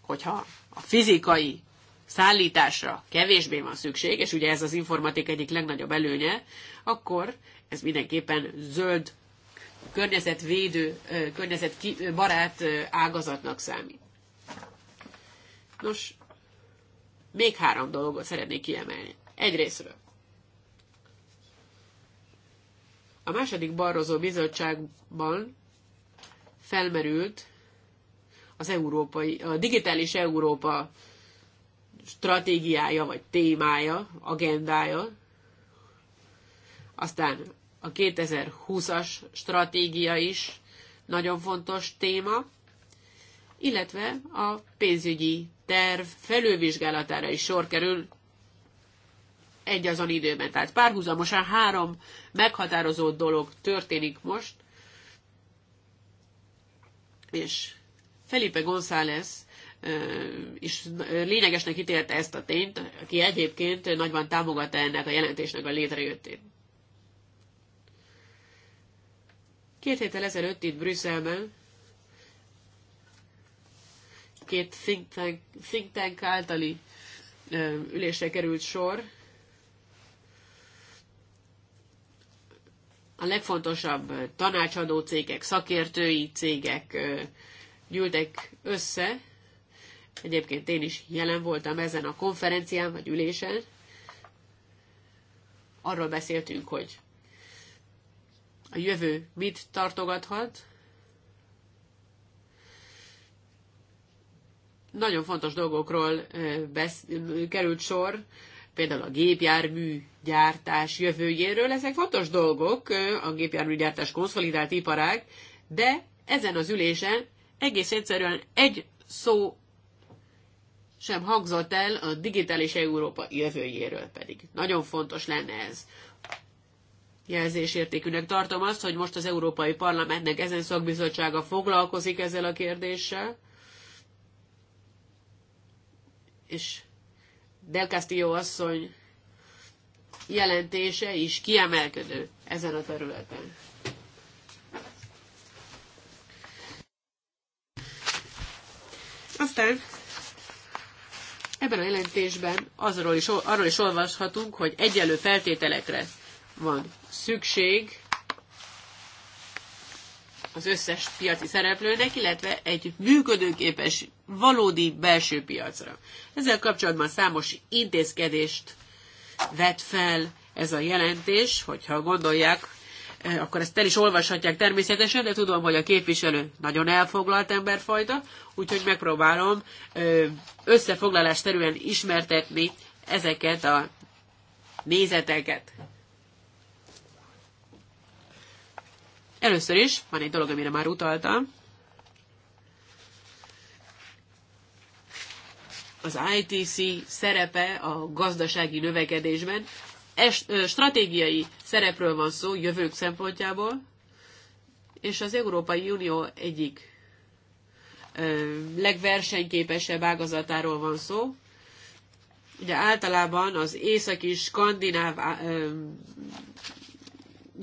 Hogyha a fizikai szállításra kevésbé van szükség, és ugye ez az informatik egyik legnagyobb előnye, akkor ez mindenképpen zöld, környezetvédő, környezetbarát ágazatnak számít. Nos, még három dolgot szeretnék kiemelni. Egyrésztről A második Barrozó bizottságban felmerült az európai, a digitális Európa stratégiája, vagy témája, agendája, aztán a 2020-as stratégia is nagyon fontos téma, illetve a pénzügyi terv felővizsgálatára is sor kerül egy azon időben. Tehát párhuzamosan három meghatározó dolog történik most, és Felipe González is lényegesnek ítélte ezt a tényt, aki egyébként nagyban támogatta ennek a jelentésnek a létrejöttét. Két héttel ezelőtt itt Brüsszelben két think tank, think tank általi ülésre került sor, a legfontosabb tanácsadó cégek, szakértői cégek gyűltek össze. Egyébként én is jelen voltam ezen a konferencián vagy ülésen. Arról beszéltünk, hogy a jövő mit tartogathat. Nagyon fontos dolgokról besz- került sor például a gépjármű gyártás jövőjéről. Ezek fontos dolgok, a gyártás konszolidált iparág, de ezen az ülésen egész egyszerűen egy szó sem hangzott el a digitális Európa jövőjéről pedig. Nagyon fontos lenne ez. Jelzésértékűnek tartom azt, hogy most az Európai Parlamentnek ezen szakbizottsága foglalkozik ezzel a kérdéssel, és Del Castillo asszony jelentése is kiemelkedő ezen a területen. Aztán ebben a jelentésben azról is, arról is olvashatunk, hogy egyenlő feltételekre van szükség az összes piaci szereplőnek, illetve egy működőképes, valódi belső piacra. Ezzel kapcsolatban számos intézkedést vet fel ez a jelentés, hogyha gondolják, eh, akkor ezt el is olvashatják természetesen, de tudom, hogy a képviselő nagyon elfoglalt emberfajta, úgyhogy megpróbálom eh, összefoglalás területen ismertetni ezeket a nézeteket. Először is van egy dolog, amire már utaltam. Az ITC szerepe a gazdasági növekedésben. Es, stratégiai szerepről van szó jövők szempontjából, és az Európai Unió egyik legversenyképesebb ágazatáról van szó. Ugye általában az északi skandináv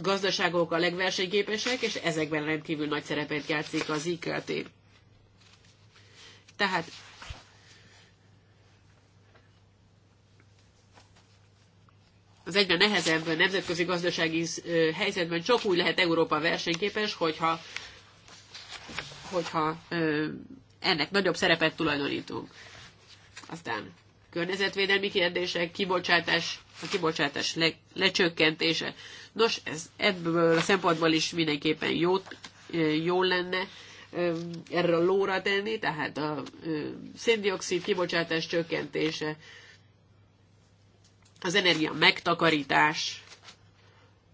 gazdaságok a legversenyképesek, és ezekben rendkívül nagy szerepet játszik az IKT. Tehát az egyre nehezebb nemzetközi gazdasági helyzetben csak úgy lehet Európa versenyképes, hogyha, hogyha ennek nagyobb szerepet tulajdonítunk. Aztán környezetvédelmi kérdések, kibocsátás, a kibocsátás le, lecsökkentése. Nos, ez ebből a szempontból is mindenképpen jó, jó lenne erre a lóra tenni, tehát a széndiokszid kibocsátás csökkentése, az energia megtakarítás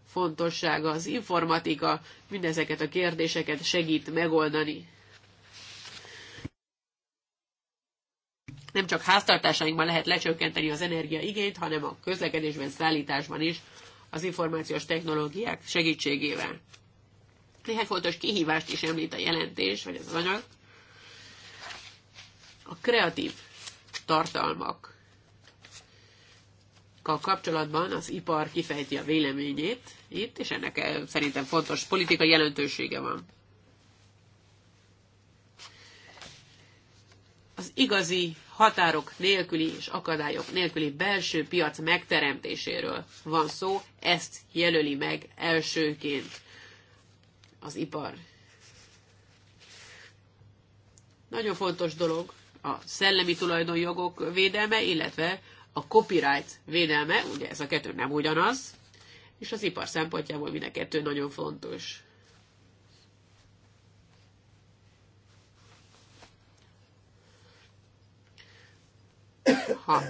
fontossága, az informatika, mindezeket a kérdéseket segít megoldani. Nem csak háztartásainkban lehet lecsökkenteni az energiaigényt, hanem a közlekedésben, szállításban is az információs technológiák segítségével. Néhány fontos kihívást is említ a jelentés, vagy az anyag. A kreatív tartalmakkal kapcsolatban az ipar kifejti a véleményét itt, és ennek szerintem fontos politikai jelentősége van. az igazi határok nélküli és akadályok nélküli belső piac megteremtéséről van szó, ezt jelöli meg elsőként az ipar. Nagyon fontos dolog a szellemi tulajdonjogok védelme, illetve a copyright védelme, ugye ez a kettő nem ugyanaz, és az ipar szempontjából mind a kettő nagyon fontos. ha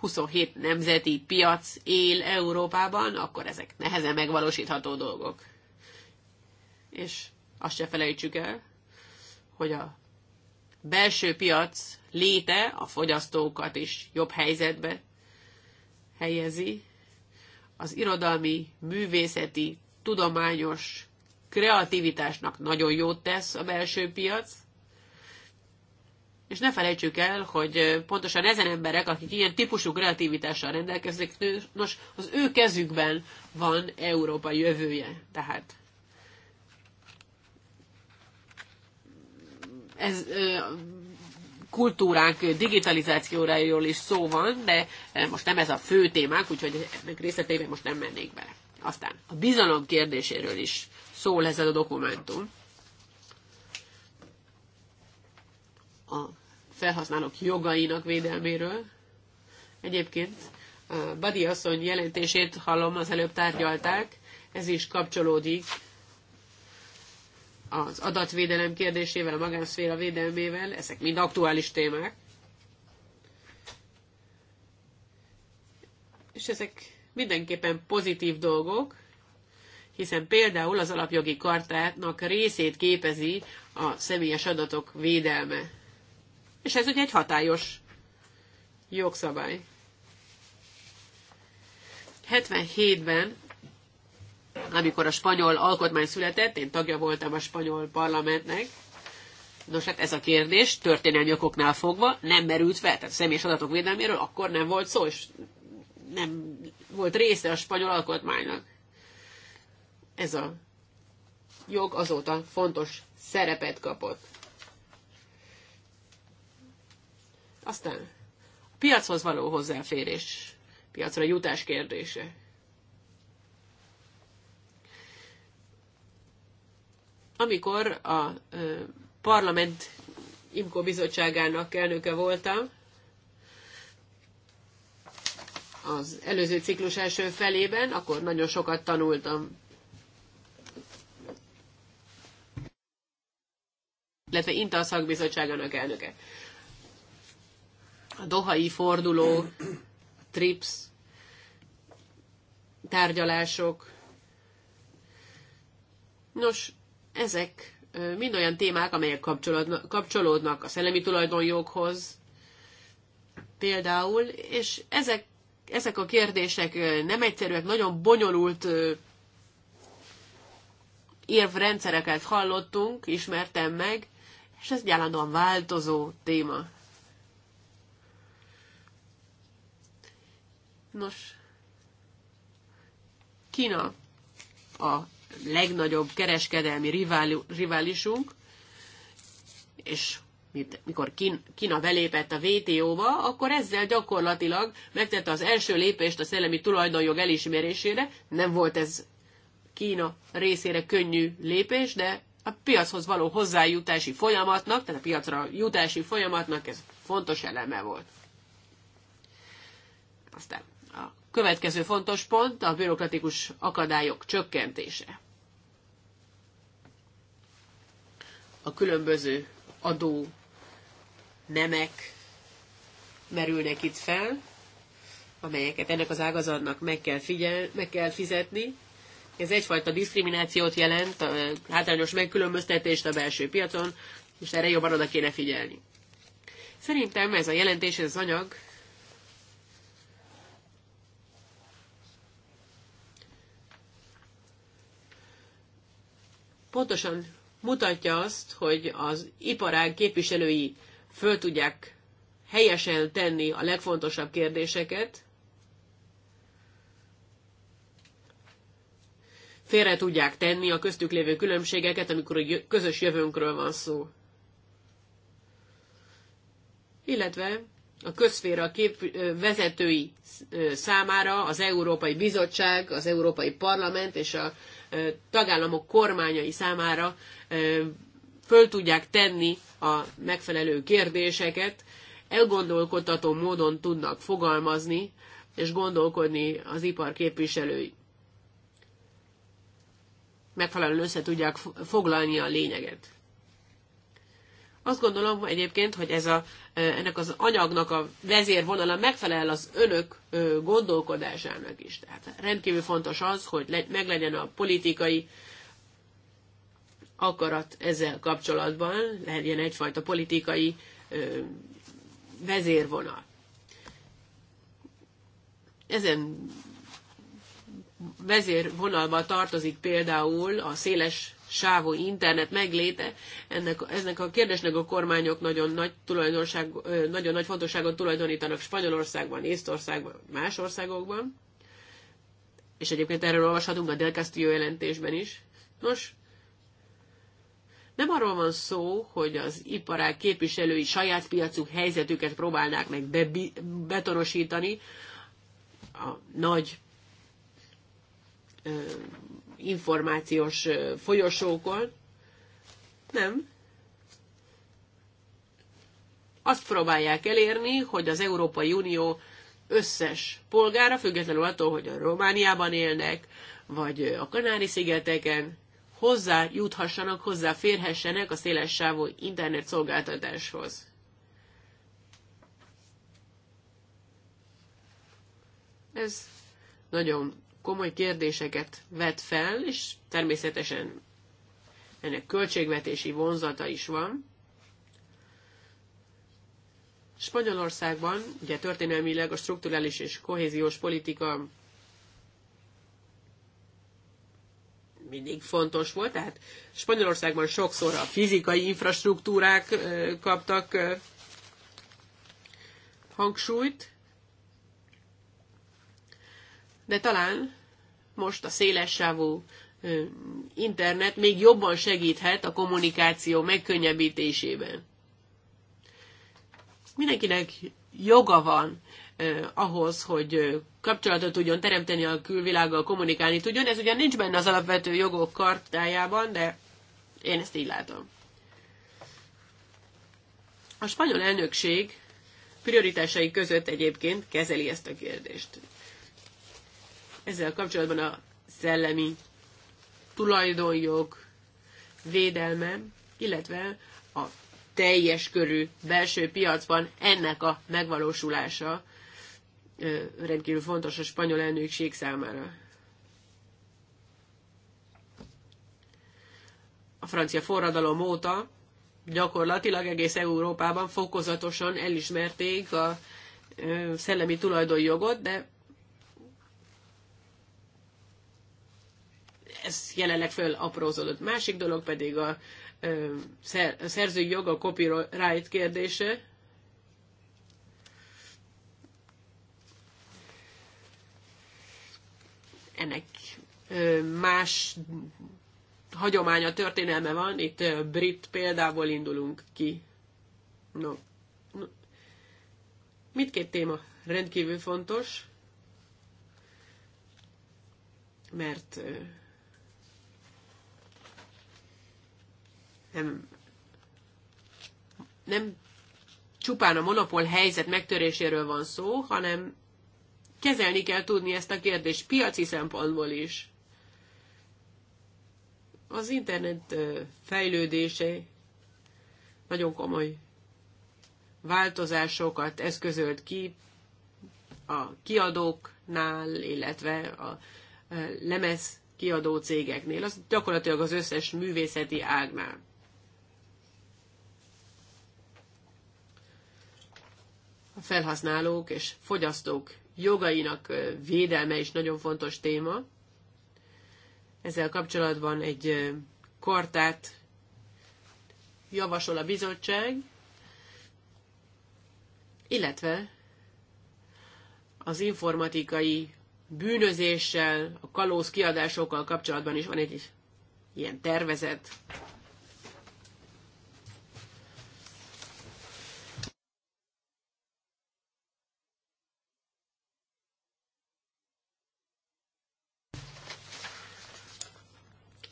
27 nemzeti piac él Európában, akkor ezek nehezen megvalósítható dolgok. És azt se felejtsük el, hogy a belső piac léte a fogyasztókat is jobb helyzetbe helyezi. Az irodalmi, művészeti, tudományos kreativitásnak nagyon jót tesz a belső piac, és ne felejtsük el, hogy pontosan ezen emberek, akik ilyen típusú kreativitással rendelkeznek, nos, az ő kezükben van Európa jövője. Tehát ez kultúránk digitalizációjáról is szó van, de most nem ez a fő témánk, úgyhogy ennek részletében most nem mennék bele. Aztán a bizalom kérdéséről is szól ez a dokumentum. A felhasználók jogainak védelméről. Egyébként Badi asszony jelentését hallom, az előbb tárgyalták, ez is kapcsolódik az adatvédelem kérdésével, a magánszféra védelmével, ezek mind aktuális témák. És ezek mindenképpen pozitív dolgok, hiszen például az alapjogi kartának részét képezi a személyes adatok védelme. És ez ugye egy hatályos jogszabály. 77-ben, amikor a spanyol alkotmány született, én tagja voltam a spanyol parlamentnek, Nos, hát ez a kérdés történelmi okoknál fogva nem merült fel, tehát személyes adatok védelméről akkor nem volt szó, és nem volt része a spanyol alkotmánynak. Ez a jog azóta fontos szerepet kapott. Aztán a piachoz való hozzáférés, piacra jutás kérdése. Amikor a parlament IMKO bizottságának elnöke voltam, az előző ciklus első felében, akkor nagyon sokat tanultam. Illetve Inta a szakbizottságának elnöke a dohai forduló, trips, tárgyalások. Nos, ezek mind olyan témák, amelyek kapcsolódnak a szellemi tulajdonjoghoz, például, és ezek, ezek a kérdések nem egyszerűek, nagyon bonyolult érvrendszereket hallottunk, ismertem meg, és ez egy állandóan változó téma. Nos, Kína a legnagyobb kereskedelmi riválisunk, és mikor Kína belépett a WTO-ba, akkor ezzel gyakorlatilag megtette az első lépést a szellemi tulajdonjog elismerésére. Nem volt ez Kína részére könnyű lépés, de a piachoz való hozzájutási folyamatnak, tehát a piacra jutási folyamatnak ez fontos eleme volt. Aztán Következő fontos pont a bürokratikus akadályok csökkentése. A különböző adó nemek merülnek itt fel, amelyeket ennek az ágazatnak meg kell, figyel, meg kell fizetni. Ez egyfajta diszkriminációt jelent, hátrányos megkülönböztetést a belső piacon, és erre jobban oda kéne figyelni. Szerintem ez a jelentés, ez az anyag pontosan mutatja azt, hogy az iparág képviselői föl tudják helyesen tenni a legfontosabb kérdéseket, félre tudják tenni a köztük lévő különbségeket, amikor a közös jövőnkről van szó. Illetve a közféra kép, vezetői számára az Európai Bizottság, az Európai Parlament és a tagállamok kormányai számára föl tudják tenni a megfelelő kérdéseket, elgondolkodható módon tudnak fogalmazni és gondolkodni az ipar képviselői. Megfelelően össze tudják foglalni a lényeget. Azt gondolom egyébként, hogy ez a, ennek az anyagnak a vezérvonala megfelel az önök gondolkodásának is. Tehát rendkívül fontos az, hogy meglegyen a politikai akarat ezzel kapcsolatban, legyen egyfajta politikai vezérvonal. Ezen vezérvonalba tartozik például a széles sávú internet megléte, ennek, ennek a kérdésnek a kormányok nagyon nagy, tulajdonság, nagyon nagy fontosságot tulajdonítanak Spanyolországban, Észtországban, más országokban, és egyébként erről olvashatunk a Del Castillo jelentésben is. Nos, nem arról van szó, hogy az iparág képviselői saját piacuk helyzetüket próbálnák meg be, betonosítani a nagy ö, információs folyosókon. Nem. Azt próbálják elérni, hogy az Európai Unió összes polgára, függetlenül attól, hogy a Romániában élnek, vagy a Kanári-szigeteken, hozzá férhessenek a széles sávú internet szolgáltatáshoz. Ez nagyon komoly kérdéseket vet fel, és természetesen ennek költségvetési vonzata is van. Spanyolországban ugye történelmileg a strukturális és kohéziós politika mindig fontos volt, tehát Spanyolországban sokszor a fizikai infrastruktúrák kaptak hangsúlyt, de talán most a szélessávú internet még jobban segíthet a kommunikáció megkönnyebbítésében. Mindenkinek joga van ahhoz, hogy kapcsolatot tudjon teremteni a külvilággal, kommunikálni tudjon. Ez ugyan nincs benne az alapvető jogok kartájában, de én ezt így látom. A spanyol elnökség prioritásai között egyébként kezeli ezt a kérdést ezzel kapcsolatban a szellemi tulajdonjog védelme, illetve a teljes körű belső piacban ennek a megvalósulása rendkívül fontos a spanyol elnökség számára. A francia forradalom óta gyakorlatilag egész Európában fokozatosan elismerték a szellemi tulajdonjogot, de ez jelenleg föl Másik dolog pedig a, a szerzői jog, a copyright kérdése. Ennek más hagyománya, történelme van, itt brit példából indulunk ki. No. no. Mindkét téma rendkívül fontos, mert nem, nem csupán a monopól helyzet megtöréséről van szó, hanem kezelni kell tudni ezt a kérdést piaci szempontból is. Az internet fejlődése nagyon komoly változásokat eszközölt ki a kiadóknál, illetve a lemez kiadó cégeknél, az gyakorlatilag az összes művészeti ágnál. a felhasználók és fogyasztók jogainak védelme is nagyon fontos téma. Ezzel kapcsolatban egy kartát javasol a bizottság, illetve az informatikai bűnözéssel, a kalóz kiadásokkal kapcsolatban is van egy ilyen tervezet.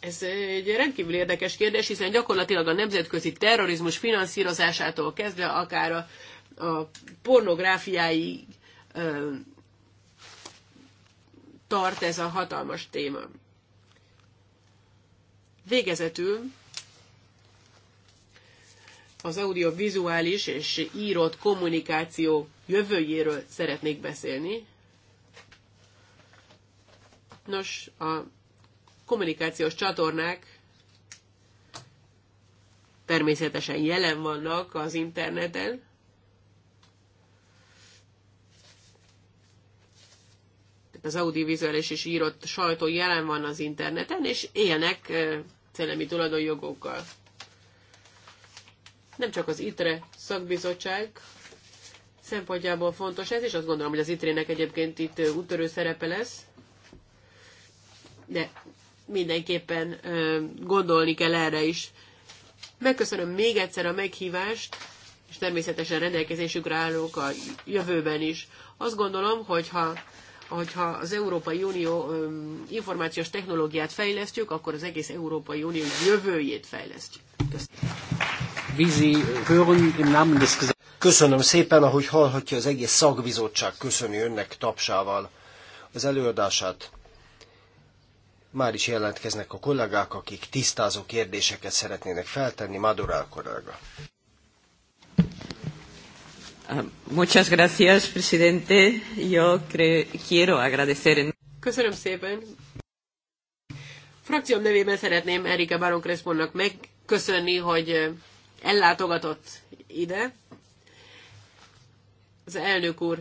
Ez egy rendkívül érdekes kérdés, hiszen gyakorlatilag a nemzetközi terrorizmus finanszírozásától kezdve akár a, a pornográfiáig ö, tart ez a hatalmas téma. Végezetül az audiovizuális és írott kommunikáció jövőjéről szeretnék beszélni. Nos, a kommunikációs csatornák természetesen jelen vannak az interneten, az audiovizuális és írott sajtó jelen van az interneten, és élnek szellemi tulajdonjogokkal. Nem csak az ITRE szakbizottság szempontjából fontos ez, és azt gondolom, hogy az ITRE-nek egyébként itt úttörő szerepe lesz, de mindenképpen gondolni kell erre is. Megköszönöm még egyszer a meghívást, és természetesen rendelkezésükre állunk a jövőben is. Azt gondolom, hogyha hogyha az Európai Unió információs technológiát fejlesztjük, akkor az egész Európai Unió jövőjét fejlesztjük. Köszönöm. Köszönöm szépen, ahogy hallhatja az egész szakbizottság, köszöni önnek tapsával az előadását. Már is jelentkeznek a kollégák, akik tisztázó kérdéseket szeretnének feltenni. Madurál kollega. Ah, muchas gracias, presidente. Yo creo, quiero agradecer. Köszönöm szépen. Frakcióm nevében szeretném Erika Baron Cresponnak megköszönni, hogy eh, ellátogatott ide. Az elnök úr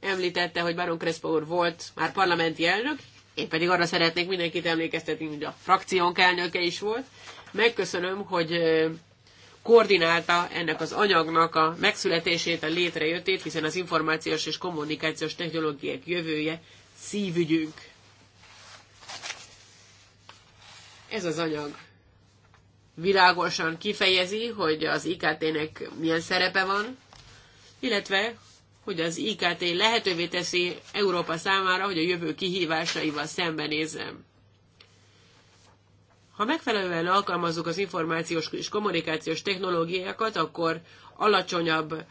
említette, hogy Baron Crespo úr volt már parlamenti elnök, én pedig arra szeretnék mindenkit emlékeztetni, hogy a frakciónk elnöke is volt. Megköszönöm, hogy koordinálta ennek az anyagnak a megszületését, a létrejöttét, hiszen az információs és kommunikációs technológiák jövője szívügyünk. Ez az anyag világosan kifejezi, hogy az IKT-nek milyen szerepe van, illetve hogy az IKT lehetővé teszi Európa számára, hogy a jövő kihívásaival szembenézem. Ha megfelelően alkalmazzuk az információs és kommunikációs technológiákat, akkor alacsonyabb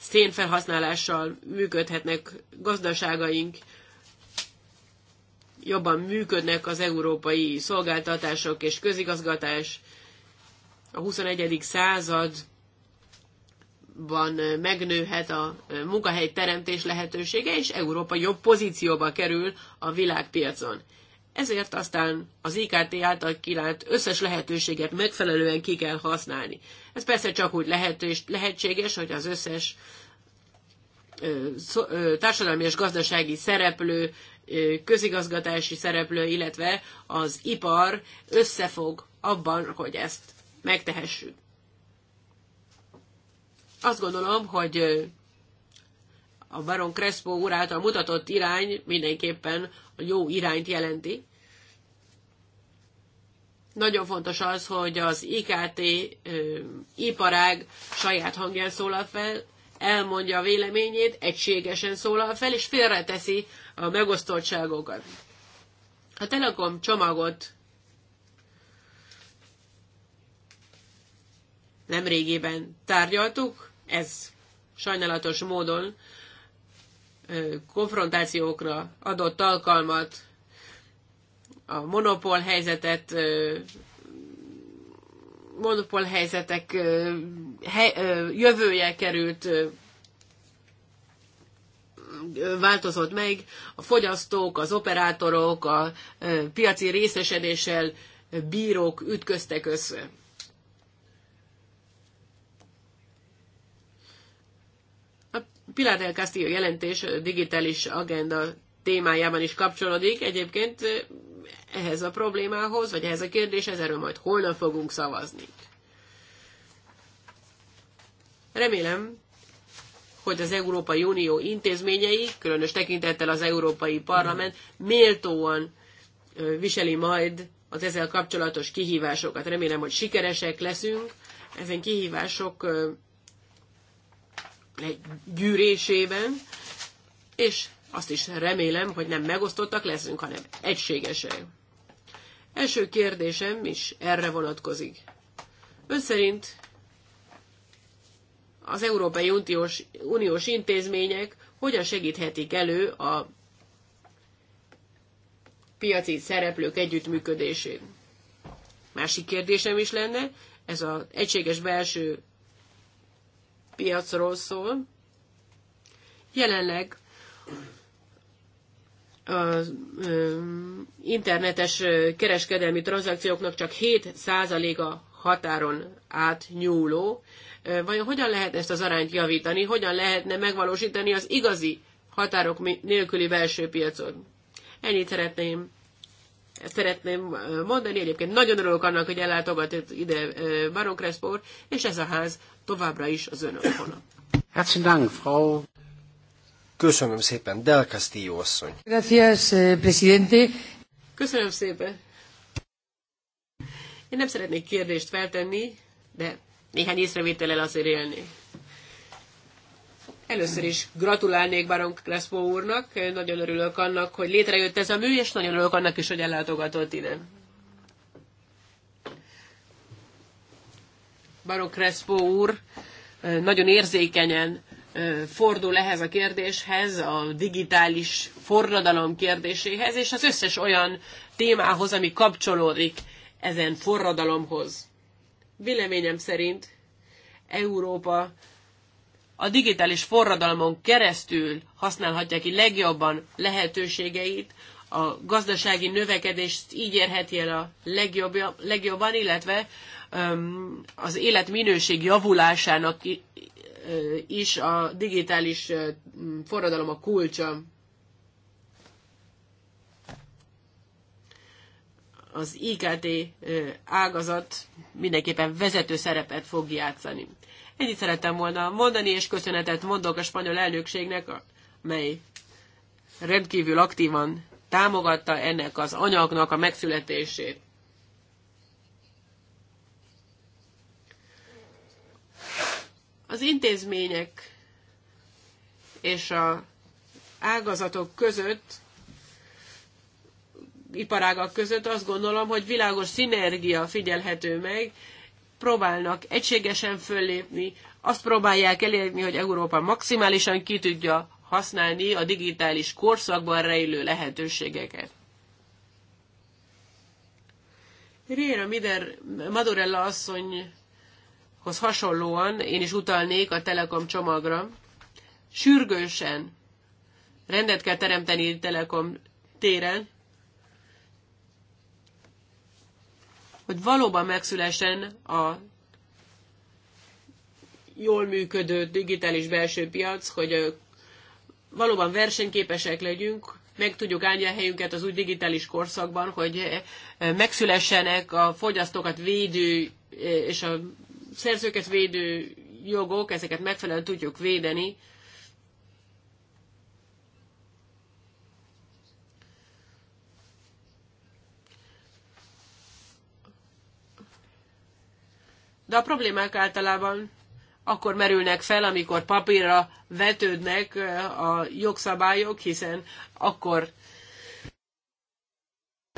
szénfelhasználással működhetnek gazdaságaink, jobban működnek az európai szolgáltatások és közigazgatás. A 21. század Európában megnőhet a munkahely teremtés lehetősége, és Európa jobb pozícióba kerül a világpiacon. Ezért aztán az IKT által kínált összes lehetőséget megfelelően ki kell használni. Ez persze csak úgy lehetős, lehetséges, hogy az összes társadalmi és gazdasági szereplő, közigazgatási szereplő, illetve az ipar összefog abban, hogy ezt megtehessük. Azt gondolom, hogy a Baron Crespo úr által mutatott irány mindenképpen a jó irányt jelenti. Nagyon fontos az, hogy az IKT iparág saját hangján szólal fel, elmondja a véleményét, egységesen szólal fel, és félreteszi a megosztottságokat. A Telekom csomagot nemrégében tárgyaltuk, ez sajnálatos módon konfrontációkra adott alkalmat, a monopól helyzetet, monopól helyzetek jövője került változott meg, a fogyasztók, az operátorok, a piaci részesedéssel bírók ütköztek össze. Pilar del Castillo jelentés digitális agenda témájában is kapcsolódik. Egyébként ehhez a problémához, vagy ehhez a kérdéshez, erről majd holnap fogunk szavazni. Remélem, hogy az Európai Unió intézményei, különös tekintettel az Európai Parlament méltóan viseli majd az ezzel kapcsolatos kihívásokat. Remélem, hogy sikeresek leszünk ezen kihívások gyűrésében, és azt is remélem, hogy nem megosztottak leszünk, hanem egységesek. Első kérdésem is erre vonatkozik. Ön szerint az Európai Uniós, Uniós intézmények hogyan segíthetik elő a piaci szereplők együttműködését? Másik kérdésem is lenne, ez az egységes belső piacról szól. Jelenleg az internetes kereskedelmi tranzakcióknak csak 7%-a határon átnyúló. Vajon hogyan lehet ezt az arányt javítani? Hogyan lehetne megvalósítani az igazi határok nélküli belső piacot? Ennyit szeretném ezt szeretném mondani, egyébként nagyon örülök annak, hogy ellátogat ide Baron Crespo, és ez a ház továbbra is az ön otthona. Herzlichen Dank, Frau. Köszönöm szépen, Del Castillo asszony. Gracias, eh, presidente. Köszönöm szépen. Én nem szeretnék kérdést feltenni, de néhány észrevétellel azért élnék. Először is gratulálnék Baron Crespo úrnak, nagyon örülök annak, hogy létrejött ez a mű, és nagyon örülök annak is, hogy ellátogatott ide. Baron Crespo úr nagyon érzékenyen fordul ehhez a kérdéshez, a digitális forradalom kérdéséhez, és az összes olyan témához, ami kapcsolódik ezen forradalomhoz. Véleményem szerint Európa a digitális forradalmon keresztül használhatják ki legjobban lehetőségeit, a gazdasági növekedést így érheti el a legjobb, legjobban, illetve um, az életminőség javulásának is a digitális forradalom a kulcsa. Az IKT ágazat mindenképpen vezető szerepet fog játszani. Ennyit szerettem volna mondani, és köszönetet mondok a spanyol elnökségnek, mely rendkívül aktívan támogatta ennek az anyagnak a megszületését. Az intézmények és a ágazatok között, iparágak között azt gondolom, hogy világos szinergia figyelhető meg, próbálnak egységesen föllépni, azt próbálják elérni, hogy Európa maximálisan ki tudja használni a digitális korszakban rejlő lehetőségeket. Riera Mider Madurella asszonyhoz hasonlóan én is utalnék a Telekom csomagra. Sürgősen rendet kell teremteni Telekom téren, hogy valóban megszülessen a jól működő digitális belső piac, hogy valóban versenyképesek legyünk, meg tudjuk állni a helyünket az új digitális korszakban, hogy megszülessenek a fogyasztókat védő és a szerzőket védő jogok, ezeket megfelelően tudjuk védeni, De a problémák általában akkor merülnek fel, amikor papírra vetődnek a jogszabályok, hiszen akkor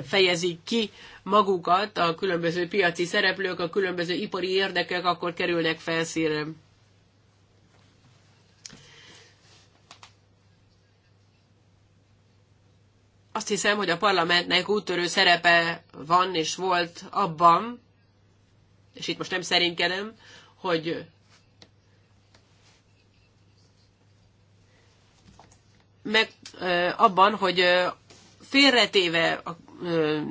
fejezik ki magukat a különböző piaci szereplők, a különböző ipari érdekek, akkor kerülnek felszínre. Azt hiszem, hogy a parlamentnek úttörő szerepe van és volt abban, és itt most nem szerénykedem, hogy meg abban, hogy félretéve a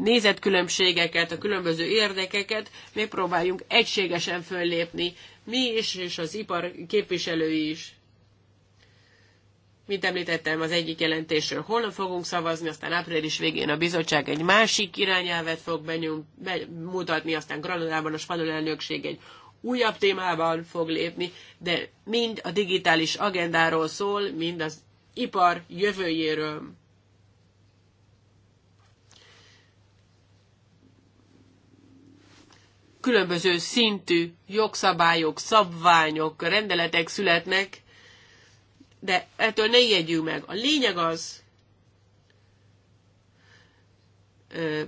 nézetkülönbségeket, a különböző érdekeket, még próbáljunk egységesen föllépni, mi is, és az ipar képviselői is. Mint említettem, az egyik jelentésről holnap fogunk szavazni, aztán április végén a bizottság egy másik irányelvet fog benyom, be, mutatni, aztán Granadában a spanyol elnökség egy újabb témában fog lépni, de mind a digitális agendáról szól, mind az ipar jövőjéről. Különböző szintű jogszabályok, szabványok, rendeletek születnek, de ettől ne ijedjünk meg. A lényeg az,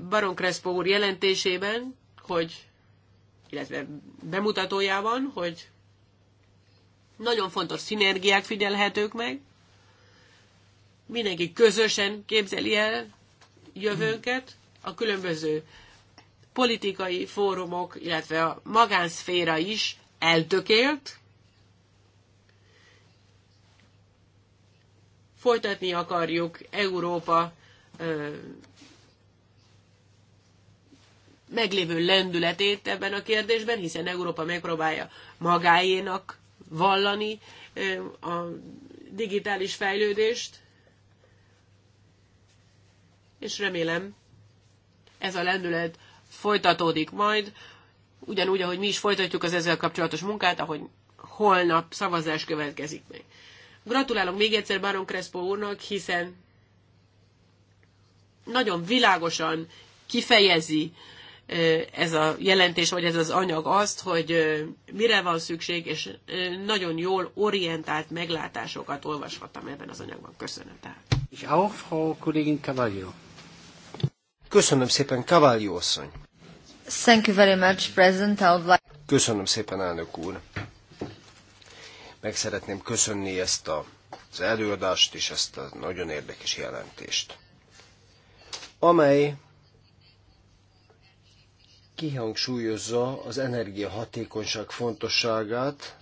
Baron Crespo úr jelentésében, hogy, illetve bemutatójában, hogy nagyon fontos szinergiák figyelhetők meg, mindenki közösen képzeli el jövőnket, a különböző politikai fórumok, illetve a magánszféra is eltökélt, folytatni akarjuk Európa meglévő lendületét ebben a kérdésben, hiszen Európa megpróbálja magáénak vallani a digitális fejlődést, és remélem ez a lendület folytatódik majd, ugyanúgy, ahogy mi is folytatjuk az ezzel kapcsolatos munkát, ahogy holnap szavazás következik meg. Gratulálok még egyszer Baron Crespo úrnak, hiszen nagyon világosan kifejezi ez a jelentés, vagy ez az anyag azt, hogy mire van szükség, és nagyon jól orientált meglátásokat olvashattam ebben az anyagban. Köszönöm tehát. Ich auch, Frau Kollegin Cavallio. Köszönöm szépen, Cavallio asszony. Thank you very much, President. I would like... Köszönöm szépen, elnök úr. Meg szeretném köszönni ezt a, az előadást és ezt a nagyon érdekes jelentést, amely kihangsúlyozza az energiahatékonyság fontosságát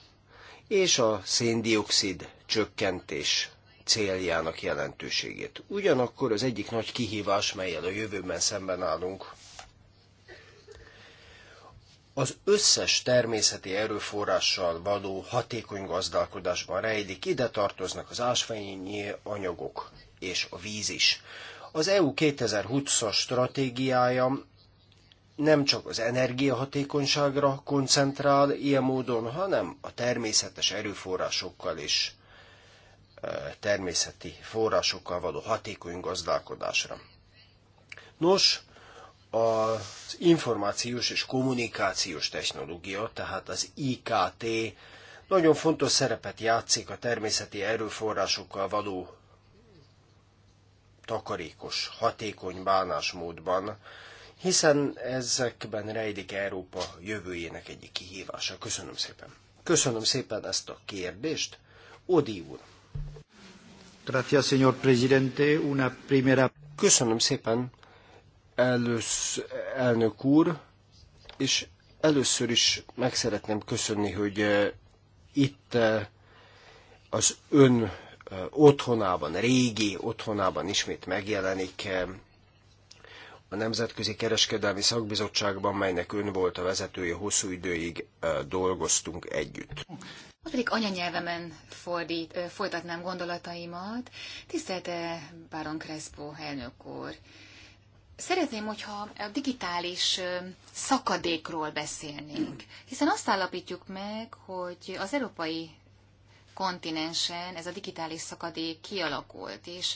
és a széndiokszid csökkentés céljának jelentőségét. Ugyanakkor az egyik nagy kihívás, melyel a jövőben szemben állunk, az összes természeti erőforrással való hatékony gazdálkodásban rejlik, ide tartoznak az ásványi anyagok és a víz is. Az EU 2020-as stratégiája nem csak az energiahatékonyságra koncentrál ilyen módon, hanem a természetes erőforrásokkal is e, természeti forrásokkal való hatékony gazdálkodásra. Nos, az információs és kommunikációs technológia, tehát az IKT nagyon fontos szerepet játszik a természeti erőforrásokkal való takarékos, hatékony bánásmódban, hiszen ezekben rejlik Európa jövőjének egyik kihívása. Köszönöm szépen. Köszönöm szépen ezt a kérdést. Odi úr. Gracias, señor presidente. Una primera... Köszönöm szépen elősz, elnök úr, és először is meg szeretném köszönni, hogy eh, itt eh, az ön eh, otthonában, régi otthonában ismét megjelenik a Nemzetközi Kereskedelmi Szakbizottságban, melynek ön volt a vezetője, hosszú időig dolgoztunk együtt. Most pedig anyanyelvemen fordít, folytatnám gondolataimat. Tisztelte Baron Crespo elnök úr! Szeretném, hogyha a digitális szakadékról beszélnénk, hiszen azt állapítjuk meg, hogy az európai kontinensen ez a digitális szakadék kialakult, és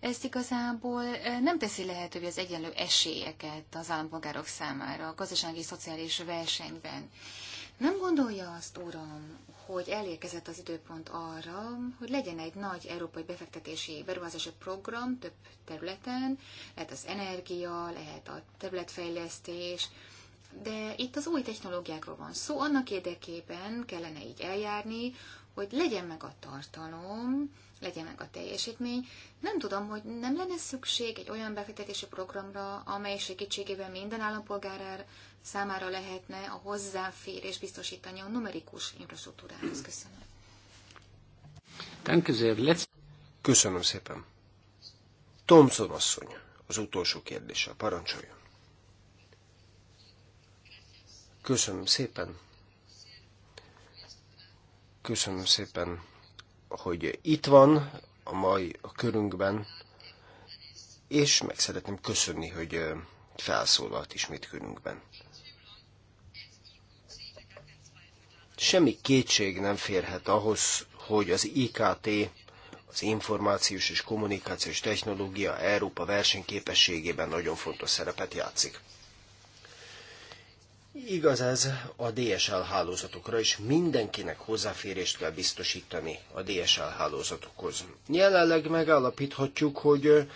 ez igazából nem teszi lehetővé az egyenlő esélyeket az állampolgárok számára a gazdasági szociális versenyben. Nem gondolja azt, uram, hogy elérkezett az időpont arra, hogy legyen egy nagy európai befektetési beruházási program több területen, lehet az energia, lehet a területfejlesztés, de itt az új technológiákról van szó, annak érdekében kellene így eljárni, hogy legyen meg a tartalom, legyen meg a teljesítmény. Nem tudom, hogy nem lenne szükség egy olyan befektetési programra, amely segítségével minden állampolgárára számára lehetne a hozzáférés biztosítani a numerikus infrastruktúrához. Köszönöm. Köszönöm szépen. Thompson asszony, az utolsó kérdése, parancsoljon. Köszönöm szépen. Köszönöm szépen, hogy itt van a mai a körünkben, és meg szeretném köszönni, hogy felszólalt ismét körünkben. Semmi kétség nem férhet ahhoz, hogy az IKT, az információs és kommunikációs technológia Európa versenyképességében nagyon fontos szerepet játszik. Igaz ez a DSL hálózatokra is, mindenkinek hozzáférést kell biztosítani a DSL hálózatokhoz. Jelenleg megállapíthatjuk, hogy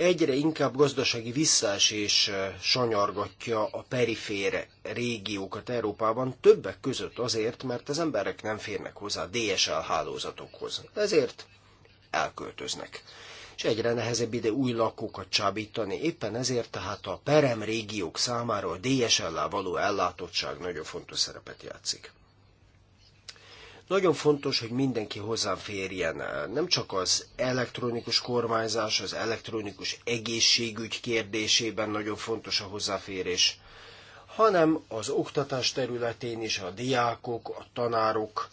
egyre inkább gazdasági visszaesés eh, sanyargatja a perifér régiókat Európában, többek között azért, mert az emberek nem férnek hozzá DSL hálózatokhoz. Ezért elköltöznek. És egyre nehezebb ide új lakókat csábítani, éppen ezért tehát a perem régiók számára a DSL-lel való ellátottság nagyon fontos szerepet játszik. Nagyon fontos, hogy mindenki hozzáférjen, nem csak az elektronikus kormányzás, az elektronikus egészségügy kérdésében nagyon fontos a hozzáférés, hanem az oktatás területén is a diákok, a tanárok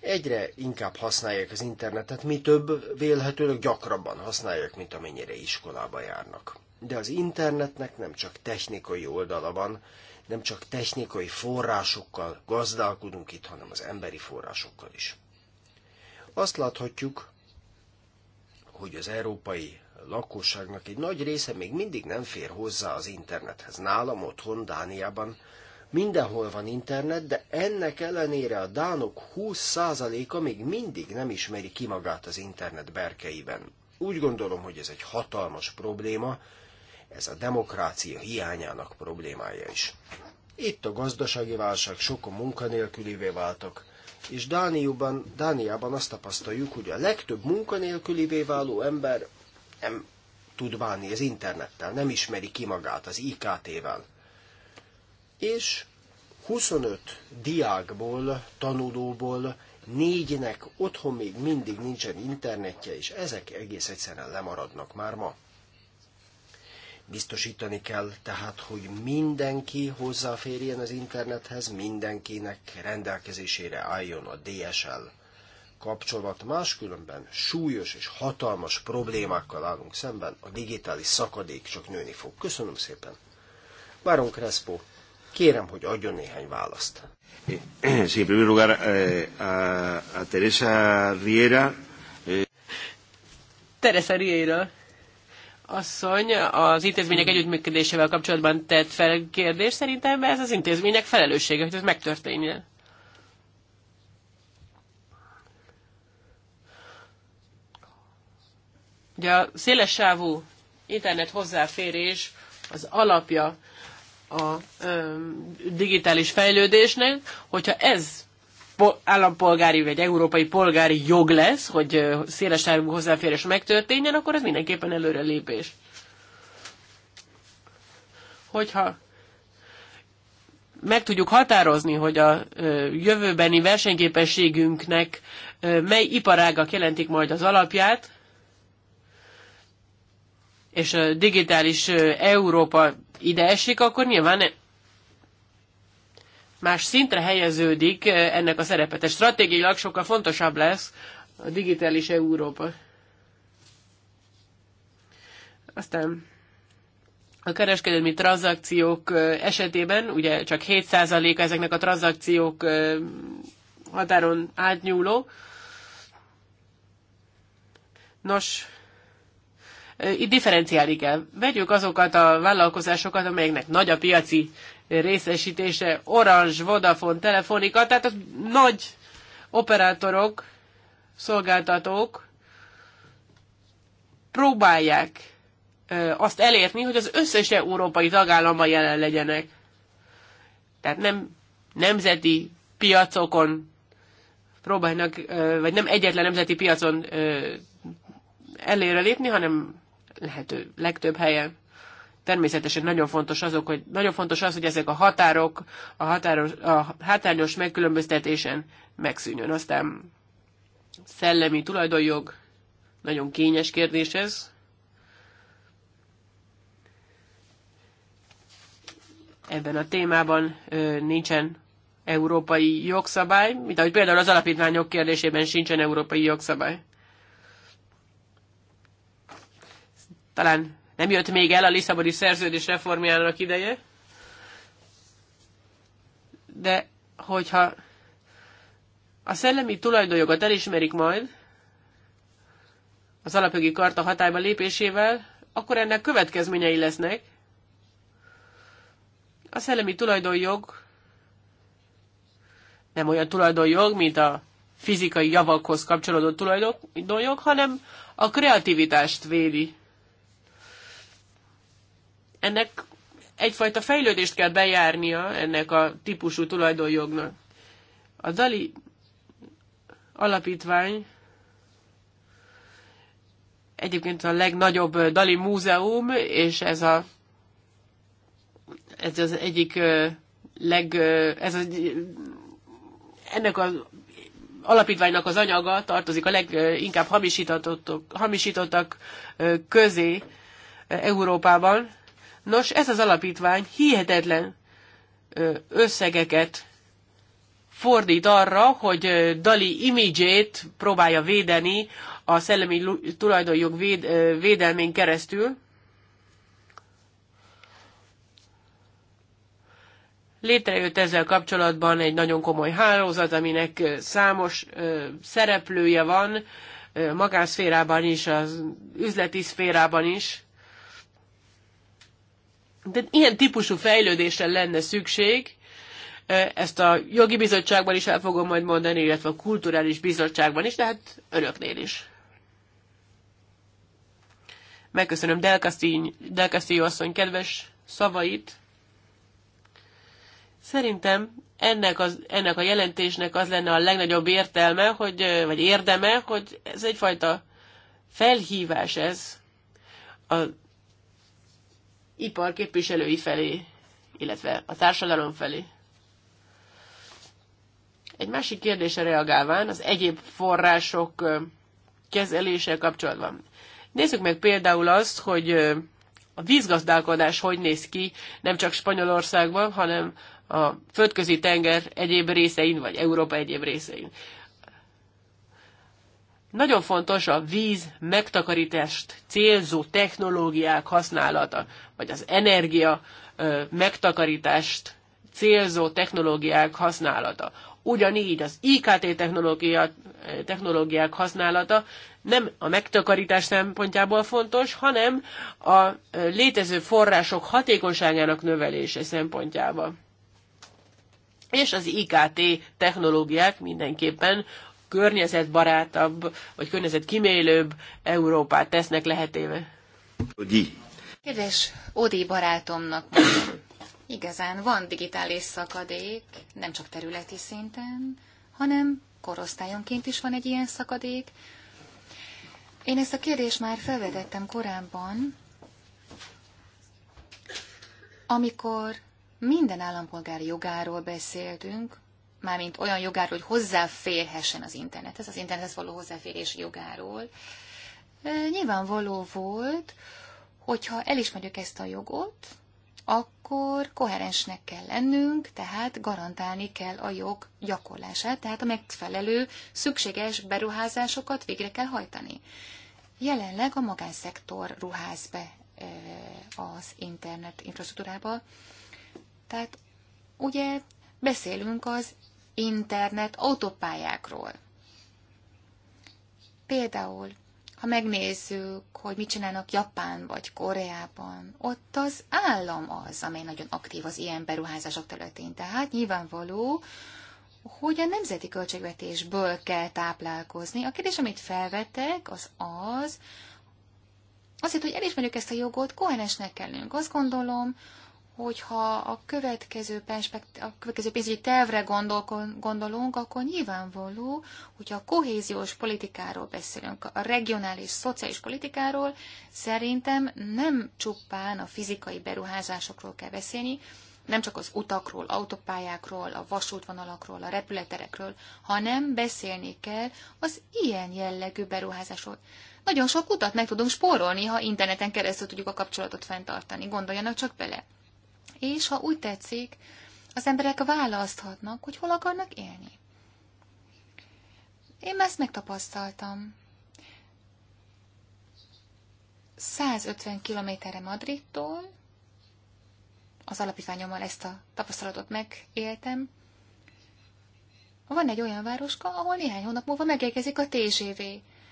egyre inkább használják az internetet, mi több vélhetőleg gyakrabban használják, mint amennyire iskolába járnak. De az internetnek nem csak technikai oldala van, nem csak technikai forrásokkal gazdálkodunk itt, hanem az emberi forrásokkal is. Azt láthatjuk, hogy az európai lakosságnak egy nagy része még mindig nem fér hozzá az internethez. Nálam otthon, Dániában mindenhol van internet, de ennek ellenére a dánok 20%-a még mindig nem ismeri ki magát az internet berkeiben. Úgy gondolom, hogy ez egy hatalmas probléma, ez a demokrácia hiányának problémája is. Itt a gazdasági válság, sokan munkanélkülivé váltak, és Dániában, Dániában azt tapasztaljuk, hogy a legtöbb munkanélkülivé váló ember nem tud bánni az internettel, nem ismeri ki magát az IKT-vel. És 25 diákból, tanulóból négynek otthon még mindig nincsen internetje, és ezek egész egyszerűen lemaradnak már ma. Biztosítani kell tehát, hogy mindenki hozzáférjen az internethez, mindenkinek rendelkezésére álljon a DSL kapcsolat. Máskülönben súlyos és hatalmas problémákkal állunk szemben, a digitális szakadék csak nőni fog. Köszönöm szépen. Baron Crespo, kérem, hogy adjon néhány választ. Sí, en primer lugar, eh, a, Teresa Riera. Eh, Teresa Riera asszony az intézmények együttműködésével kapcsolatban tett fel kérdés. Szerintem ez az intézmények felelőssége, hogy ez megtörténjen. Ugye a sávú internet hozzáférés az alapja a ö, digitális fejlődésnek, hogyha ez állampolgári vagy európai polgári jog lesz, hogy széles távú hozzáférés megtörténjen, akkor ez mindenképpen előrelépés. Hogyha meg tudjuk határozni, hogy a jövőbeni versenyképességünknek mely iparágak jelentik majd az alapját, és a digitális Európa ide esik, akkor nyilván más szintre helyeződik eh, ennek a szerepet. Tehát stratégiailag sokkal fontosabb lesz a digitális Európa. Aztán a kereskedelmi tranzakciók eh, esetében, ugye csak 7%-a ezeknek a tranzakciók eh, határon átnyúló. Nos, itt differenciálni kell. Vegyük azokat a vállalkozásokat, amelyeknek nagy a piaci részesítése, Orange, Vodafone, Telefonika, tehát a nagy operátorok, szolgáltatók próbálják azt elérni, hogy az összes európai tagállama jelen legyenek. Tehát nem nemzeti piacokon próbálnak, vagy nem egyetlen nemzeti piacon elérre lépni, hanem lehető legtöbb helyen. Természetesen nagyon fontos, azok, hogy, nagyon fontos az, hogy ezek a határok a, határos, a hátrányos megkülönböztetésen megszűnjön. Aztán szellemi tulajdonjog, nagyon kényes kérdés ez. Ebben a témában ö, nincsen európai jogszabály, mint ahogy például az alapítványok kérdésében sincsen európai jogszabály. Talán nem jött még el a Lisszaboni szerződés reformjának ideje, de hogyha a szellemi tulajdonjogot elismerik majd az alapjogi karta hatályba lépésével, akkor ennek következményei lesznek. A szellemi tulajdonjog nem olyan tulajdonjog, mint a fizikai javakhoz kapcsolódó tulajdonjog, hanem a kreativitást védi ennek egyfajta fejlődést kell bejárnia ennek a típusú tulajdonjognak. A Dali alapítvány egyébként a legnagyobb Dali múzeum, és ez a ez az egyik leg, ez az, ennek az alapítványnak az anyaga tartozik a leginkább hamisítottak, hamisítottak közé Európában. Nos, ez az alapítvány hihetetlen összegeket fordít arra, hogy Dali imidzsét próbálja védeni a szellemi tulajdonjog véd, védelmén keresztül. Létrejött ezzel kapcsolatban egy nagyon komoly hálózat, aminek számos szereplője van, magánszférában is, az üzleti szférában is. De ilyen típusú fejlődésre lenne szükség, ezt a jogi bizottságban is el fogom majd mondani, illetve a kulturális bizottságban is, tehát önöknél is. Megköszönöm Del Castillo asszony kedves szavait. Szerintem ennek, az, ennek a jelentésnek az lenne a legnagyobb értelme, hogy, vagy érdeme, hogy ez egyfajta felhívás ez a ipar képviselői felé, illetve a társadalom felé. Egy másik kérdésre reagálván az egyéb források kezelése kapcsolatban. Nézzük meg például azt, hogy a vízgazdálkodás hogy néz ki, nem csak Spanyolországban, hanem a földközi tenger egyéb részein, vagy Európa egyéb részein. Nagyon fontos a víz megtakarítást célzó technológiák használata, vagy az energia megtakarítást célzó technológiák használata. Ugyanígy az IKT technológia, technológiák használata nem a megtakarítás szempontjából fontos, hanem a létező források hatékonyságának növelése szempontjából. És az IKT technológiák mindenképpen környezetbarátabb, vagy környezetkímélőbb Európát tesznek lehetéve? Odi. Kedves Odi barátomnak mondom, igazán van digitális szakadék, nem csak területi szinten, hanem korosztályonként is van egy ilyen szakadék. Én ezt a kérdést már felvetettem korábban, amikor minden állampolgár jogáról beszéltünk, mármint olyan jogáról, hogy hozzáférhessen az internethez, az internethez való hozzáférés jogáról. E, nyilvánvaló volt, hogyha elismerjük ezt a jogot, akkor koherensnek kell lennünk, tehát garantálni kell a jog gyakorlását, tehát a megfelelő, szükséges beruházásokat végre kell hajtani. Jelenleg a magánszektor ruház be e, az internet infrastruktúrába, tehát ugye beszélünk az internet autópályákról. Például, ha megnézzük, hogy mit csinálnak Japán vagy Koreában, ott az állam az, amely nagyon aktív az ilyen beruházások területén. Tehát nyilvánvaló, hogy a nemzeti költségvetésből kell táplálkozni. A kérdés, amit felvetek, az az, azért, hogy elismerjük ezt a jogot, kohenesnek kellünk. Azt gondolom, hogyha a következő, a következő pénzügyi tervre gondol- gondolunk, akkor nyilvánvaló, hogyha a kohéziós politikáról beszélünk, a regionális szociális politikáról, szerintem nem csupán a fizikai beruházásokról kell beszélni, nem csak az utakról, autópályákról, a vasútvonalakról, a repületerekről, hanem beszélni kell az ilyen jellegű beruházásról. Nagyon sok utat meg tudunk spórolni, ha interneten keresztül tudjuk a kapcsolatot fenntartani. Gondoljanak csak bele és ha úgy tetszik, az emberek választhatnak, hogy hol akarnak élni. Én ezt megtapasztaltam. 150 kilométerre Madridtól, az alapítványommal ezt a tapasztalatot megéltem, van egy olyan városka, ahol néhány hónap múlva megérkezik a TGV,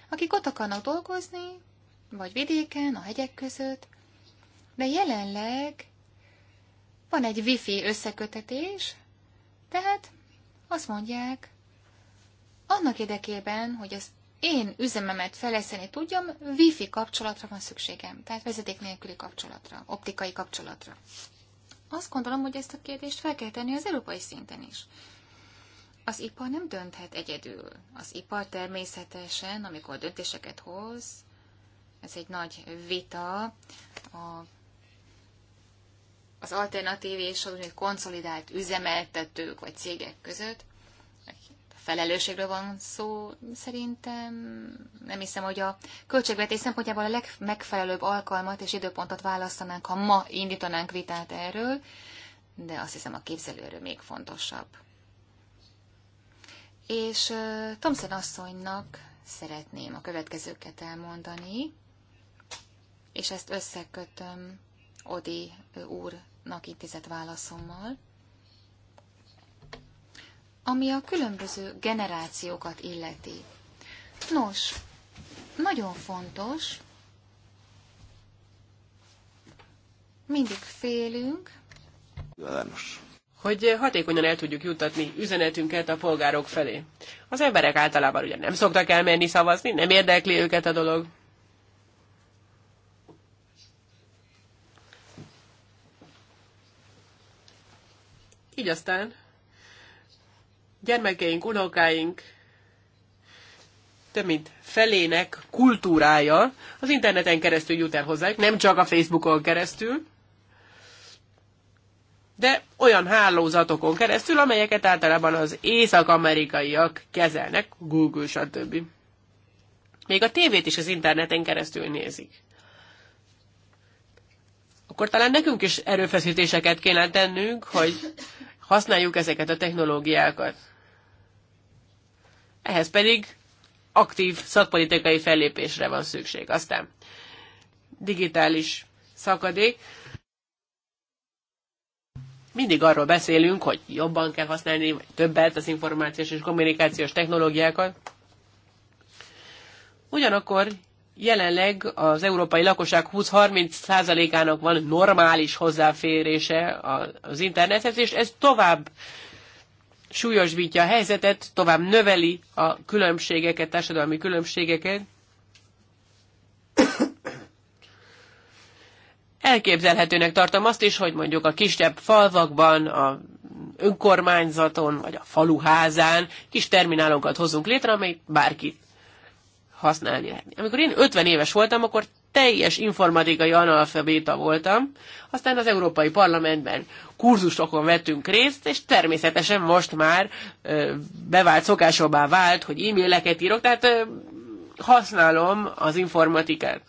akik ott akarnak dolgozni, vagy vidéken, a hegyek között, de jelenleg van egy wifi összekötetés, tehát azt mondják, annak érdekében, hogy az én üzememet feleszteni tudjam, wifi kapcsolatra van szükségem, tehát vezeték nélküli kapcsolatra, optikai kapcsolatra. Azt gondolom, hogy ezt a kérdést fel kell tenni az európai szinten is. Az ipar nem dönthet egyedül. Az ipar természetesen, amikor döntéseket hoz, ez egy nagy vita a az alternatív és az úgy, konszolidált üzemeltetők vagy cégek között. Felelősségről van szó, szerintem nem hiszem, hogy a költségvetés szempontjából a legmegfelelőbb alkalmat és időpontot választanánk, ha ma indítanánk vitát erről, de azt hiszem a képzelőről még fontosabb. És uh, Thomson asszonynak szeretném a következőket elmondani, és ezt összekötöm Odi úr úrnak intézett válaszommal, ami a különböző generációkat illeti. Nos, nagyon fontos, mindig félünk, hogy hatékonyan el tudjuk juttatni üzenetünket a polgárok felé. Az emberek általában ugye nem szoktak elmenni szavazni, nem érdekli őket a dolog. Így aztán gyermekeink, unokáink több mint felének kultúrája az interneten keresztül jut el hozzájuk, nem csak a Facebookon keresztül, de olyan hálózatokon keresztül, amelyeket általában az észak-amerikaiak kezelnek, Google, stb. Még a tévét is az interneten keresztül nézik. Akkor talán nekünk is erőfeszítéseket kéne tennünk, hogy használjuk ezeket a technológiákat. Ehhez pedig aktív szakpolitikai fellépésre van szükség. Aztán digitális szakadék. Mindig arról beszélünk, hogy jobban kell használni, vagy többet az információs és kommunikációs technológiákat. Ugyanakkor jelenleg az európai lakosság 20-30%-ának van normális hozzáférése az internethez, és ez tovább súlyosbítja a helyzetet, tovább növeli a különbségeket, társadalmi különbségeket. Elképzelhetőnek tartom azt is, hogy mondjuk a kisebb falvakban, a önkormányzaton, vagy a faluházán kis terminálokat hozunk létre, amelyet bárkit használni. lehetni. Amikor én 50 éves voltam, akkor teljes informatikai analfabéta voltam, aztán az Európai Parlamentben kurzusokon vettünk részt, és természetesen most már ö, bevált szokásobbá vált, hogy e-maileket írok, tehát ö, használom az informatikát.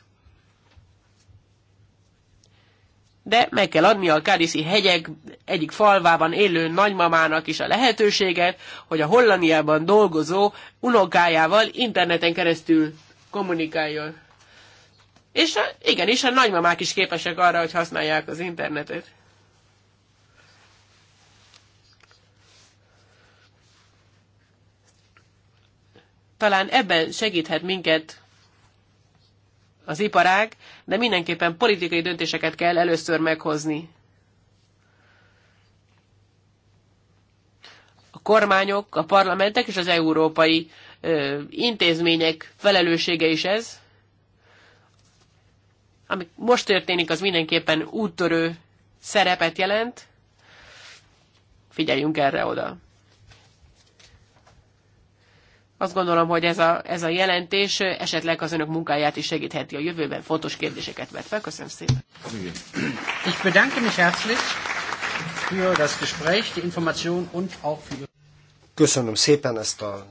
de meg kell adni a Kádiszi hegyek egyik falvában élő nagymamának is a lehetőséget, hogy a Hollandiában dolgozó unokájával interneten keresztül kommunikáljon. És a, igenis, a nagymamák is képesek arra, hogy használják az internetet. Talán ebben segíthet minket az iparág, de mindenképpen politikai döntéseket kell először meghozni. A kormányok, a parlamentek és az európai ö, intézmények felelőssége is ez. Ami most történik, az mindenképpen úttörő szerepet jelent. Figyeljünk erre oda. Azt gondolom, hogy ez a, ez a jelentés esetleg az önök munkáját is segítheti a jövőben. Fontos kérdéseket vett fel. Köszönöm szépen. Ich bedanke mich herzlich für das Gespräch, die Information und auch für... Köszönöm szépen ezt a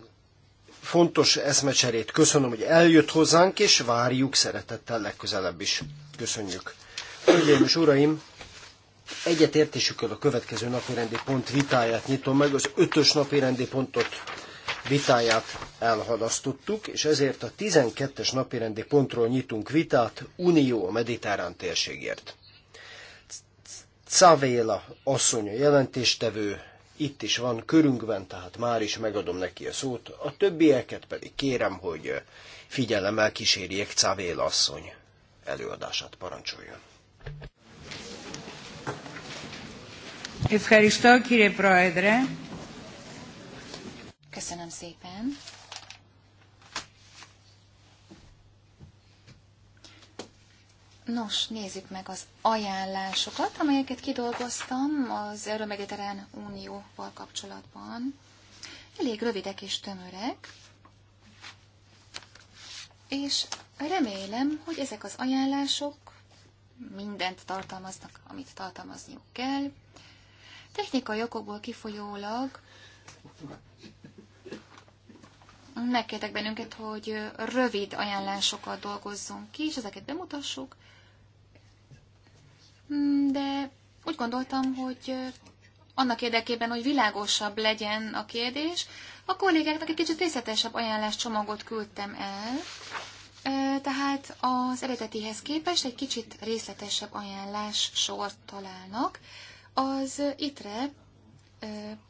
fontos eszmecserét. Köszönöm, hogy eljött hozzánk, és várjuk szeretettel legközelebb is. Köszönjük. Hölgyeim és uraim, egyetértésükkel a következő napirendi pont vitáját nyitom meg, az ötös napirendi pontot vitáját elhalasztottuk, és ezért a 12-es napirendi pontról nyitunk vitát Unió a mediterrán térségért. Cavéla asszony a jelentéstevő, itt is van körünkben, tehát már is megadom neki a szót, a többieket pedig kérem, hogy figyelemmel kísérjék Cavéla asszony előadását parancsoljon. Ευχαριστώ κύριε Πρόεδρε. Köszönöm szépen. Nos, nézzük meg az ajánlásokat, amelyeket kidolgoztam az Mediterrán Unióval kapcsolatban. Elég rövidek és tömörek, és remélem, hogy ezek az ajánlások mindent tartalmaznak, amit tartalmazniuk kell. Technikai okokból kifolyólag megkértek bennünket, hogy rövid ajánlásokat dolgozzunk ki, és ezeket bemutassuk. Hmm, de úgy gondoltam, hogy annak érdekében, hogy világosabb legyen a kérdés, a kollégáknak egy kicsit részletesebb ajánláscsomagot küldtem el. Tehát az eredetihez képest egy kicsit részletesebb ajánlás sort találnak. Az ITRE,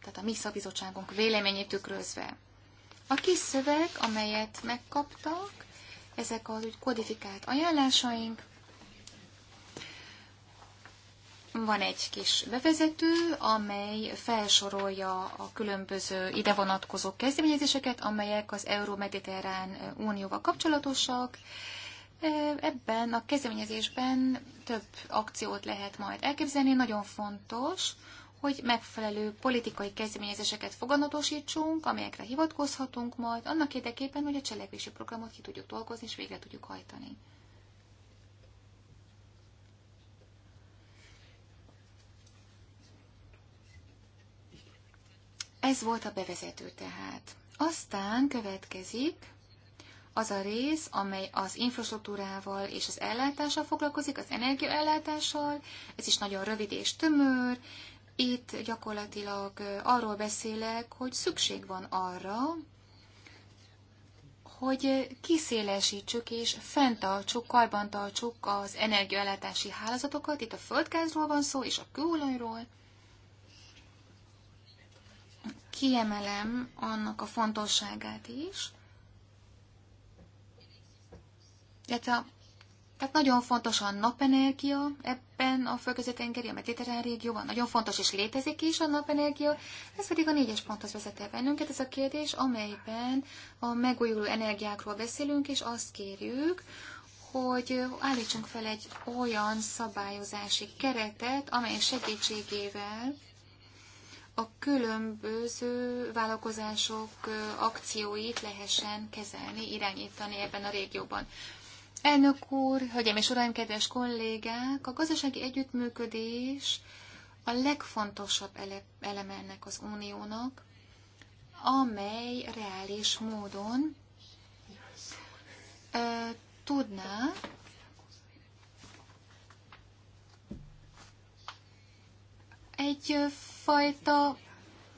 tehát a mi szabizottságunk véleményét tükrözve. A kis szöveg, amelyet megkaptak, ezek az úgy kodifikált ajánlásaink. Van egy kis bevezető, amely felsorolja a különböző ide vonatkozó kezdeményezéseket, amelyek az Euró-Mediterrán Unióval kapcsolatosak. E, ebben a kezdeményezésben több akciót lehet majd elképzelni. Nagyon fontos, hogy megfelelő politikai kezdeményezéseket fogadatosítsunk, amelyekre hivatkozhatunk majd, annak érdekében, hogy a cselekvési programot ki tudjuk dolgozni és végre tudjuk hajtani. Ez volt a bevezető tehát. Aztán következik az a rész, amely az infrastruktúrával és az ellátással foglalkozik, az energiaellátással, ez is nagyon rövid és tömör, itt gyakorlatilag arról beszélek, hogy szükség van arra, hogy kiszélesítsük és fenntartsuk, karbantartsuk az energiaellátási hálózatokat. Itt a földgázról van szó, és a kőolajról. Kiemelem annak a fontosságát is, illetve a tehát nagyon fontos a napenergia ebben a földközi-tengeri, a mediterrán régióban, nagyon fontos és létezik is a napenergia, ez pedig a négyes ponthoz vezet el bennünket, ez a kérdés, amelyben a megújuló energiákról beszélünk, és azt kérjük, hogy állítsunk fel egy olyan szabályozási keretet, amely segítségével a különböző vállalkozások akcióit lehessen kezelni, irányítani ebben a régióban. Elnök úr, hölgyeim és uraim, kedves kollégák, a gazdasági együttműködés a legfontosabb ele- eleme ennek az uniónak, amely reális módon ö, tudná egyfajta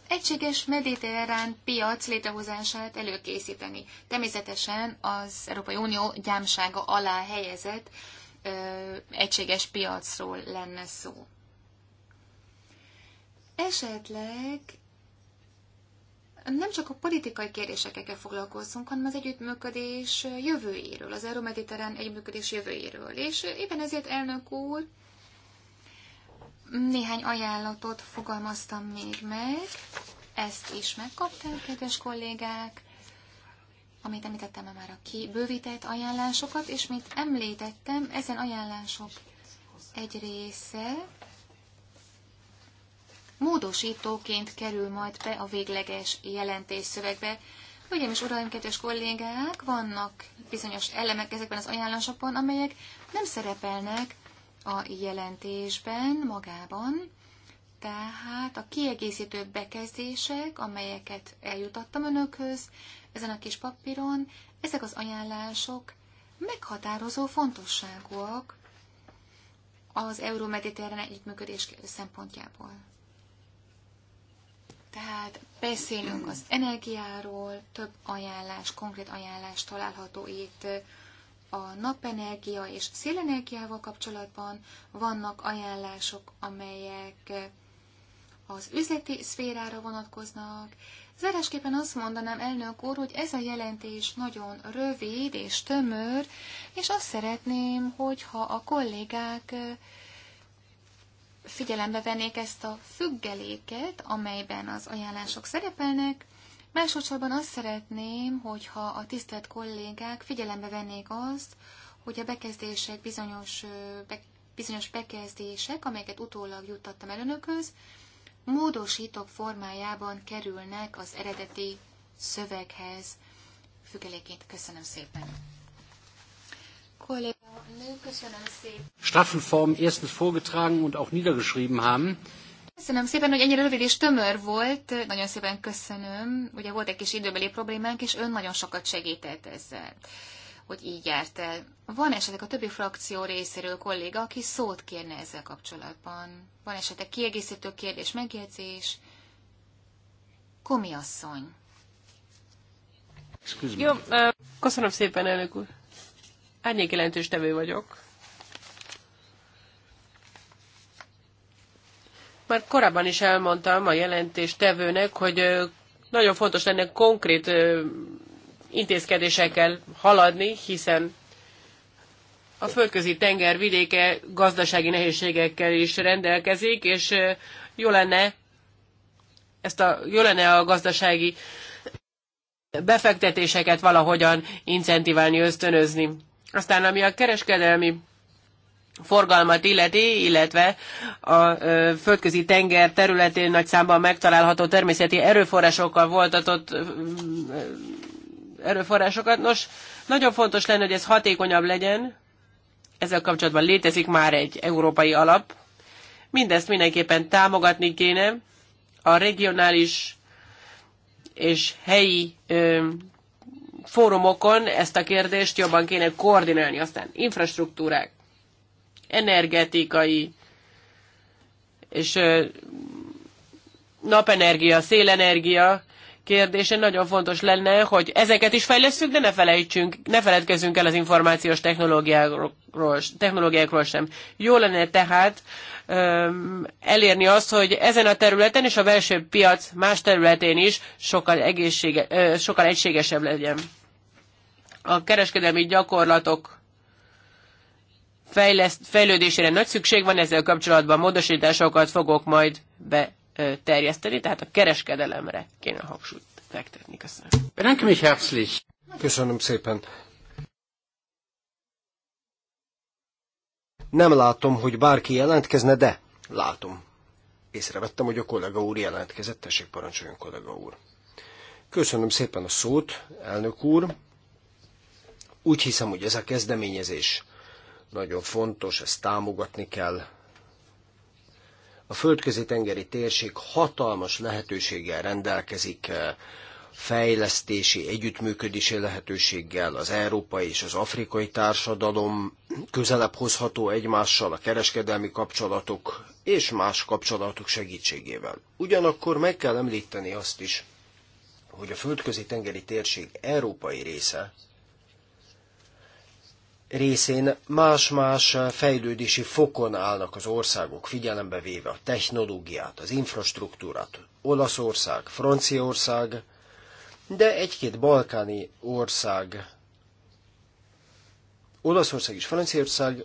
egységes mediterrán piac létrehozását előkészíteni. Természetesen az Európai Unió gyámsága alá helyezett ö, egységes piacról lenne szó. Esetleg nem csak a politikai kérdésekkel foglalkozunk, foglalkozzunk, hanem az együttműködés jövőjéről, az euró mediterrán együttműködés jövőjéről. És éppen ezért, elnök úr, néhány ajánlatot fogalmaztam még meg, ezt is megkaptam, kedves kollégák, amit említettem már a kibővített ajánlásokat, és mint említettem, ezen ajánlások egy része módosítóként kerül majd be a végleges jelentés szövegbe. Hölgyeim és uraim, kedves kollégák, vannak bizonyos elemek ezekben az ajánlásokban, amelyek nem szerepelnek a jelentésben magában, tehát a kiegészítő bekezdések, amelyeket eljutattam önökhöz ezen a kis papíron, ezek az ajánlások meghatározó fontosságúak az euró-mediterrán együttműködés szempontjából. Tehát beszélünk az energiáról, több ajánlás, konkrét ajánlás található itt a napenergia és szélenergiával kapcsolatban vannak ajánlások, amelyek az üzleti szférára vonatkoznak. Zárásképpen azt mondanám, elnök úr, hogy ez a jelentés nagyon rövid és tömör, és azt szeretném, hogyha a kollégák figyelembe vennék ezt a függeléket, amelyben az ajánlások szerepelnek, Másodszorban azt szeretném, hogyha a tisztelt kollégák figyelembe vennék azt, hogy a bekezdések bizonyos, be, bizonyos bekezdések, amelyeket utólag juttattam el önökhöz, módosítók formájában kerülnek az eredeti szöveghez. Függeléként köszönöm szépen. Kolléga, köszönöm szépen. Staffelform erstens vorgetragen und auch niedergeschrieben haben. Köszönöm szépen, hogy ennyire rövid és tömör volt. Nagyon szépen köszönöm. Ugye volt egy kis időbeli problémánk, és ön nagyon sokat segített ezzel, hogy így járt el. Van esetleg a többi frakció részéről kolléga, aki szót kérne ezzel kapcsolatban? Van esetleg kiegészítő kérdés, megjegyzés? Komi asszony. Jó, köszönöm szépen, elnök úr. Árnyék jelentős tevő vagyok Már korábban is elmondtam a jelentéstevőnek, hogy nagyon fontos lenne konkrét intézkedésekkel haladni, hiszen a földközi tenger vidéke gazdasági nehézségekkel is rendelkezik, és jó lenne, ezt a, jó lenne a gazdasági befektetéseket valahogyan incentiválni, ösztönözni. Aztán ami a kereskedelmi forgalmat illeti, illetve a földközi tenger területén nagy számban megtalálható természeti erőforrásokkal voltatott erőforrásokat. Nos, nagyon fontos lenne, hogy ez hatékonyabb legyen. Ezzel kapcsolatban létezik már egy európai alap. Mindezt mindenképpen támogatni kéne. A regionális és helyi ö, fórumokon ezt a kérdést jobban kéne koordinálni. Aztán infrastruktúrák energetikai és napenergia, szélenergia kérdése nagyon fontos lenne, hogy ezeket is fejlesztjük, de ne felejtsünk, ne feledkezzünk el az információs technológiákról, technológiákról sem. Jó lenne tehát öm, elérni azt, hogy ezen a területen és a belső piac más területén is sokkal, egészsége, ö, sokkal egységesebb legyen. A kereskedelmi gyakorlatok fejleszt, fejlődésére nagy szükség van, ezzel kapcsolatban módosításokat fogok majd beterjeszteni, tehát a kereskedelemre kéne hangsúlyt fektetni. Köszönöm. Köszönöm szépen. Nem látom, hogy bárki jelentkezne, de látom. Észrevettem, hogy a kollega úr jelentkezett. Tessék, parancsoljon, kollega úr. Köszönöm szépen a szót, elnök úr. Úgy hiszem, hogy ez a kezdeményezés nagyon fontos, ezt támogatni kell. A földközi tengeri térség hatalmas lehetőséggel rendelkezik, eh, fejlesztési, együttműködési lehetőséggel az európai és az afrikai társadalom közelebb hozható egymással a kereskedelmi kapcsolatok és más kapcsolatok segítségével. Ugyanakkor meg kell említeni azt is, hogy a földközi tengeri térség európai része részén más-más fejlődési fokon állnak az országok, figyelembe véve a technológiát, az infrastruktúrát. Olaszország, Franciaország, de egy-két balkáni ország, Olaszország és Franciaország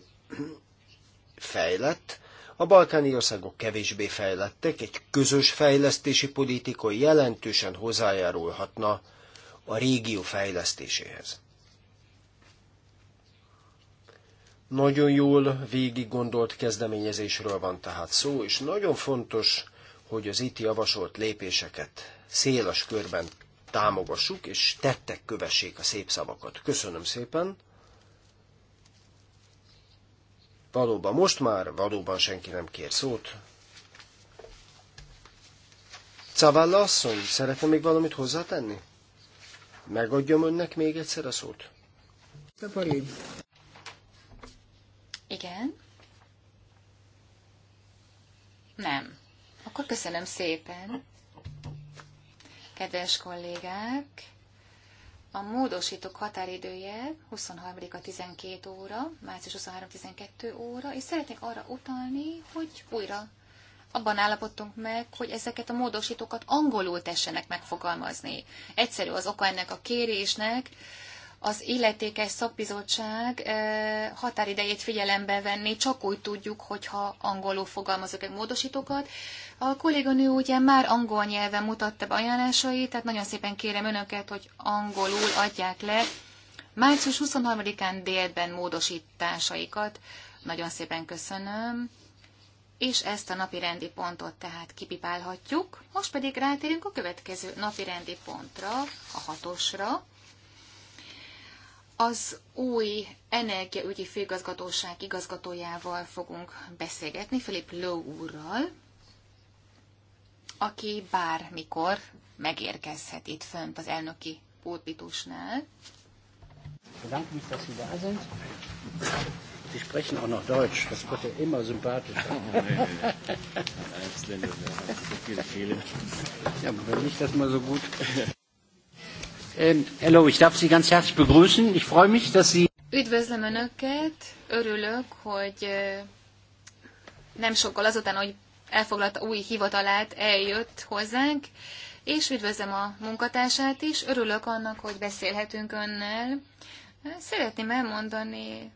fejlett, a balkáni országok kevésbé fejlettek, egy közös fejlesztési politika jelentősen hozzájárulhatna a régió fejlesztéséhez. Nagyon jól végig gondolt kezdeményezésről van tehát szó, és nagyon fontos, hogy az itt javasolt lépéseket széles körben támogassuk, és tettek kövessék a szép szavakat. Köszönöm szépen! Valóban most már, valóban senki nem kér szót. Cavalla asszony, szeretne még valamit hozzátenni? Megadjam önnek még egyszer a szót? Igen? Nem. Akkor köszönöm szépen. Kedves kollégák, a módosítók határidője 23-a 12 óra, március 23-12 óra, és szeretnék arra utalni, hogy újra abban állapodtunk meg, hogy ezeket a módosítókat angolul tessenek megfogalmazni. Egyszerű az oka ennek a kérésnek, az illetékes szakbizottság határidejét figyelembe venni, csak úgy tudjuk, hogyha angolul fogalmazok egy módosítókat. A kolléganő ugye már angol nyelven mutatta be ajánlásait, tehát nagyon szépen kérem önöket, hogy angolul adják le március 23-án délben módosításaikat. Nagyon szépen köszönöm. És ezt a napi rendi pontot tehát kipipálhatjuk. Most pedig rátérünk a következő napi rendi pontra, a hatosra az új energiaügyi főigazgatóság igazgatójával fogunk beszélgetni, Filip Ló úrral, aki bármikor megérkezhet itt fönt az elnöki pulpitusnál. Bedanke mich, dass Sie da Sie sprechen auch noch Deutsch. Das wird ja immer sympathischer. Ja, aber nicht, dass mal so gut. Hello, ähm, ich darf Sie ganz herzlich begrüßen. Ich freue mich, dass Sie... Üdvözlöm Önöket, örülök, hogy nem sokkal azután, hogy elfoglalta új hivatalát, eljött hozzánk, és üdvözlöm a munkatársát is, örülök annak, hogy beszélhetünk önnel. Szeretném elmondani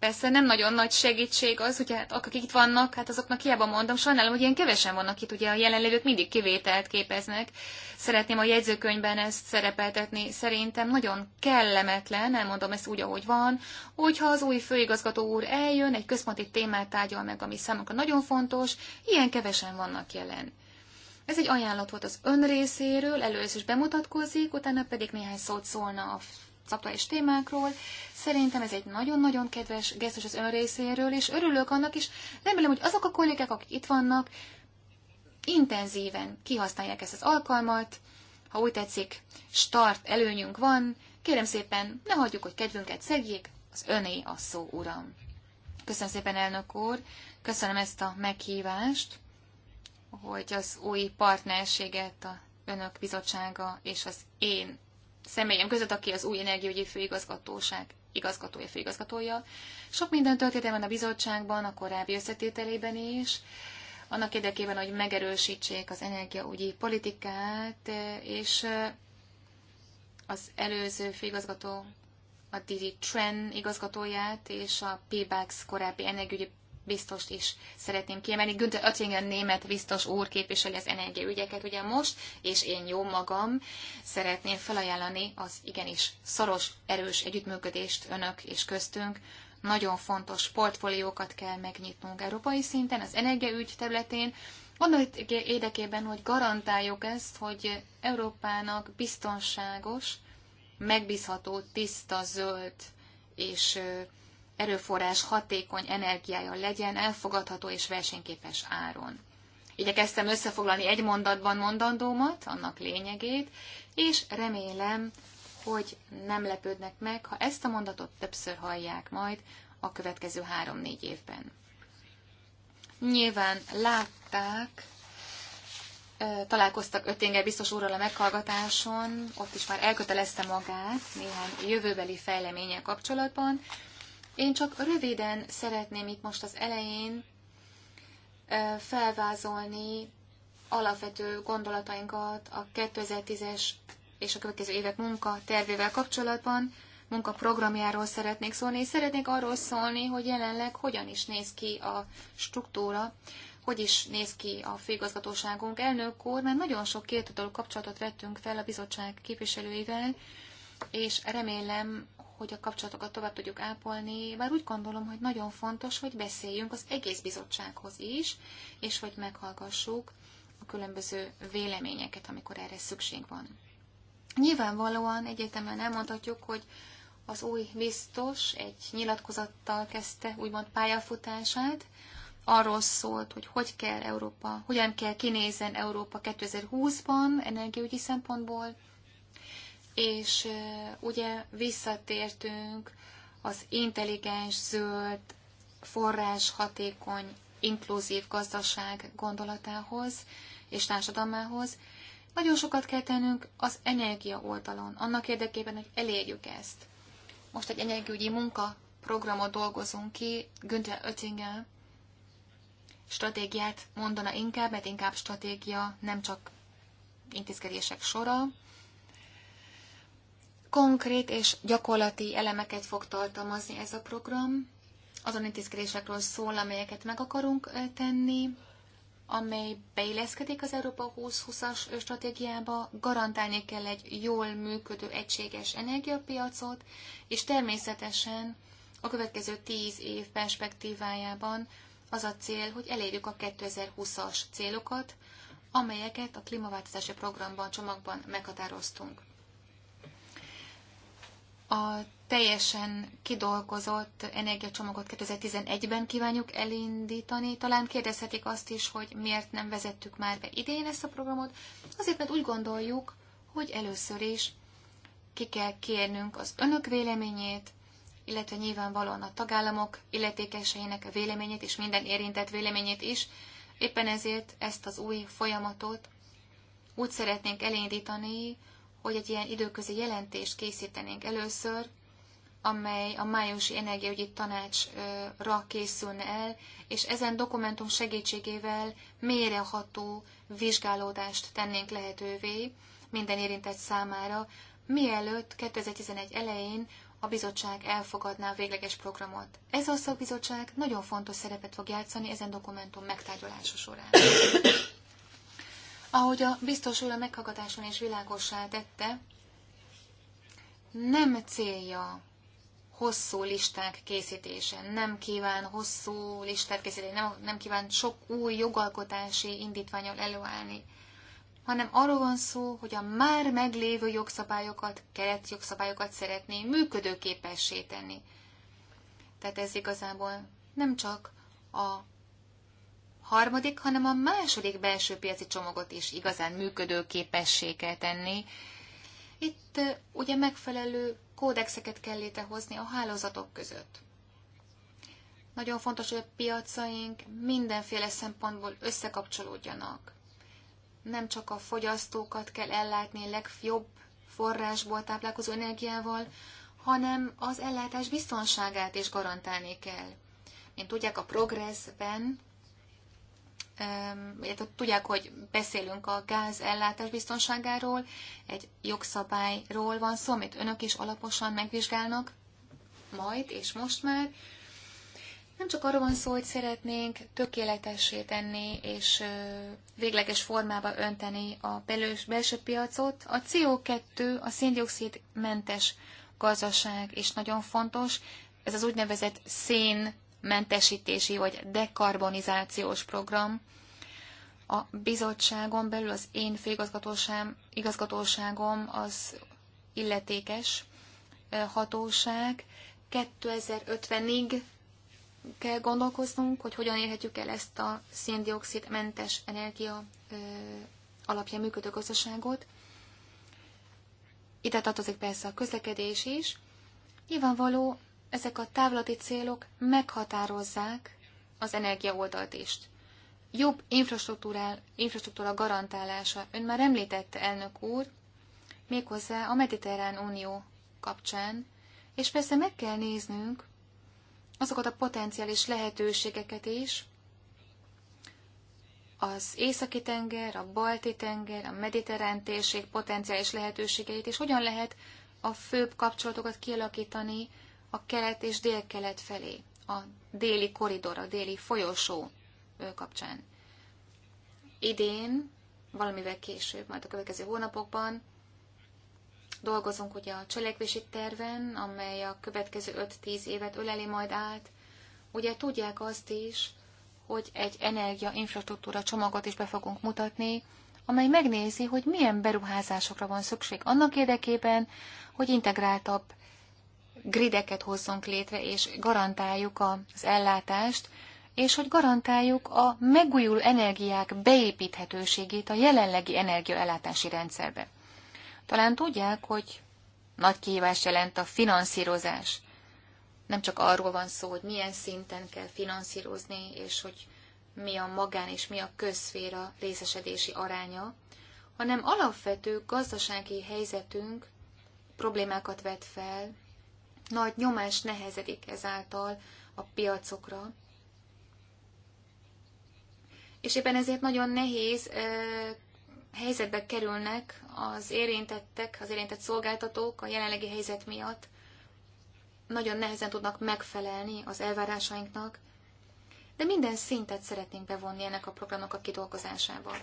Persze nem nagyon nagy segítség az, hogy hát akik itt vannak, hát azoknak hiába mondom, sajnálom, hogy ilyen kevesen vannak itt, ugye a jelenlévők mindig kivételt képeznek. Szeretném a jegyzőkönyvben ezt szerepeltetni, szerintem nagyon kellemetlen, nem mondom ezt úgy, ahogy van, hogyha az új főigazgató úr eljön, egy központi témát tárgyal meg, ami számunkra nagyon fontos, ilyen kevesen vannak jelen. Ez egy ajánlat volt az ön részéről, először is bemutatkozik, utána pedig néhány szót szólna a az aktuális témákról. Szerintem ez egy nagyon-nagyon kedves gesztus az ön részéről, és örülök annak is. Remélem, hogy azok a kollégák, akik itt vannak, intenzíven kihasználják ezt az alkalmat, ha úgy tetszik, start előnyünk van, kérem szépen, ne hagyjuk, hogy kedvünket szegjék, az öné a szó, uram. Köszönöm szépen, elnök úr, köszönöm ezt a meghívást, hogy az új partnerséget a önök bizottsága és az én személyem között, aki az új energiaügyi főigazgatóság igazgatója, főigazgatója. Sok minden történt van a bizottságban, a korábbi összetételében is, annak érdekében, hogy megerősítsék az energiaügyi politikát, és az előző főigazgató, a Didi Tren igazgatóját és a PBAX korábbi energiaügyi biztos is szeretném kiemelni. Günther Oettingen német biztos úr képviseli az energiaügyeket ugye most, és én jó magam szeretném felajánlani az igenis szoros, erős együttműködést önök és köztünk. Nagyon fontos portfóliókat kell megnyitnunk európai szinten, az energiaügy területén, annak érdekében, hogy garantáljuk ezt, hogy Európának biztonságos, megbízható, tiszta, zöld és erőforrás hatékony energiája legyen, elfogadható és versenyképes áron. Igyekeztem összefoglalni egy mondatban mondandómat, annak lényegét, és remélem, hogy nem lepődnek meg, ha ezt a mondatot többször hallják majd a következő három-négy évben. Nyilván látták, találkoztak Öttinger biztos úrral a meghallgatáson, ott is már elkötelezte magát néhány jövőbeli fejleménye kapcsolatban, én csak röviden szeretném itt most az elején felvázolni alapvető gondolatainkat a 2010-es és a következő évek munka tervével kapcsolatban, munkaprogramjáról szeretnék szólni, és szeretnék arról szólni, hogy jelenleg hogyan is néz ki a struktúra, hogy is néz ki a főigazgatóságunk elnök úr, mert nagyon sok kétoldalú kapcsolatot vettünk fel a bizottság képviselőivel, és remélem, hogy a kapcsolatokat tovább tudjuk ápolni, bár úgy gondolom, hogy nagyon fontos, hogy beszéljünk az egész bizottsághoz is, és hogy meghallgassuk a különböző véleményeket, amikor erre szükség van. Nyilvánvalóan egyetemen elmondhatjuk, hogy az új biztos egy nyilatkozattal kezdte úgymond pályafutását, arról szólt, hogy hogy kell Európa, hogyan kell kinézen Európa 2020-ban energiaügyi szempontból, és ugye visszatértünk az intelligens, zöld, forrás hatékony, inkluzív gazdaság gondolatához és társadalmához. Nagyon sokat kell tennünk az energia oldalon, annak érdekében, hogy elérjük ezt. Most egy energiaügyi munkaprogramot dolgozunk ki, Günther Oettinger stratégiát mondana inkább, mert inkább stratégia nem csak intézkedések sora, Konkrét és gyakorlati elemeket fog tartalmazni ez a program. Azon intézkedésekről szól, amelyeket meg akarunk tenni, amely beilleszkedik az Európa 2020-as stratégiába, garantálni kell egy jól működő egységes energiapiacot, és természetesen a következő tíz év perspektívájában az a cél, hogy elérjük a 2020-as célokat, amelyeket a klímaváltozási programban, csomagban meghatároztunk. A teljesen kidolgozott energiacsomagot 2011-ben kívánjuk elindítani. Talán kérdezhetik azt is, hogy miért nem vezettük már be idén ezt a programot. Azért, mert úgy gondoljuk, hogy először is ki kell kérnünk az önök véleményét, illetve nyilvánvalóan a tagállamok illetékeseinek véleményét és minden érintett véleményét is. Éppen ezért ezt az új folyamatot úgy szeretnénk elindítani, hogy egy ilyen időközi jelentést készítenénk először, amely a májusi energiaügyi tanácsra készülne el, és ezen dokumentum segítségével méreható vizsgálódást tennénk lehetővé minden érintett számára, mielőtt 2011 elején a bizottság elfogadná a végleges programot. Ez a szakbizottság nagyon fontos szerepet fog játszani ezen dokumentum megtárgyalása során. Ahogy a biztos úr a meghallgatáson is világossá tette, nem célja hosszú listák készítése, nem kíván hosszú listát készíteni, nem, nem kíván sok új jogalkotási indítványal előállni, hanem arról van szó, hogy a már meglévő jogszabályokat, keretjogszabályokat szeretné működőképessé tenni. Tehát ez igazából nem csak a harmadik, hanem a második belső piaci csomagot is igazán működőképessé kell tenni. Itt ugye megfelelő kódexeket kell létrehozni a hálózatok között. Nagyon fontos, hogy a piacaink mindenféle szempontból összekapcsolódjanak. Nem csak a fogyasztókat kell ellátni legjobb forrásból táplálkozó energiával, hanem az ellátás biztonságát is garantálni kell. Mint tudják, a Progressben illetve tudják, hogy beszélünk a gáz ellátás biztonságáról, egy jogszabályról van szó, amit önök is alaposan megvizsgálnak, majd és most már. Nem csak arról van szó, hogy szeretnénk tökéletessé tenni és végleges formába önteni a belső piacot. A CO2, a széndiokszidmentes mentes gazdaság is nagyon fontos. Ez az úgynevezett szén mentesítési vagy dekarbonizációs program. A bizottságon belül az én főigazgatóságom igazgatóságom az illetékes hatóság. 2050-ig kell gondolkoznunk, hogy hogyan érhetjük el ezt a széndiokszidmentes energia alapján működő gazdaságot. Ide tartozik persze a közlekedés is. Nyilvánvaló, ezek a távlati célok meghatározzák az energiaoldaltést. Jobb infrastruktúra garantálása. Ön már említette, elnök úr, méghozzá a Mediterrán Unió kapcsán, és persze meg kell néznünk azokat a potenciális lehetőségeket is, az Északi-tenger, a Balti-tenger, a Mediterrán térség potenciális lehetőségeit, és hogyan lehet a főbb kapcsolatokat kialakítani a kelet és délkelet felé, a déli koridor, a déli folyosó kapcsán. Idén, valamivel később, majd a következő hónapokban dolgozunk ugye a cselekvési terven, amely a következő 5-10 évet öleli majd át. Ugye tudják azt is, hogy egy energia infrastruktúra csomagot is be fogunk mutatni, amely megnézi, hogy milyen beruházásokra van szükség annak érdekében, hogy integráltabb grideket hozzunk létre, és garantáljuk az ellátást, és hogy garantáljuk a megújuló energiák beépíthetőségét a jelenlegi energiaellátási rendszerbe. Talán tudják, hogy nagy kihívás jelent a finanszírozás. Nem csak arról van szó, hogy milyen szinten kell finanszírozni, és hogy mi a magán és mi a közszféra részesedési aránya, hanem alapvető gazdasági helyzetünk problémákat vet fel, nagy nyomás nehezedik ezáltal a piacokra, és éppen ezért nagyon nehéz helyzetbe kerülnek az érintettek, az érintett szolgáltatók a jelenlegi helyzet miatt. Nagyon nehezen tudnak megfelelni az elvárásainknak, de minden szintet szeretnénk bevonni ennek a programnak a kidolgozásába.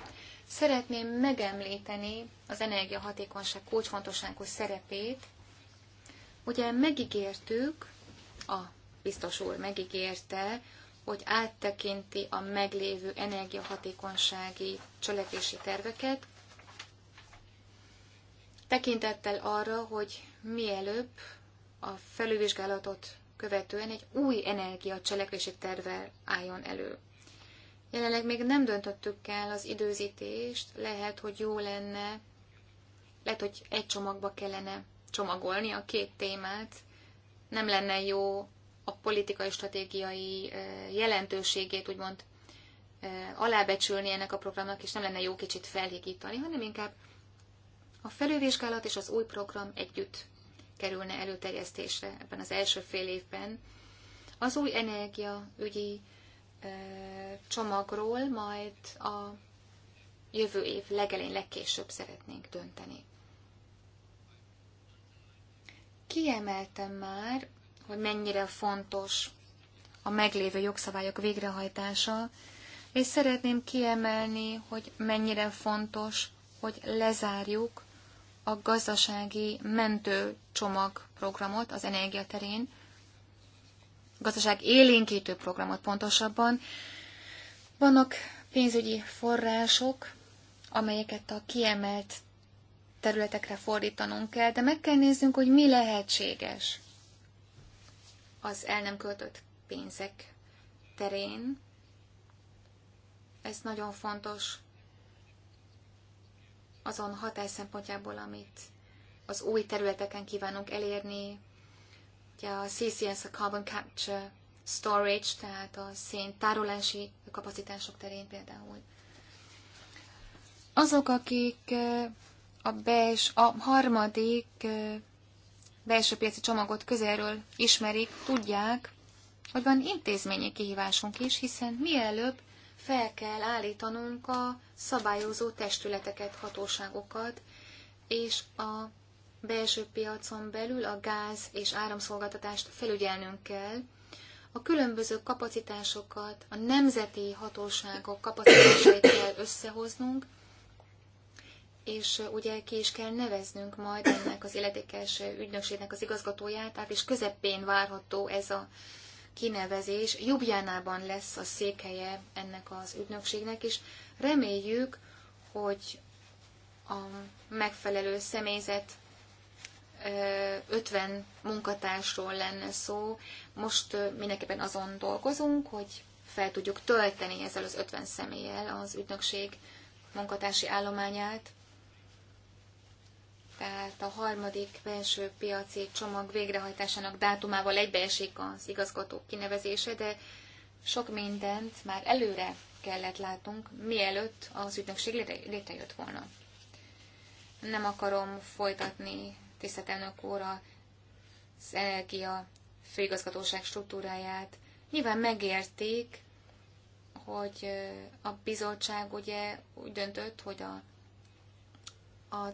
Szeretném megemlíteni az energiahatékonyság kulcsfontosságú szerepét Ugye megígértük, a biztos úr megígérte, hogy áttekinti a meglévő energiahatékonysági cselekvési terveket, tekintettel arra, hogy mielőbb a felülvizsgálatot követően egy új energiacselekvési tervvel álljon elő. Jelenleg még nem döntöttük el az időzítést, lehet, hogy jó lenne, lehet, hogy egy csomagba kellene csomagolni a két témát. Nem lenne jó a politikai stratégiai jelentőségét úgymond alábecsülni ennek a programnak, és nem lenne jó kicsit felhigítani, hanem inkább a felővizsgálat és az új program együtt kerülne előterjesztésre ebben az első fél évben. Az új energiaügyi csomagról majd a jövő év legelén legkésőbb szeretnénk dönteni. Kiemeltem már, hogy mennyire fontos a meglévő jogszabályok végrehajtása, és szeretném kiemelni, hogy mennyire fontos, hogy lezárjuk a gazdasági mentőcsomag programot az energiaterén, gazdaság élénkítő programot pontosabban. Vannak pénzügyi források, amelyeket a kiemelt területekre fordítanunk kell, de meg kell néznünk, hogy mi lehetséges az el nem költött pénzek terén. Ez nagyon fontos azon hatás szempontjából, amit az új területeken kívánunk elérni. Ugye a CCS, a Carbon Capture Storage, tehát a szén tárolási kapacitások terén például. Azok, akik eh, a, bels, a harmadik belső piaci csomagot közelről ismerik, tudják, hogy van intézményi kihívásunk is, hiszen mielőbb fel kell állítanunk a szabályozó testületeket, hatóságokat, és a belső piacon belül a gáz és áramszolgáltatást felügyelnünk kell, a különböző kapacitásokat, a nemzeti hatóságok kapacitásait kell összehoznunk, és ugye ki is kell neveznünk majd ennek az illetékes ügynökségnek az igazgatóját, tehát és közepén várható ez a kinevezés. Jubjánában lesz a székhelye ennek az ügynökségnek, és reméljük, hogy a megfelelő személyzet 50 munkatársról lenne szó. Most mindenképpen azon dolgozunk, hogy fel tudjuk tölteni ezzel az 50 személlyel az ügynökség munkatársi állományát tehát a harmadik belső piaci csomag végrehajtásának dátumával egybeesik az igazgatók kinevezése, de sok mindent már előre kellett látnunk, mielőtt az ügynökség létrejött volna. Nem akarom folytatni, tisztelt óra, az energia főigazgatóság struktúráját. Nyilván megérték, hogy a bizottság ugye úgy döntött, hogy a, a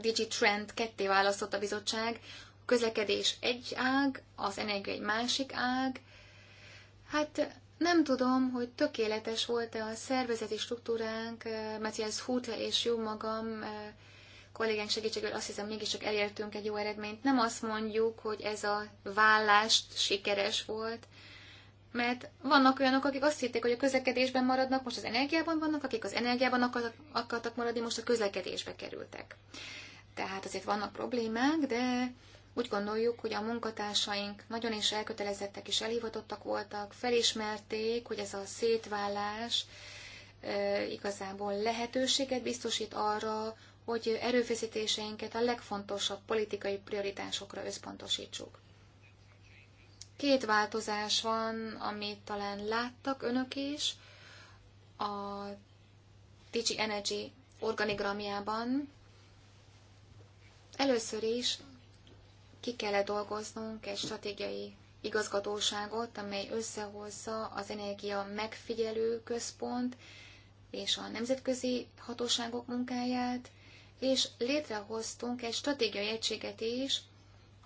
DigiTrend ketté választott a bizottság, a közlekedés egy ág, az energia egy másik ág. Hát nem tudom, hogy tökéletes volt-e a szervezeti struktúránk, mert ez Húta és jó magam eh, kollégánk segítségével azt hiszem mégiscsak elértünk egy jó eredményt. Nem azt mondjuk, hogy ez a vállást sikeres volt, mert vannak olyanok, akik azt hitték, hogy a közlekedésben maradnak, most az energiában vannak, akik az energiában akartak maradni, most a közlekedésbe kerültek. Tehát azért vannak problémák, de úgy gondoljuk, hogy a munkatársaink nagyon is elkötelezettek és elhivatottak voltak, felismerték, hogy ez a szétvállás igazából lehetőséget biztosít arra, hogy erőfeszítéseinket a legfontosabb politikai prioritásokra összpontosítsuk. Két változás van, amit talán láttak önök is. A Digi Energy organigramjában Először is ki kellett dolgoznunk egy stratégiai igazgatóságot, amely összehozza az energia megfigyelő központ és a nemzetközi hatóságok munkáját, és létrehoztunk egy stratégiai egységet is,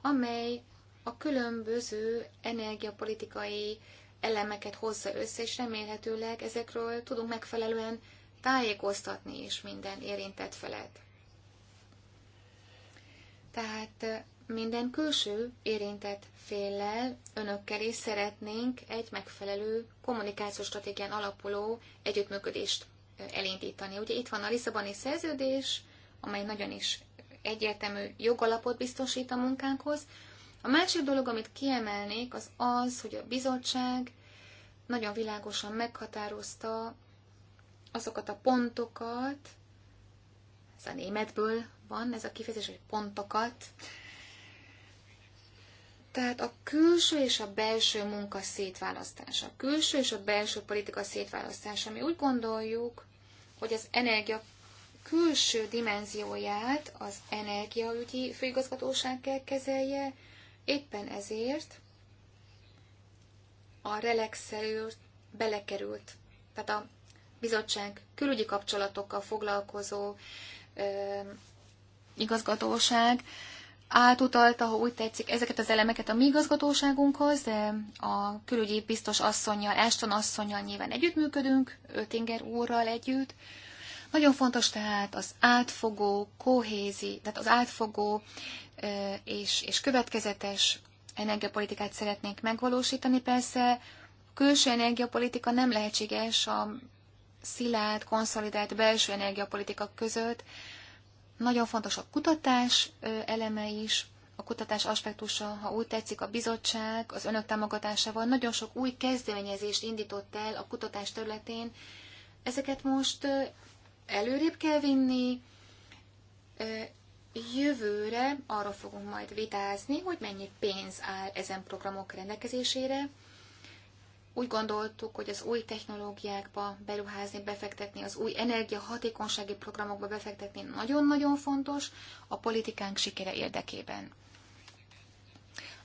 amely a különböző energiapolitikai elemeket hozza össze, és remélhetőleg ezekről tudunk megfelelően tájékoztatni is minden érintett felet. Tehát minden külső érintett féllel, önökkel is szeretnénk egy megfelelő kommunikációs stratégián alapuló együttműködést elindítani. Ugye itt van a Lisszaboni szerződés, amely nagyon is egyértelmű jogalapot biztosít a munkánkhoz. A másik dolog, amit kiemelnék, az az, hogy a bizottság nagyon világosan meghatározta azokat a pontokat, ez a németből van ez a kifejezés, hogy pontokat. Tehát a külső és a belső munka szétválasztása, a külső és a belső politika szétválasztása. Mi úgy gondoljuk, hogy az energia külső dimenzióját az energiaügyi főigazgatóság kell kezelje, éppen ezért a relexelő belekerült, tehát a bizottság külügyi kapcsolatokkal foglalkozó igazgatóság átutalta, ha úgy tetszik, ezeket az elemeket a mi igazgatóságunkhoz, de a külügyi biztos asszonyjal, Ashton asszonyjal nyilván együttműködünk, Ötinger úrral együtt. Nagyon fontos tehát az átfogó, kohézi, tehát az átfogó és, és következetes energiapolitikát szeretnénk megvalósítani. Persze külső energiapolitika nem lehetséges a szilárd, konszolidált belső energiapolitika között, nagyon fontos a kutatás eleme is, a kutatás aspektusa, ha úgy tetszik, a bizottság az önök támogatásával nagyon sok új kezdeményezést indított el a kutatás területén. Ezeket most előrébb kell vinni, jövőre arra fogunk majd vitázni, hogy mennyi pénz áll ezen programok rendelkezésére, úgy gondoltuk, hogy az új technológiákba beruházni, befektetni, az új energiahatékonysági programokba befektetni nagyon-nagyon fontos a politikánk sikere érdekében.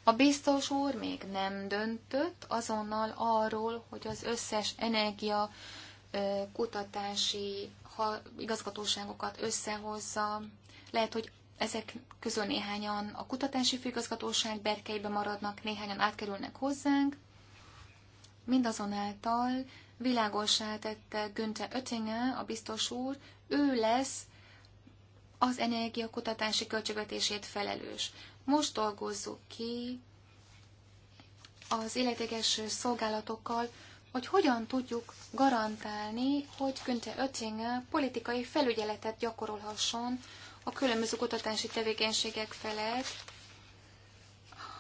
A biztos úr még nem döntött azonnal arról, hogy az összes energia kutatási igazgatóságokat összehozza. Lehet, hogy ezek közül néhányan a kutatási főigazgatóság berkeibe maradnak, néhányan átkerülnek hozzánk. Mindazonáltal világosá tette Günther Oettinger, a biztos úr, ő lesz az energiakutatási költségvetését felelős. Most dolgozzuk ki az illetékes szolgálatokkal, hogy hogyan tudjuk garantálni, hogy Günther Oettinger politikai felügyeletet gyakorolhasson a különböző kutatási tevékenységek felett,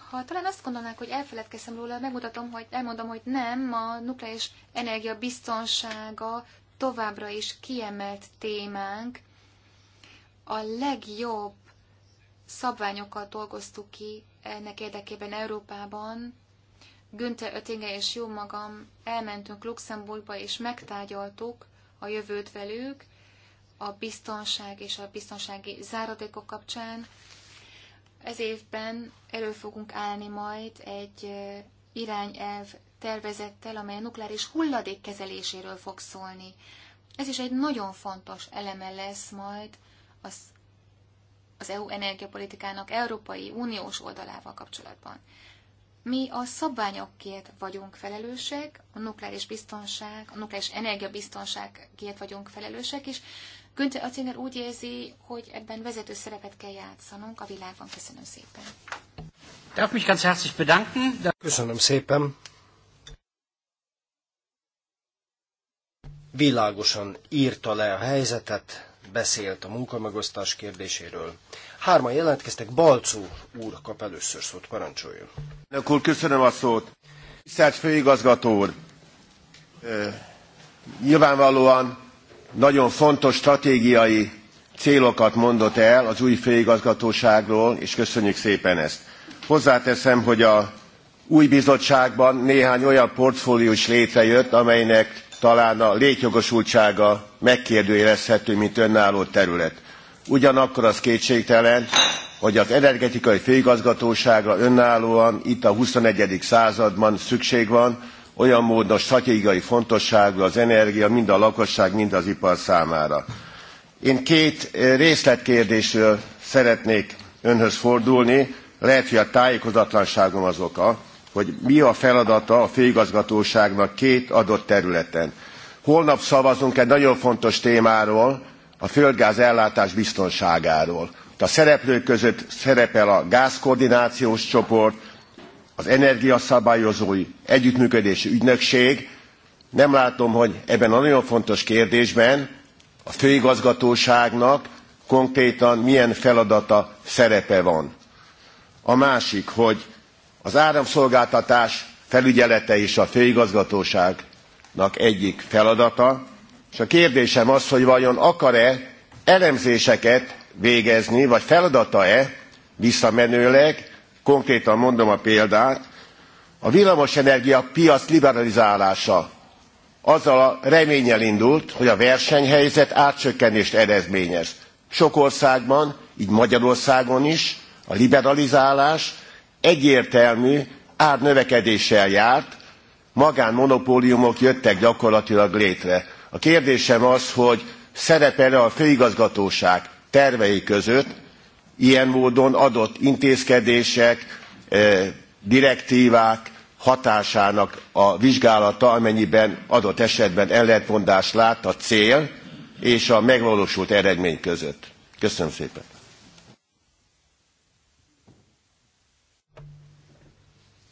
ha talán azt gondolnák, hogy elfeledkezem róla, megmutatom, hogy elmondom, hogy nem, a nukleáris energia biztonsága továbbra is kiemelt témánk. A legjobb szabványokat dolgoztuk ki ennek érdekében Európában. Günther Öttinger és jó magam elmentünk Luxemburgba és megtárgyaltuk a jövőt velük a biztonság és a biztonsági záradékok kapcsán ez évben elő fogunk állni majd egy irányelv tervezettel, amely a nukleáris hulladék kezeléséről fog szólni. Ez is egy nagyon fontos eleme lesz majd az, az EU energiapolitikának Európai Uniós oldalával kapcsolatban. Mi a szabványokért vagyunk felelősek, a nukleáris biztonság, a nukleáris energiabiztonságért vagyunk felelősek, és Günther Attiner úgy érzi, hogy ebben vezető szerepet kell játszanunk a világban. Köszönöm szépen. Darf mich ganz herzlich bedanken. Köszönöm szépen. Világosan írta le a helyzetet, beszélt a munkamegosztás kérdéséről. Hárman jelentkeztek, Balcó úr kap először szót, parancsoljon. Elnök úr, köszönöm a szót. Tisztelt főigazgató úr, nyilvánvalóan nagyon fontos stratégiai célokat mondott el az új főigazgatóságról, és köszönjük szépen ezt. Hozzáteszem, hogy a új bizottságban néhány olyan portfólió is létrejött, amelynek talán a létjogosultsága megkérdőjelezhető, mint önálló terület. Ugyanakkor az kétségtelen, hogy az energetikai főigazgatóságra önállóan itt a 21. században szükség van, olyan módon stratégiai fontosságú az energia mind a lakosság, mind az ipar számára. Én két eh, részletkérdésről szeretnék önhöz fordulni, lehet, hogy a tájékozatlanságom az oka, hogy mi a feladata a főigazgatóságnak két adott területen. Holnap szavazunk egy nagyon fontos témáról, a földgáz ellátás biztonságáról. A szereplők között szerepel a gázkoordinációs csoport, az energiaszabályozói együttműködési ügynökség nem látom hogy ebben a nagyon fontos kérdésben a főigazgatóságnak konkrétan milyen feladata szerepe van. a másik hogy az áramszolgáltatás felügyelete is a főigazgatóságnak egyik feladata és a kérdésem az hogy vajon akar e elemzéseket végezni vagy feladata e visszamenőleg Konkrétan mondom a példát, a villamosenergia piac liberalizálása azzal a reménnyel indult, hogy a versenyhelyzet átcsökkenést eredményez. Sok országban, így Magyarországon is a liberalizálás egyértelmű árnövekedéssel járt, magánmonopóliumok jöttek gyakorlatilag létre. A kérdésem az, hogy szerepel-e a főigazgatóság tervei között, ilyen módon adott intézkedések eh, direktvák hatásának a vizsgálata amennyiben adott esetben ellentmondást lát a cél és a megvalósult eredmény között. Köszönöm szépen!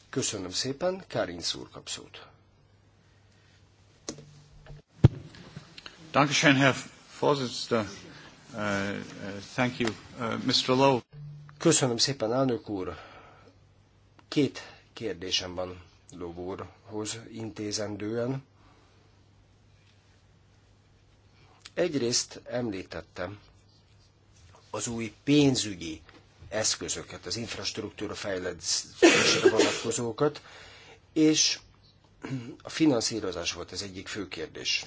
Köszönöm szépen, Kárin kap szót. Dankeschön, Herr Vorsitzender. Uh, uh, thank you Mr. Lowe. Köszönöm szépen, elnök úr. Két kérdésem van Lowe úrhoz intézendően. Egyrészt említettem az új pénzügyi eszközöket, az infrastruktúra fejlesztésre vonatkozókat, és a finanszírozás volt az egyik fő kérdés.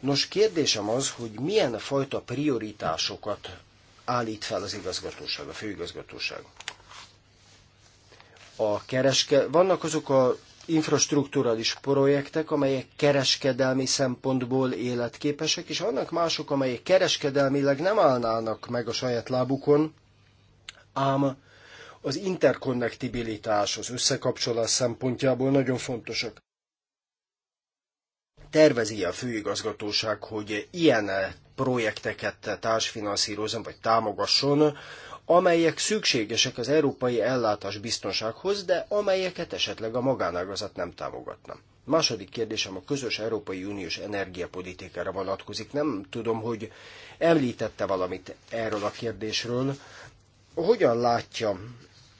Nos, kérdésem az, hogy milyen fajta prioritásokat állít fel az igazgatóság, a főigazgatóság. A kereske... Vannak azok a infrastruktúrális projektek, amelyek kereskedelmi szempontból életképesek, és vannak mások, amelyek kereskedelmileg nem állnának meg a saját lábukon, ám az interkonnektibilitás, az összekapcsolás szempontjából nagyon fontosak tervezi a főigazgatóság, hogy ilyen projekteket társfinanszírozom vagy támogasson, amelyek szükségesek az európai ellátás biztonsághoz, de amelyeket esetleg a magánágazat nem támogatna. Második kérdésem a közös Európai Uniós energiapolitikára vonatkozik. Nem tudom, hogy említette valamit erről a kérdésről. Hogyan látja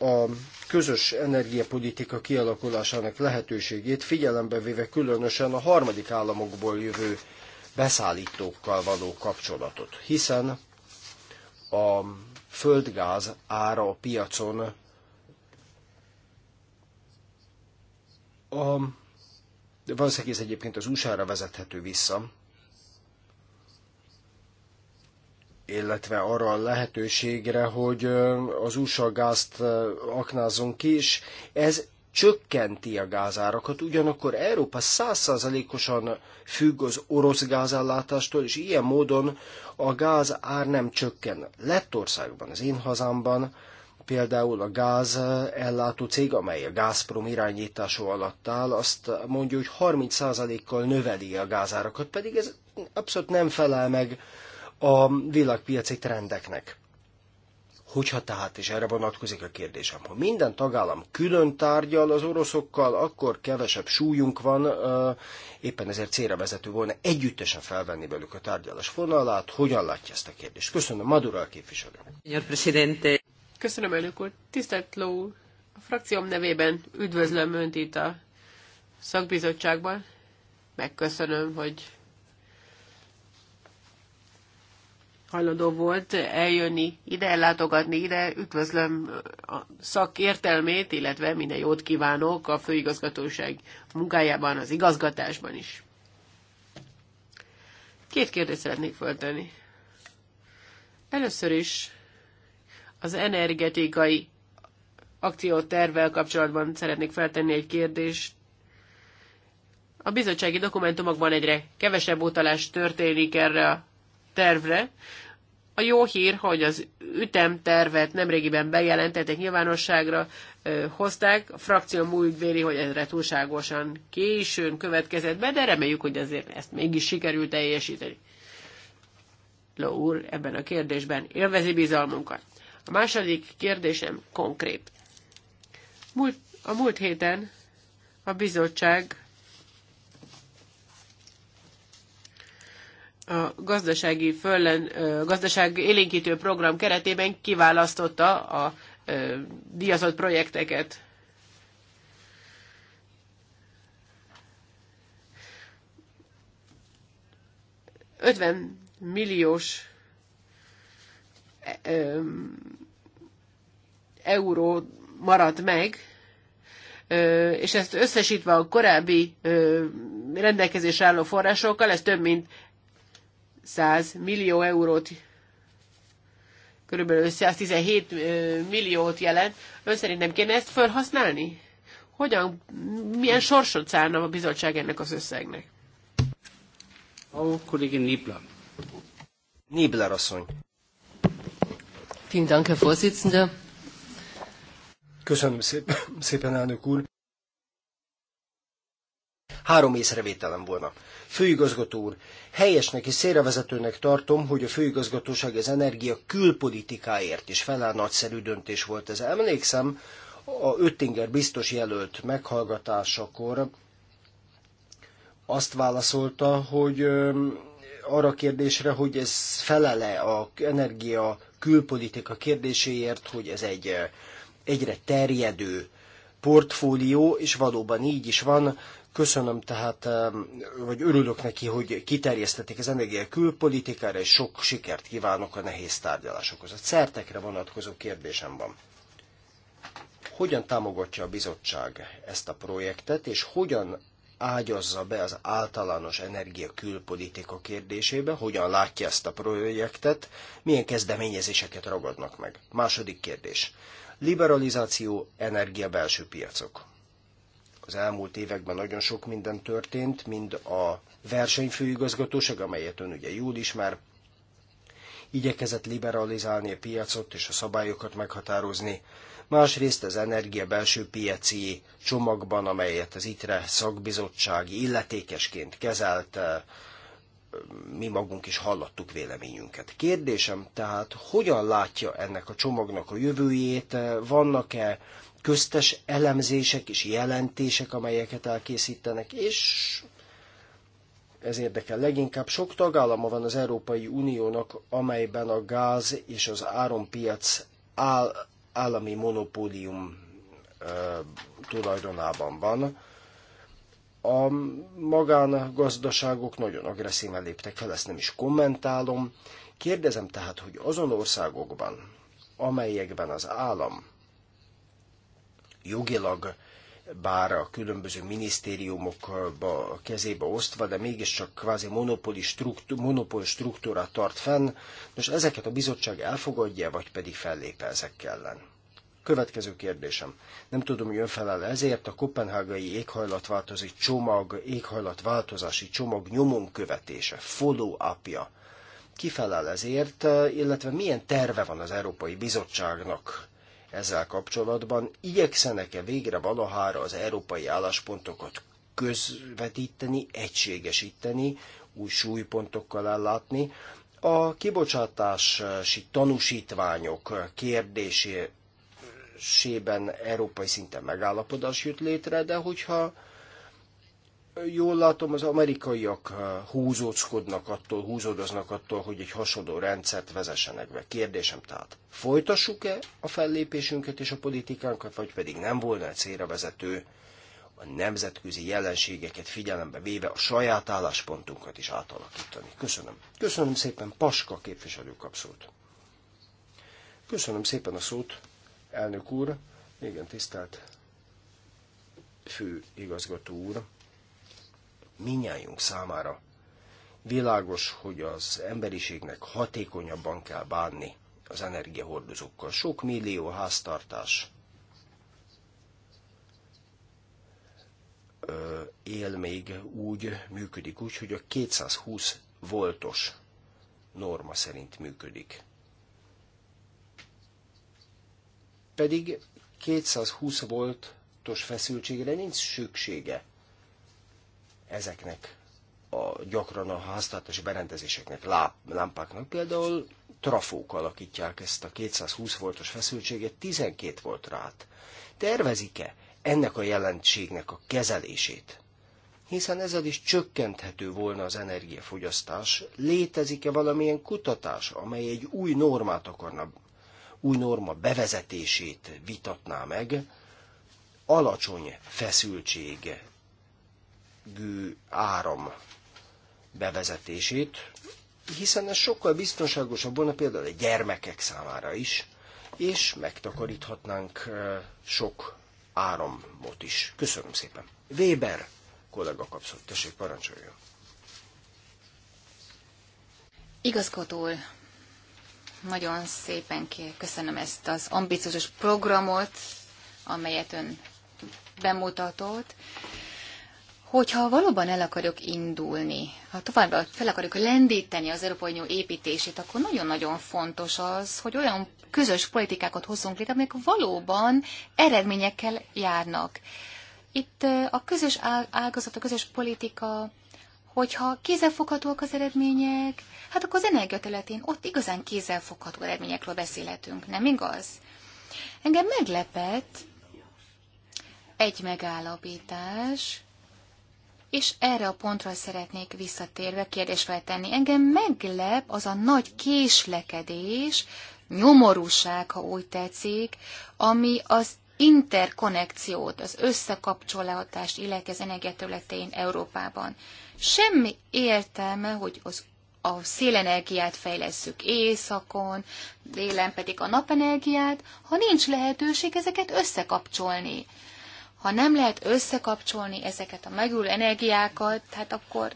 a közös energiapolitika kialakulásának lehetőségét, figyelembe véve különösen a harmadik államokból jövő beszállítókkal való kapcsolatot, hiszen a földgáz ára a piacon a, valószínűleg ez egyébként az USA-ra vezethető vissza, illetve arra a lehetőségre, hogy az USA gázt aknázunk ki, és ez csökkenti a gázárakat, ugyanakkor Európa százszázalékosan függ az orosz gázállátástól, és ilyen módon a gáz ár nem csökken. Lettországban, az én hazámban például a gáz ellátó cég, amely a Gazprom irányítása alatt áll, azt mondja, hogy 30%-kal növeli a gázárakat, pedig ez abszolút nem felel meg a világpiaci trendeknek. Hogyha tehát, és erre vonatkozik a kérdésem, ha minden tagállam külön tárgyal az oroszokkal, akkor kevesebb súlyunk van, éppen ezért célra vezető volna együttesen felvenni velük a tárgyalás fonalát. Hogyan látja ezt a kérdést? Köszönöm, Madura képviselő. Köszönöm, elnök úr. Tisztelt Ló, a frakcióm nevében üdvözlöm Önt itt a szakbizottságban. Megköszönöm, hogy hajlandó volt eljönni ide, ellátogatni ide. Üdvözlöm a szakértelmét, illetve minden jót kívánok a főigazgatóság munkájában, az igazgatásban is. Két kérdést szeretnék föltenni. Először is az energetikai akciótervvel kapcsolatban szeretnék feltenni egy kérdést. A bizottsági dokumentumokban egyre kevesebb utalás történik erre a tervre. A jó hír, hogy az ütemtervet nemrégiben bejelentették nyilvánosságra, hozták. A frakció úgy véli, hogy ezre túlságosan későn következett be, de reméljük, hogy azért ezt mégis sikerült teljesíteni. Ló úr ebben a kérdésben élvezi bizalmunkat. A második kérdésem konkrét. Múlt, a múlt héten a bizottság a gazdasági, föllen, gazdasági élénkítő program keretében kiválasztotta a díjazott projekteket. Ötven milliós euró maradt meg, és ezt összesítve a korábbi rendelkezésre álló forrásokkal, ez több mint 100 millió eurót, körülbelül 117 milliót jelent. Ön szerint nem kéne ezt felhasználni? Hogyan, milyen sorsot szállna a bizottság ennek az összegnek? A kollégi Nibla. Nibla asszony. Köszönöm szépen, szépen, elnök úr. Három észrevételem volna. Főigazgató úr, helyesnek és szélrevezetőnek tartom, hogy a főigazgatóság az energia külpolitikáért is feláll nagyszerű döntés volt ez. Emlékszem, a Öttinger biztos jelölt meghallgatásakor azt válaszolta, hogy arra a kérdésre, hogy ez felele a energia külpolitika kérdéséért, hogy ez egy egyre terjedő portfólió, és valóban így is van, Köszönöm tehát, vagy örülök neki, hogy kiterjesztették az energia külpolitikára, és sok sikert kívánok a nehéz tárgyalásokhoz. A certekre vonatkozó kérdésem van. Hogyan támogatja a bizottság ezt a projektet, és hogyan ágyazza be az általános energia külpolitika kérdésébe, hogyan látja ezt a projektet, milyen kezdeményezéseket ragadnak meg. Második kérdés. Liberalizáció, energia belső piacok. Az elmúlt években nagyon sok minden történt, mind a versenyfőigazgatóság, amelyet ön ugye jól ismer, igyekezett liberalizálni a piacot és a szabályokat meghatározni, másrészt az energia belső piaci csomagban, amelyet az ITRE szakbizottság illetékesként kezelt, mi magunk is hallottuk véleményünket. Kérdésem tehát, hogyan látja ennek a csomagnak a jövőjét, vannak-e köztes elemzések és jelentések, amelyeket elkészítenek, és ez érdekel leginkább. Sok tagállama van az Európai Uniónak, amelyben a gáz és az árampiac áll, állami monopólium e, tulajdonában van. A magángazdaságok nagyon agresszíven léptek fel, ezt nem is kommentálom. Kérdezem tehát, hogy azon országokban, amelyekben az állam jogilag, bár a különböző minisztériumokba eh, kezébe osztva, de mégiscsak kvázi monopoli struktúra, monopol struktúrát tart fenn. Most ezeket a bizottság elfogadja, vagy pedig fellép -e ezek ellen? Következő kérdésem. Nem tudom, hogy önfelel -e ezért a kopenhágai éghajlatváltozási csomag, éghajlatváltozási csomag nyomon követése, follow-upja. Ki felel ezért, eh, illetve milyen terve van az Európai Bizottságnak ezzel kapcsolatban, igyekszenek-e végre valahára az európai álláspontokat közvetíteni, egységesíteni, új súlypontokkal ellátni. A kibocsátási tanúsítványok kérdésében európai szinten megállapodás jut létre, de hogyha jól látom, az amerikaiak eh, húzóckodnak attól, húzódoznak attól, hogy egy hasonló rendszert vezessenek be. Kérdésem tehát, folytassuk-e a fellépésünket és a politikánkat, vagy pedig nem volna egy célra vezető a nemzetközi jelenségeket figyelembe véve a saját álláspontunkat is átalakítani. Köszönöm. Köszönöm szépen, Paska képviselő kapszót. Köszönöm szépen a szót, elnök úr, igen tisztelt igazgató úr minnyájunk számára. Világos, hogy az emberiségnek hatékonyabban kell bánni az energiahordozókkal. Sok millió háztartás él még úgy, működik úgy, hogy a 220 voltos norma szerint működik. Pedig 220 voltos feszültségre nincs szüksége ezeknek a, gyakran a háztartási berendezéseknek, lámpáknak például trafók alakítják ezt a 220 voltos feszültséget 12 voltra át. Tervezik-e ennek a jelentségnek a kezelését? Hiszen ezzel is csökkenthető volna az energiafogyasztás. Létezik-e valamilyen kutatás, amely egy új normát akarna, új norma bevezetését vitatná meg, alacsony feszültség gő áram bevezetését, hiszen ez sokkal biztonságosabb volna például a gyermekek számára is, és megtakaríthatnánk sok áramot is. Köszönöm szépen. Weber kollega kapszott, tessék parancsoljon. Igazgató nagyon szépen köszönöm ezt az ambiciózus programot, amelyet ön bemutatott hogyha valóban el akarjuk indulni, ha továbbra fel akarjuk lendíteni az Európai Unió építését, akkor nagyon-nagyon fontos az, hogy olyan közös politikákat hozzunk létre, amelyek valóban eredményekkel járnak. Itt a közös ágazat, a közös politika, hogyha kézzelfoghatóak az eredmények, hát akkor az energiateletén ott igazán kézzelfogható eredményekről beszélhetünk, nem igaz? Engem meglepett egy megállapítás, és erre a pontra szeretnék visszatérve kérdést feltenni. Engem meglep az a nagy késlekedés, nyomorúság, ha úgy tetszik, ami az interkonnekciót, az összekapcsolatást illetve az energiaterületén Európában. Semmi értelme, hogy az a szélenergiát fejlesszük éjszakon, délen pedig a napenergiát, ha nincs lehetőség ezeket összekapcsolni. Ha nem lehet összekapcsolni ezeket a megülő energiákat, hát akkor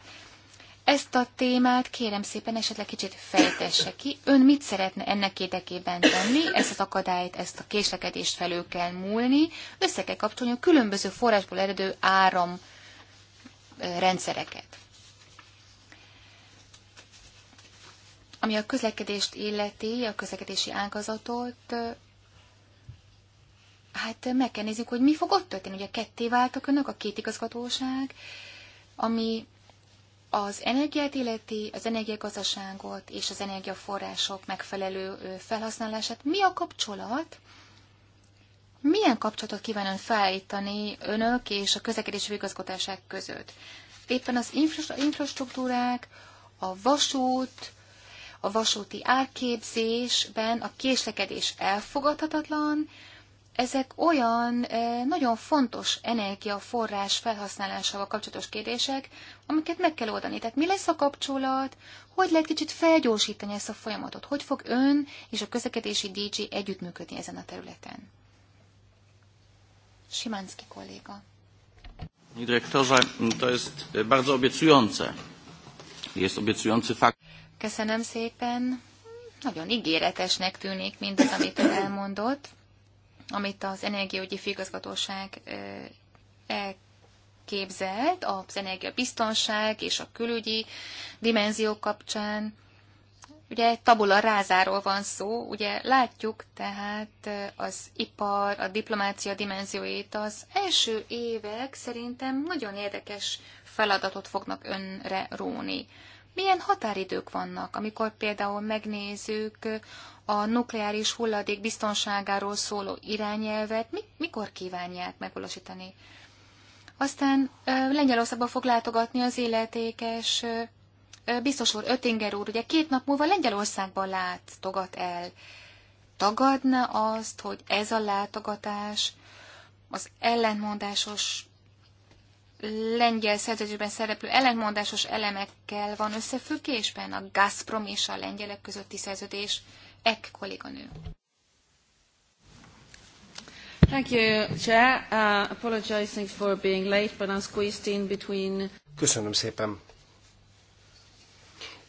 ezt a témát kérem szépen esetleg kicsit fejtesse ki. Ön mit szeretne ennek érdekében tenni? Ezt az akadályt, ezt a késlekedést felül kell múlni. Össze kell kapcsolni a különböző forrásból eredő áram rendszereket. Ami a közlekedést illeti, a közlekedési ágazatot, hát meg kell nézzük, hogy mi fog ott történni. Ugye ketté váltak önök, a két igazgatóság, ami az energiát illeti, az energiagazdaságot és az energiaforrások megfelelő felhasználását. Mi a kapcsolat? Milyen kapcsolatot kíván ön felállítani önök és a közlekedési igazgatóság között? Éppen az infrastruktúrák, a vasút, a vasúti árképzésben a késlekedés elfogadhatatlan, ezek olyan nagyon fontos energiaforrás felhasználásával kapcsolatos kérdések, amiket meg kell oldani. Tehát mi lesz a kapcsolat, hogy lehet kicsit felgyorsítani ezt a folyamatot, hogy fog ön és a közlekedési DJ együttműködni ezen a területen. Simanski kolléga. Dyrektorze, to jest e, bardzo obiecujące. Jest obiecujący fakt. Köszönöm szépen. Nagyon ígéretesnek tűnik mindaz, amit ön elmondott amit az Energiaügyi Főigazgatóság elképzelt az energiabiztonság és a külügyi dimenzió kapcsán. Ugye tabula rázáról van szó, ugye látjuk tehát az ipar, a diplomácia dimenzióit az első évek szerintem nagyon érdekes feladatot fognak önre róni. Milyen határidők vannak, amikor például megnézzük a nukleáris hulladék biztonságáról szóló irányelvet, mikor kívánják megvalósítani? Aztán Lengyelországba fog látogatni az életékes biztos úr, Ötinger úr, ugye két nap múlva Lengyelországban látogat el. Tagadna azt, hogy ez a látogatás az ellentmondásos lengyel szerződésben szereplő ellentmondásos elemekkel van összefüggésben a Gazprom és a lengyelek közötti szerződés. Ek kolléganő. Thank you, Chair. Uh, apologizing for being late, but I'm squeezed in between... Köszönöm szépen.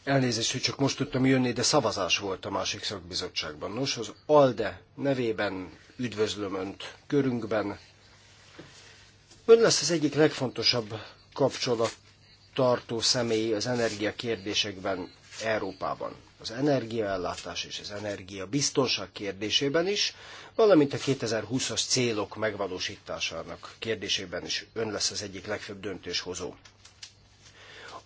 Elnézést, hogy csak most tudtam jönni, de szavazás volt a másik szakbizottságban. Nos, az ALDE nevében üdvözlöm Önt körünkben Ön lesz az egyik legfontosabb kapcsolattartó személy az energia kérdésekben Európában. Az energiaellátás és az energia biztonság kérdésében is, valamint a 2020-as célok megvalósításának kérdésében is ön lesz az egyik legfőbb döntéshozó.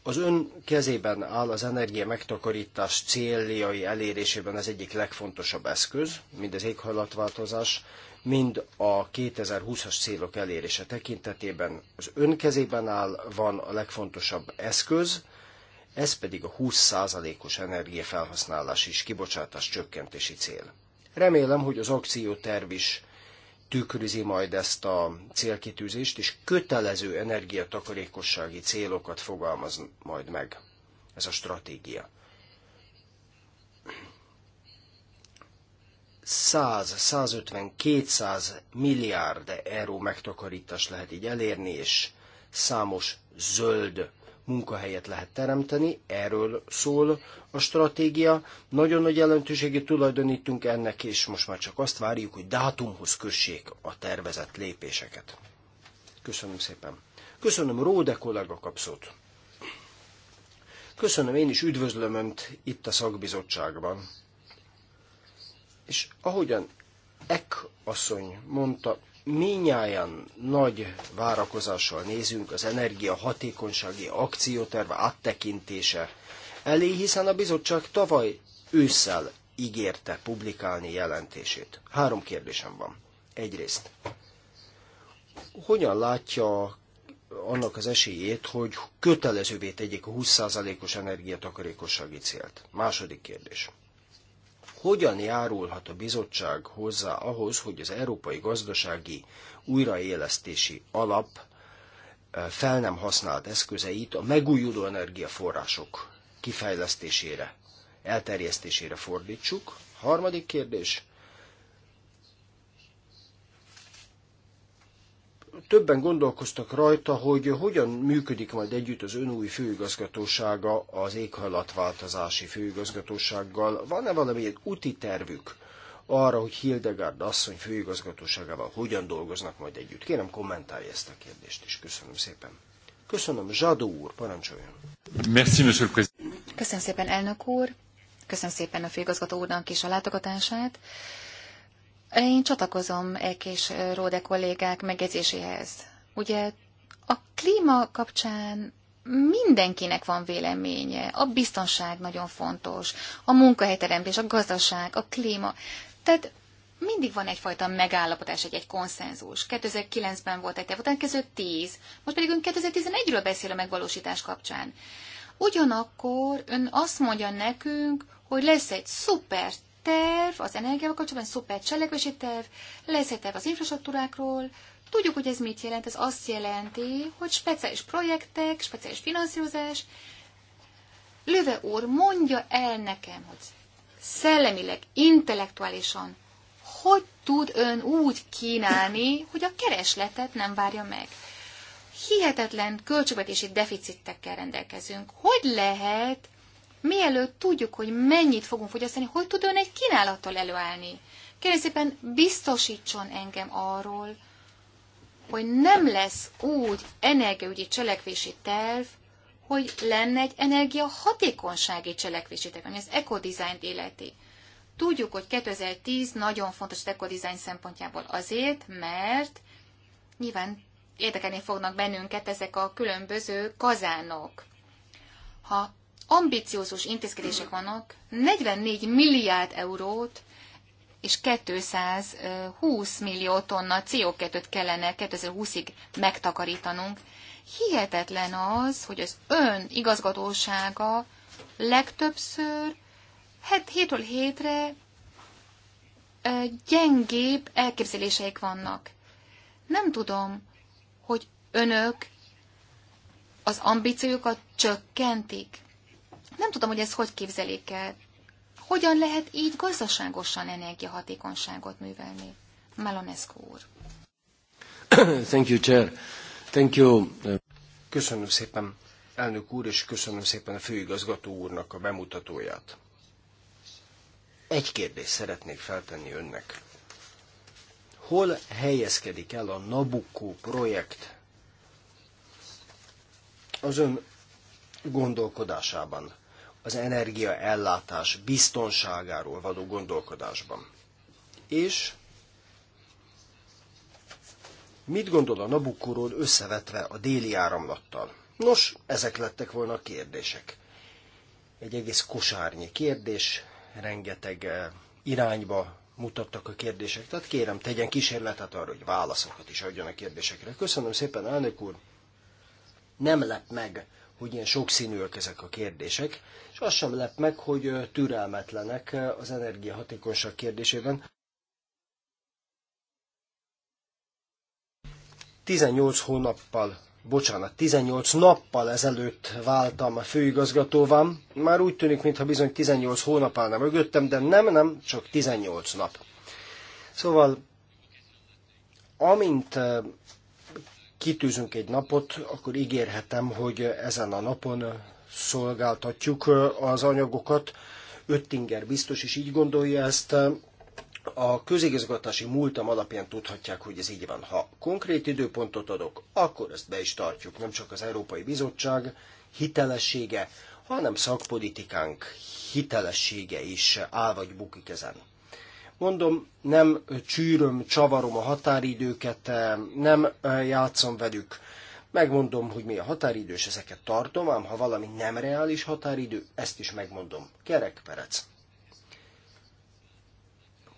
Az ön kezében áll az energia megtakarítás céljai elérésében az egyik legfontosabb eszköz, mind az éghajlatváltozás mind a 2020-as célok elérése tekintetében az önkezében áll, van a legfontosabb eszköz, ez pedig a 20%-os energiafelhasználás és kibocsátás csökkentési cél. Remélem, hogy az akcióterv is tükrözi majd ezt a célkitűzést, és kötelező energiatakarékossági célokat fogalmaz majd meg ez a stratégia. 100, 150, 200 milliárd euró megtakarítást lehet így elérni, és számos zöld munkahelyet lehet teremteni, erről szól a stratégia. Nagyon nagy jelentőséget tulajdonítunk ennek, és most már csak azt várjuk, hogy dátumhoz kössék a tervezett lépéseket. Köszönöm szépen. Köszönöm Róde kollega kapszót. Köszönöm, én is üdvözlöm Önt itt a szakbizottságban. És ahogyan Ek asszony mondta, minnyáján nagy várakozással nézünk az energia hatékonysági akcióterve áttekintése elé, hiszen a bizottság tavaly ősszel ígérte publikálni jelentését. Három kérdésem van. Egyrészt, hogyan látja annak az esélyét, hogy kötelezővé tegyék a 20%-os energiatakarékossági célt? Második kérdés hogyan járulhat a bizottság hozzá ahhoz, hogy az európai gazdasági újraélesztési alap eh, fel nem használt eszközeit a megújuló energiaforrások kifejlesztésére, elterjesztésére fordítsuk. Harmadik kérdés, többen gondolkoztak rajta, hogy hogyan működik majd együtt az ön új főigazgatósága az éghajlatváltozási főigazgatósággal. Van-e valamilyen úti tervük arra, hogy Hildegard asszony főigazgatóságával hogyan dolgoznak majd együtt? Kérem, kommentálja ezt a kérdést is. Köszönöm szépen. Köszönöm. Zsadó úr, parancsoljon. Merci, monsieur le président. Köszönöm szépen, elnök úr. Köszönöm szépen a főigazgató úrnak is a látogatását. Én csatakozom Ek és Róde kollégák megjegyzéséhez. Ugye a klíma kapcsán mindenkinek van véleménye, a biztonság nagyon fontos, a munkahelyteremtés, a gazdaság, a klíma. Tehát mindig van egyfajta megállapodás, egy, egy konszenzus. 2009-ben volt egy után kezdődött 10, most pedig ön 2011-ről beszél a megvalósítás kapcsán. Ugyanakkor ön azt mondja nekünk, hogy lesz egy szuper terv, az energiával kapcsolatban szuper cselekvési terv, lesz egy terv az infrastruktúrákról, Tudjuk, hogy ez mit jelent. Ez azt jelenti, hogy speciális projektek, speciális finanszírozás. Löve úr mondja el nekem, hogy szellemileg, intellektuálisan, hogy tud ön úgy kínálni, hogy a keresletet nem várja meg. Hihetetlen költségvetési deficittekkel rendelkezünk. Hogy lehet mielőtt tudjuk, hogy mennyit fogunk fogyasztani, hogy tud ön egy kínálattal előállni. Kérem szépen biztosítson engem arról, hogy nem lesz úgy energiaügyi cselekvési terv, hogy lenne egy energia hatékonysági cselekvési terv, ami az ekodizájnt életi. Tudjuk, hogy 2010 nagyon fontos az ekodizájn szempontjából azért, mert nyilván érdekelni fognak bennünket ezek a különböző kazánok. Ha ambiciózus intézkedések vannak, 44 milliárd eurót és 220 millió tonna CO2-t kellene 2020-ig megtakarítanunk. Hihetetlen az, hogy az ön igazgatósága legtöbbször het, hétről hétre gyengébb elképzeléseik vannak. Nem tudom, hogy önök az ambíciókat csökkentik. Nem tudom, hogy ez hogy képzelik el. Hogyan lehet így gazdaságosan energiahatékonyságot művelni? Melonescu úr. Thank you, Chair. Thank you. Köszönöm szépen, elnök úr, és köszönöm szépen a főigazgató úrnak a bemutatóját. Egy kérdést szeretnék feltenni önnek. Hol helyezkedik el a Nabucco projekt az ön gondolkodásában? az energiaellátás biztonságáról való gondolkodásban. És mit gondol a Nabukkoról összevetve a déli áramlattal? Nos, ezek lettek volna a kérdések. Egy egész kosárnyi kérdés, rengeteg eh, irányba mutattak a kérdések. Tehát kérem, tegyen kísérletet arra, hogy válaszokat is adjon a kérdésekre. Köszönöm szépen, elnök úr! Nem lep meg, hogy ilyen sokszínűek ezek a kérdések, az sem lep meg, hogy türelmetlenek az energiahatékonyság kérdésében. 18 hónappal, bocsánat, 18 nappal ezelőtt váltam a főigazgatóvám. Már úgy tűnik, mintha bizony 18 hónap állna mögöttem, de nem, nem, csak 18 nap. Szóval, amint kitűzünk egy napot, akkor ígérhetem, hogy ezen a napon szolgáltatjuk az anyagokat. Öttinger biztos is így gondolja ezt. A közigazgatási múltam alapján tudhatják, hogy ez így van. Ha konkrét időpontot adok, akkor ezt be is tartjuk. Nem csak az Európai Bizottság hitelessége, hanem szakpolitikánk hitelessége is áll vagy bukik ezen. Mondom, nem csűröm, csavarom a határidőket, nem játszom velük, Megmondom, hogy mi a határidő, és ezeket tartom, ám ha valami nem reális határidő, ezt is megmondom. Kerek Perec.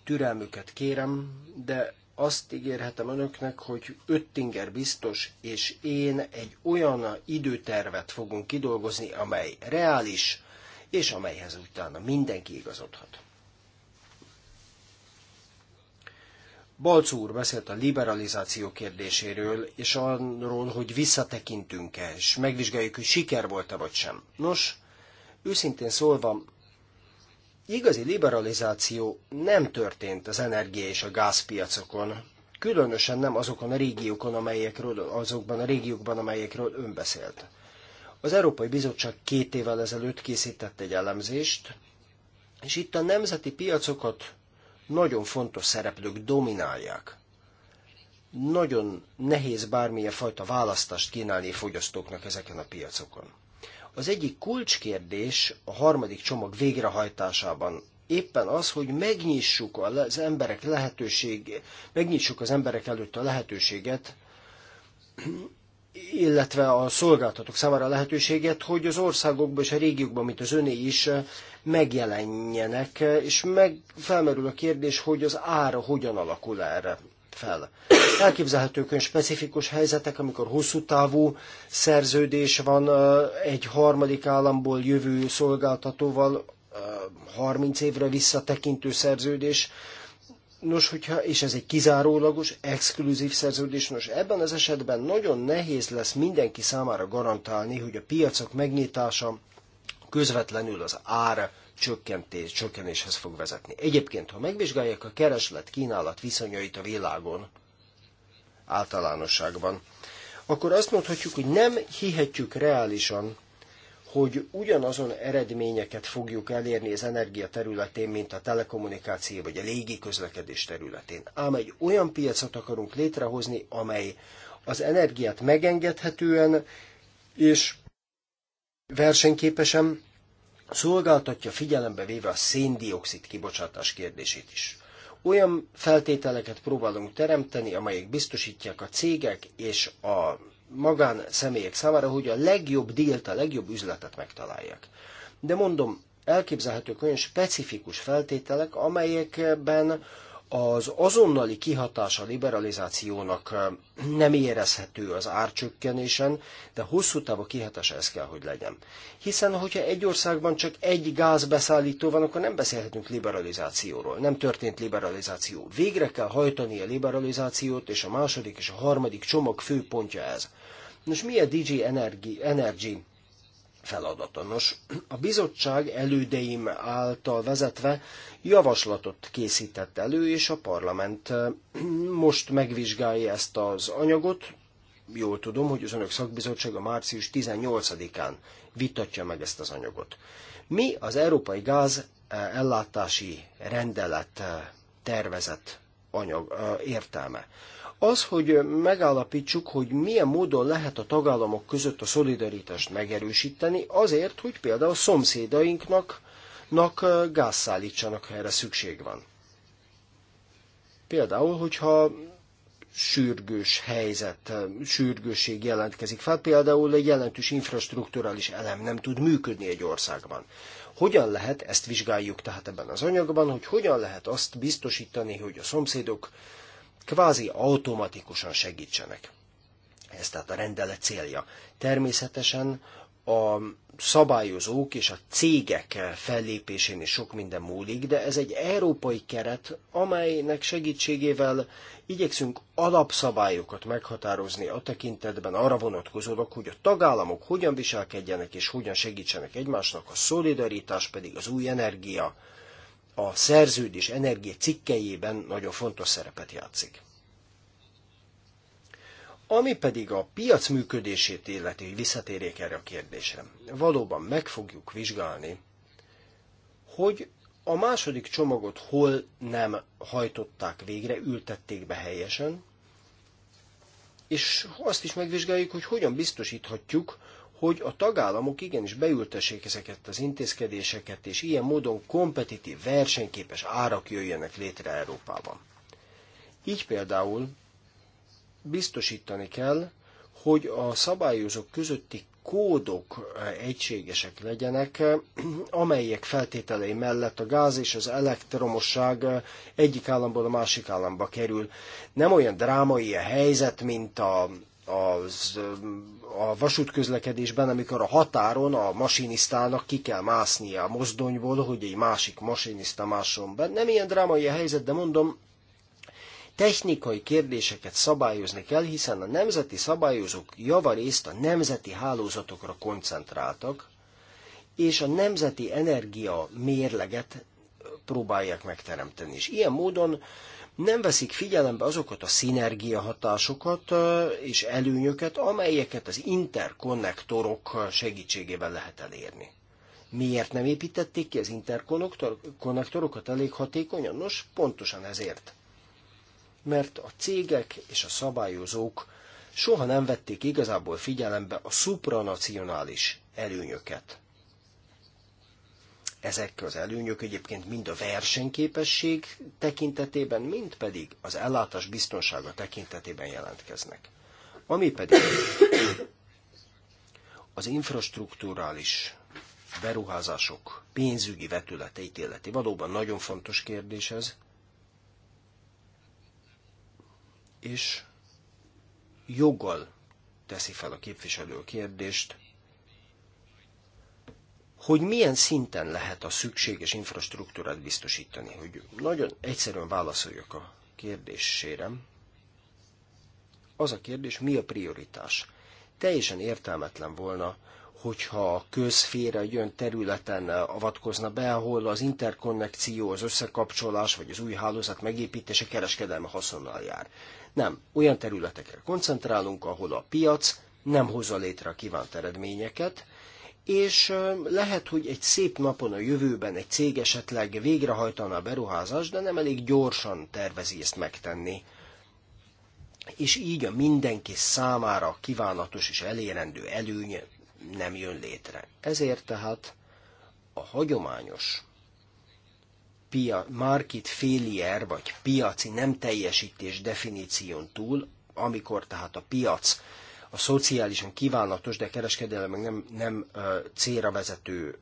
Türelmüket kérem, de azt ígérhetem önöknek, hogy Öttinger biztos, és én egy olyan időtervet fogunk kidolgozni, amely reális, és amelyhez utána mindenki igazodhat. Balcó úr beszélt a liberalizáció kérdéséről, és arról, hogy visszatekintünk-e, és megvizsgáljuk, hogy siker volt-e vagy sem. Nos, őszintén szólva, igazi liberalizáció nem történt az energia és a gázpiacokon, különösen nem azokon a régiókon, amelyekről, azokban a régiókban, amelyekről ön beszélt. Az Európai Bizottság két évvel ezelőtt készített egy elemzést, és itt a nemzeti piacokat nagyon fontos szereplők dominálják. Nagyon nehéz bármilyen fajta választást kínálni a fogyasztóknak ezeken a piacokon. Az egyik kulcskérdés a harmadik csomag végrehajtásában éppen az, hogy megnyissuk az emberek lehetőség, megnyissuk az emberek előtt a lehetőséget, illetve a szolgáltatók számára a lehetőséget, hogy az országokban és a régiókban, mint az öné is, megjelenjenek, és meg felmerül a kérdés, hogy az ára hogyan alakul erre fel. Elképzelhetők olyan specifikus helyzetek, amikor hosszú távú szerződés van egy harmadik államból jövő szolgáltatóval, 30 évre visszatekintő szerződés, Nos, hogyha, és ez egy kizárólagos, exkluzív szerződés, nos ebben az esetben nagyon nehéz lesz mindenki számára garantálni, hogy a piacok megnyitása közvetlenül az ár csökkentés, csökkenéshez fog vezetni. Egyébként, ha megvizsgálják a kereslet-kínálat viszonyait a világon, általánosságban, akkor azt mondhatjuk, hogy nem hihetjük reálisan, hogy ugyanazon eredményeket fogjuk elérni az energia területén, mint a telekommunikáció vagy a légi közlekedés területén. Ám egy olyan piacot akarunk létrehozni, amely az energiát megengedhetően és versenyképesen szolgáltatja figyelembe véve a széndiokszid kibocsátás kérdését is. Olyan feltételeket próbálunk teremteni, amelyek biztosítják a cégek és a magán személyek számára, hogy a legjobb dílt, a legjobb üzletet megtalálják. De mondom, elképzelhetők olyan specifikus feltételek, amelyekben az azonnali kihatása a liberalizációnak nem érezhető az árcsökkenésen, de hosszú távú kihatása ez kell, hogy legyen. Hiszen, hogyha egy országban csak egy gázbeszállító van, akkor nem beszélhetünk liberalizációról. Nem történt liberalizáció. Végre kell hajtani a liberalizációt, és a második és a harmadik csomag főpontja ez. Nos, mi a DG Energy, Energy feladata. Nos, a bizottság elődeim által vezetve javaslatot készített elő, és a parlament most megvizsgálja ezt az anyagot. Jól tudom, hogy az önök a március 18-án vitatja meg ezt az anyagot. Mi az Európai Gáz ellátási rendelet tervezett anyag értelme? Az, hogy megállapítsuk, hogy milyen módon lehet a tagállamok között a szolidaritást megerősíteni, azért, hogy például a szomszédainknak nak gázszállítsanak, ha erre szükség van. Például, hogyha sürgős helyzet, sürgősség jelentkezik fel, például egy jelentős infrastruktúrális elem nem tud működni egy országban. Hogyan lehet, ezt vizsgáljuk tehát ebben az anyagban, hogy hogyan lehet azt biztosítani, hogy a szomszédok kvázi automatikusan segítsenek. Ez tehát a rendelet célja. Természetesen a szabályozók és a cégek fellépésén is sok minden múlik, de ez egy európai keret, amelynek segítségével igyekszünk alapszabályokat meghatározni a tekintetben arra vonatkozólag, hogy a tagállamok hogyan viselkedjenek és hogyan segítsenek egymásnak, a szolidaritás pedig az új energia a szerződés energia cikkejében nagyon fontos szerepet játszik. Ami pedig a piac működését illeti, hogy visszatérjék erre a kérdésre, valóban meg fogjuk vizsgálni, hogy a második csomagot hol nem hajtották végre, ültették be helyesen, és azt is megvizsgáljuk, hogy hogyan biztosíthatjuk, hogy a tagállamok igenis beültessék ezeket az intézkedéseket, és ilyen módon kompetitív, versenyképes árak jöjjenek létre Európában. Így például biztosítani kell, hogy a szabályozók közötti kódok eh, egységesek legyenek, eh, amelyek feltételei mellett a gáz és az elektromosság eh, egyik államból a másik államba kerül. Nem olyan drámai a helyzet, mint a az, a vasútközlekedésben, amikor a határon a masinisztának ki kell másznia a mozdonyból, hogy egy másik masinista másson be. Nem ilyen drámai a helyzet, de mondom, technikai kérdéseket szabályozni kell, hiszen a nemzeti szabályozók javarészt a nemzeti hálózatokra koncentráltak, és a nemzeti energia mérleget próbálják megteremteni. És ilyen módon nem veszik figyelembe azokat a szinergiahatásokat és előnyöket, amelyeket az interkonnektorok segítségével lehet elérni. Miért nem építették ki az interkonnektorokat elég hatékonyan? Nos, pontosan ezért. Mert a cégek és a szabályozók soha nem vették igazából figyelembe a supranacionális előnyöket. Ezek az előnyök egyébként mind a versenyképesség tekintetében, mind pedig az ellátás biztonsága tekintetében jelentkeznek. Ami pedig az infrastruktúrális beruházások pénzügyi vetületeit illeti. Valóban nagyon fontos kérdés ez. És joggal teszi fel a képviselő kérdést, hogy milyen szinten lehet a szükséges infrastruktúrát biztosítani. Hogy nagyon egyszerűen válaszoljak a kérdésére. Az a kérdés, mi a prioritás? Teljesen értelmetlen volna, hogyha a közféra egy olyan területen avatkozna be, ahol az interkonnekció, az összekapcsolás vagy az új hálózat megépítése kereskedelme haszonnal jár. Nem, olyan területekre koncentrálunk, ahol a piac nem hozza létre a kívánt eredményeket, és lehet, hogy egy szép napon a jövőben egy cég esetleg végrehajtana a beruházást, de nem elég gyorsan tervezi ezt megtenni. És így a mindenki számára kívánatos és elérendő előny nem jön létre. Ezért tehát a hagyományos pia, market failure vagy piaci nem teljesítés definíción túl, amikor tehát a piac a szociálisan kívánatos, de kereskedelem nem, nem célra vezető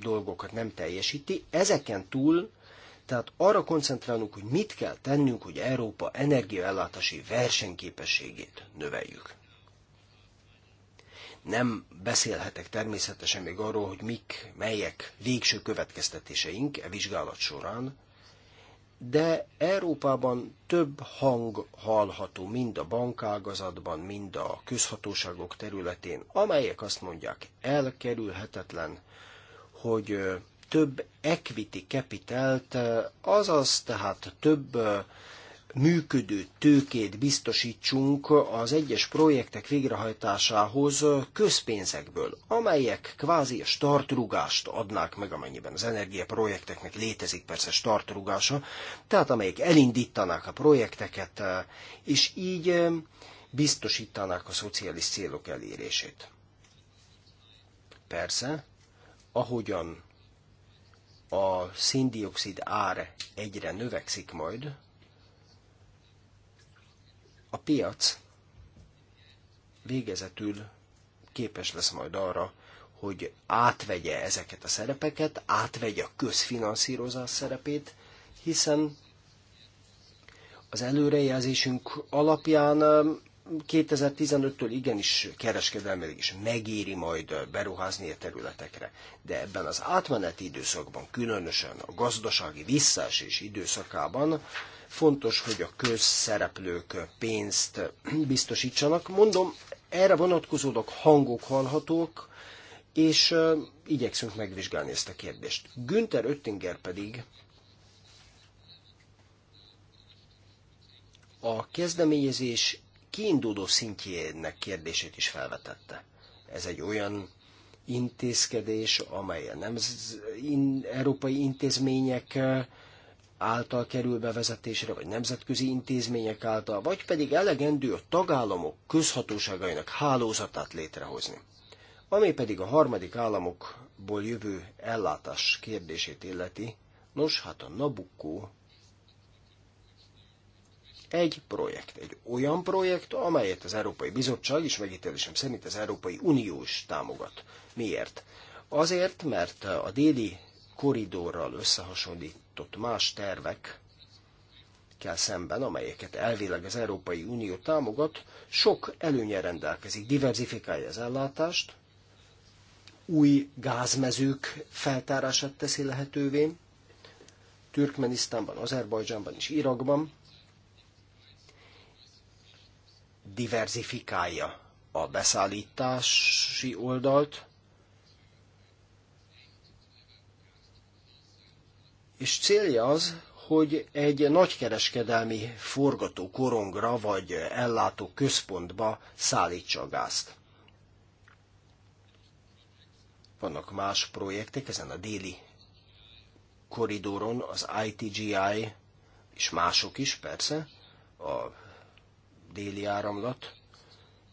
dolgokat nem teljesíti. Ezeken túl, tehát arra koncentrálunk, hogy mit kell tennünk, hogy Európa energiaellátási versenyképességét növeljük. Nem beszélhetek természetesen még arról, hogy mik, melyek végső következtetéseink e vizsgálat során, de Európában több hang hallható mind a bankágazatban, mind a közhatóságok területén, amelyek azt mondják, elkerülhetetlen, hogy több equity capitalt, azaz tehát több működő tőkét biztosítsunk az egyes projektek végrehajtásához közpénzekből, amelyek kvázi startrugást adnák meg, amennyiben az energiaprojekteknek létezik persze startrugása, tehát amelyek elindítanák a projekteket, és így biztosítanák a szociális célok elérését. Persze, ahogyan a széndiokszid ár egyre növekszik majd, a piac végezetül képes lesz majd arra, hogy átvegye ezeket a szerepeket, átvegye a közfinanszírozás szerepét, hiszen az előrejelzésünk alapján 2015-től um, igenis kereskedelmileg is megéri majd uh, beruházni a területekre. De ebben az átmeneti időszakban, különösen a gazdasági visszaesés időszakában Fontos, hogy a közszereplők pénzt biztosítsanak. Mondom, erre vonatkozódok hangok hallhatók, és igyekszünk megvizsgálni ezt a kérdést. Günther Öttinger pedig a kezdeményezés kiinduló szintjének kérdését is felvetette. Ez egy olyan intézkedés, amely a nem in, európai intézmények által kerül bevezetésre, vagy nemzetközi intézmények által, vagy pedig elegendő a tagállamok közhatóságainak hálózatát létrehozni. Ami pedig a harmadik államokból jövő ellátás kérdését illeti, nos hát a Nabukó egy projekt, egy olyan projekt, amelyet az Európai Bizottság, is megítélésem szerint az Európai Unió is támogat. Miért? Azért, mert a déli koridorral összehasonlít benyújtott más tervek kell szemben, amelyeket elvileg az Európai Unió támogat, sok előnye rendelkezik, diversifikálja az ellátást, új gázmezők feltárását teszi lehetővé, Türkmenisztánban, Azerbajdzsánban és Irakban, diversifikálja a beszállítási oldalt, és célja az, hogy egy nagykereskedelmi forgató korongra vagy ellátó központba szállítsa a gázt. Vannak más projektek ezen a déli koridoron, az ITGI és mások is persze, a déli áramlat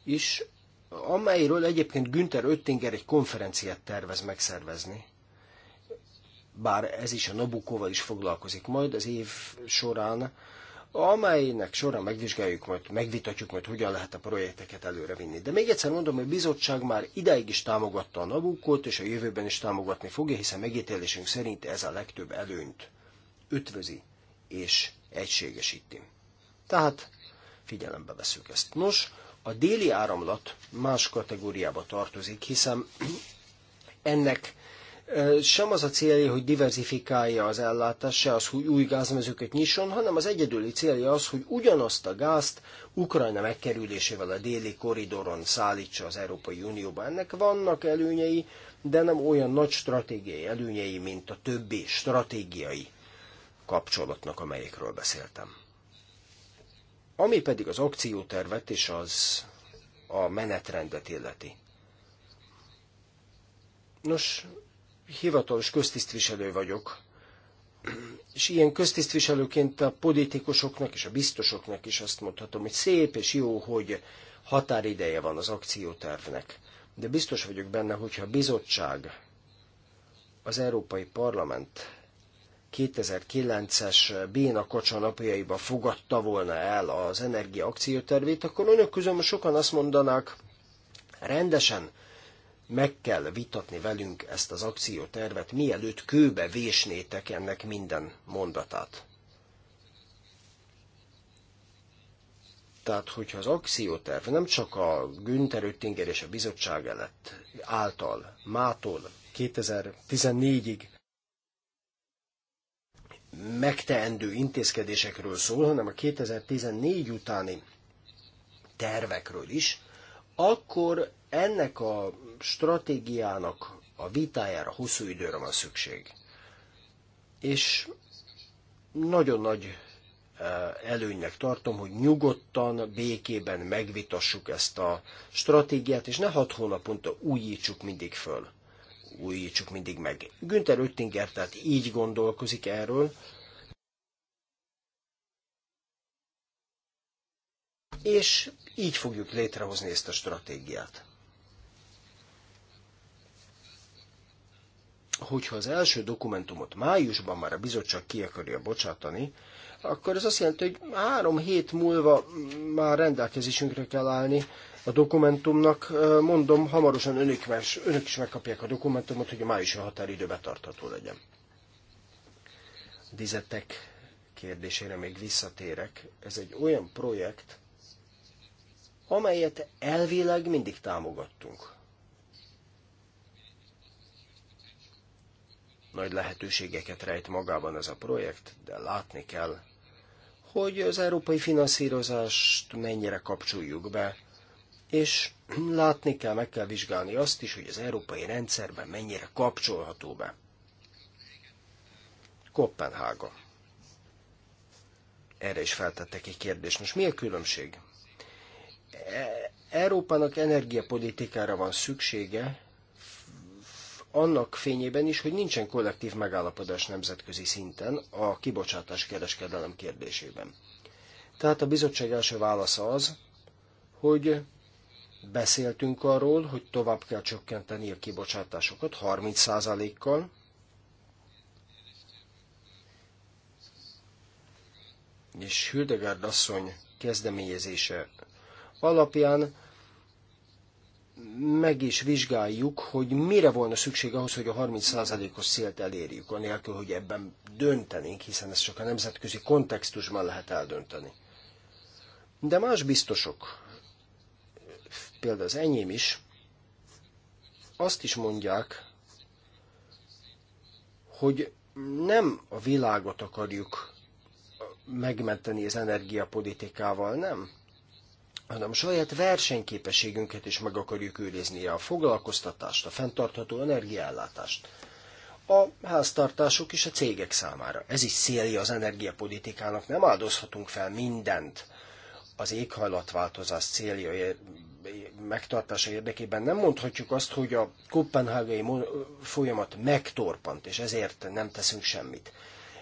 is, amelyről egyébként Günther öttinger egy konferenciát tervez megszervezni bár ez is a Nabukóval is foglalkozik majd az év során, amelynek során megvizsgáljuk majd, megvitatjuk majd, hogyan lehet a projekteket előrevinni. De még egyszer mondom, hogy a bizottság már ideig is támogatta a Nabukót, és a jövőben is támogatni fogja, hiszen megítélésünk szerint ez a legtöbb előnyt ötvözi és egységesíti. Tehát figyelembe veszük ezt. Nos, a déli áramlat más kategóriába tartozik, hiszen ennek sem az a célja, hogy diversifikálja az ellátást, se az, hogy új gázmezőket nyisson, hanem az egyedüli célja az, hogy ugyanazt a gázt Ukrajna megkerülésével a déli koridoron szállítsa az Európai Unióba. Ennek vannak előnyei, de nem olyan nagy stratégiai előnyei, mint a többi stratégiai kapcsolatnak, amelyikről beszéltem. Ami pedig az akciótervet és az a menetrendet illeti. Nos, hivatalos köztisztviselő vagyok, és ilyen köztisztviselőként a politikusoknak és a biztosoknak is azt mondhatom, hogy szép és jó, hogy határideje van az akciótervnek. De biztos vagyok benne, hogyha a bizottság, az Európai Parlament 2009-es Béna Kocsa napjaiba fogadta volna el az energia akciótervét, akkor önök közül sokan azt mondanák, rendesen meg kell vitatni velünk ezt az akciótervet, mielőtt kőbe vésnétek ennek minden mondatát. Tehát, hogyha az akcióterv nem csak a Günther Öttinger és a bizottság elett által, mától 2014-ig megteendő intézkedésekről szól, hanem a 2014 utáni tervekről is, akkor ennek a stratégiának a vitájára hosszú időre van szükség. És nagyon nagy e, előnynek tartom, hogy nyugodtan, békében megvitassuk ezt a stratégiát, és ne hat hónaponta újítsuk mindig föl, újítsuk mindig meg. Günther Öttinger tehát így gondolkozik erről, és így fogjuk létrehozni ezt a stratégiát. hogyha az első dokumentumot májusban már a bizottság ki akarja bocsátani, akkor ez azt jelenti, hogy három hét múlva már rendelkezésünkre kell állni a dokumentumnak. Mondom, hamarosan önök, más, önök is megkapják a dokumentumot, hogy a májusi határidő betartható legyen. Dizetek kérdésére még visszatérek. Ez egy olyan projekt, amelyet elvileg mindig támogattunk. Nagy lehetőségeket rejt magában ez a projekt, de látni kell, hogy az európai finanszírozást mennyire kapcsoljuk be, és látni kell, meg kell vizsgálni azt is, hogy az európai rendszerben mennyire kapcsolható be. Kopenhága. Erre is feltettek egy kérdést. Most mi a különbség? E- Európának energiapolitikára van szüksége, annak fényében is, hogy nincsen kollektív megállapodás nemzetközi szinten a kibocsátás kereskedelem kérdésében. Tehát a bizottság első válasza az, hogy beszéltünk arról, hogy tovább kell csökkenteni a kibocsátásokat 30%-kal, és Hildegard asszony kezdeményezése alapján meg is vizsgáljuk, hogy mire volna szükség ahhoz, hogy a 30%-os szélt elérjük, anélkül, hogy ebben döntenénk, hiszen ezt csak a nemzetközi kontextusban lehet eldönteni. De más biztosok, például az enyém is, azt is mondják, hogy nem a világot akarjuk megmenteni az energiapolitikával, nem, hanem saját versenyképességünket is meg akarjuk őrizni, a foglalkoztatást, a fenntartható energiállátást, a háztartások és a cégek számára. Ez is célja az energiapolitikának, nem áldozhatunk fel mindent az éghajlatváltozás célja megtartása érdekében. Nem mondhatjuk azt, hogy a kopenhágai folyamat megtorpant, és ezért nem teszünk semmit.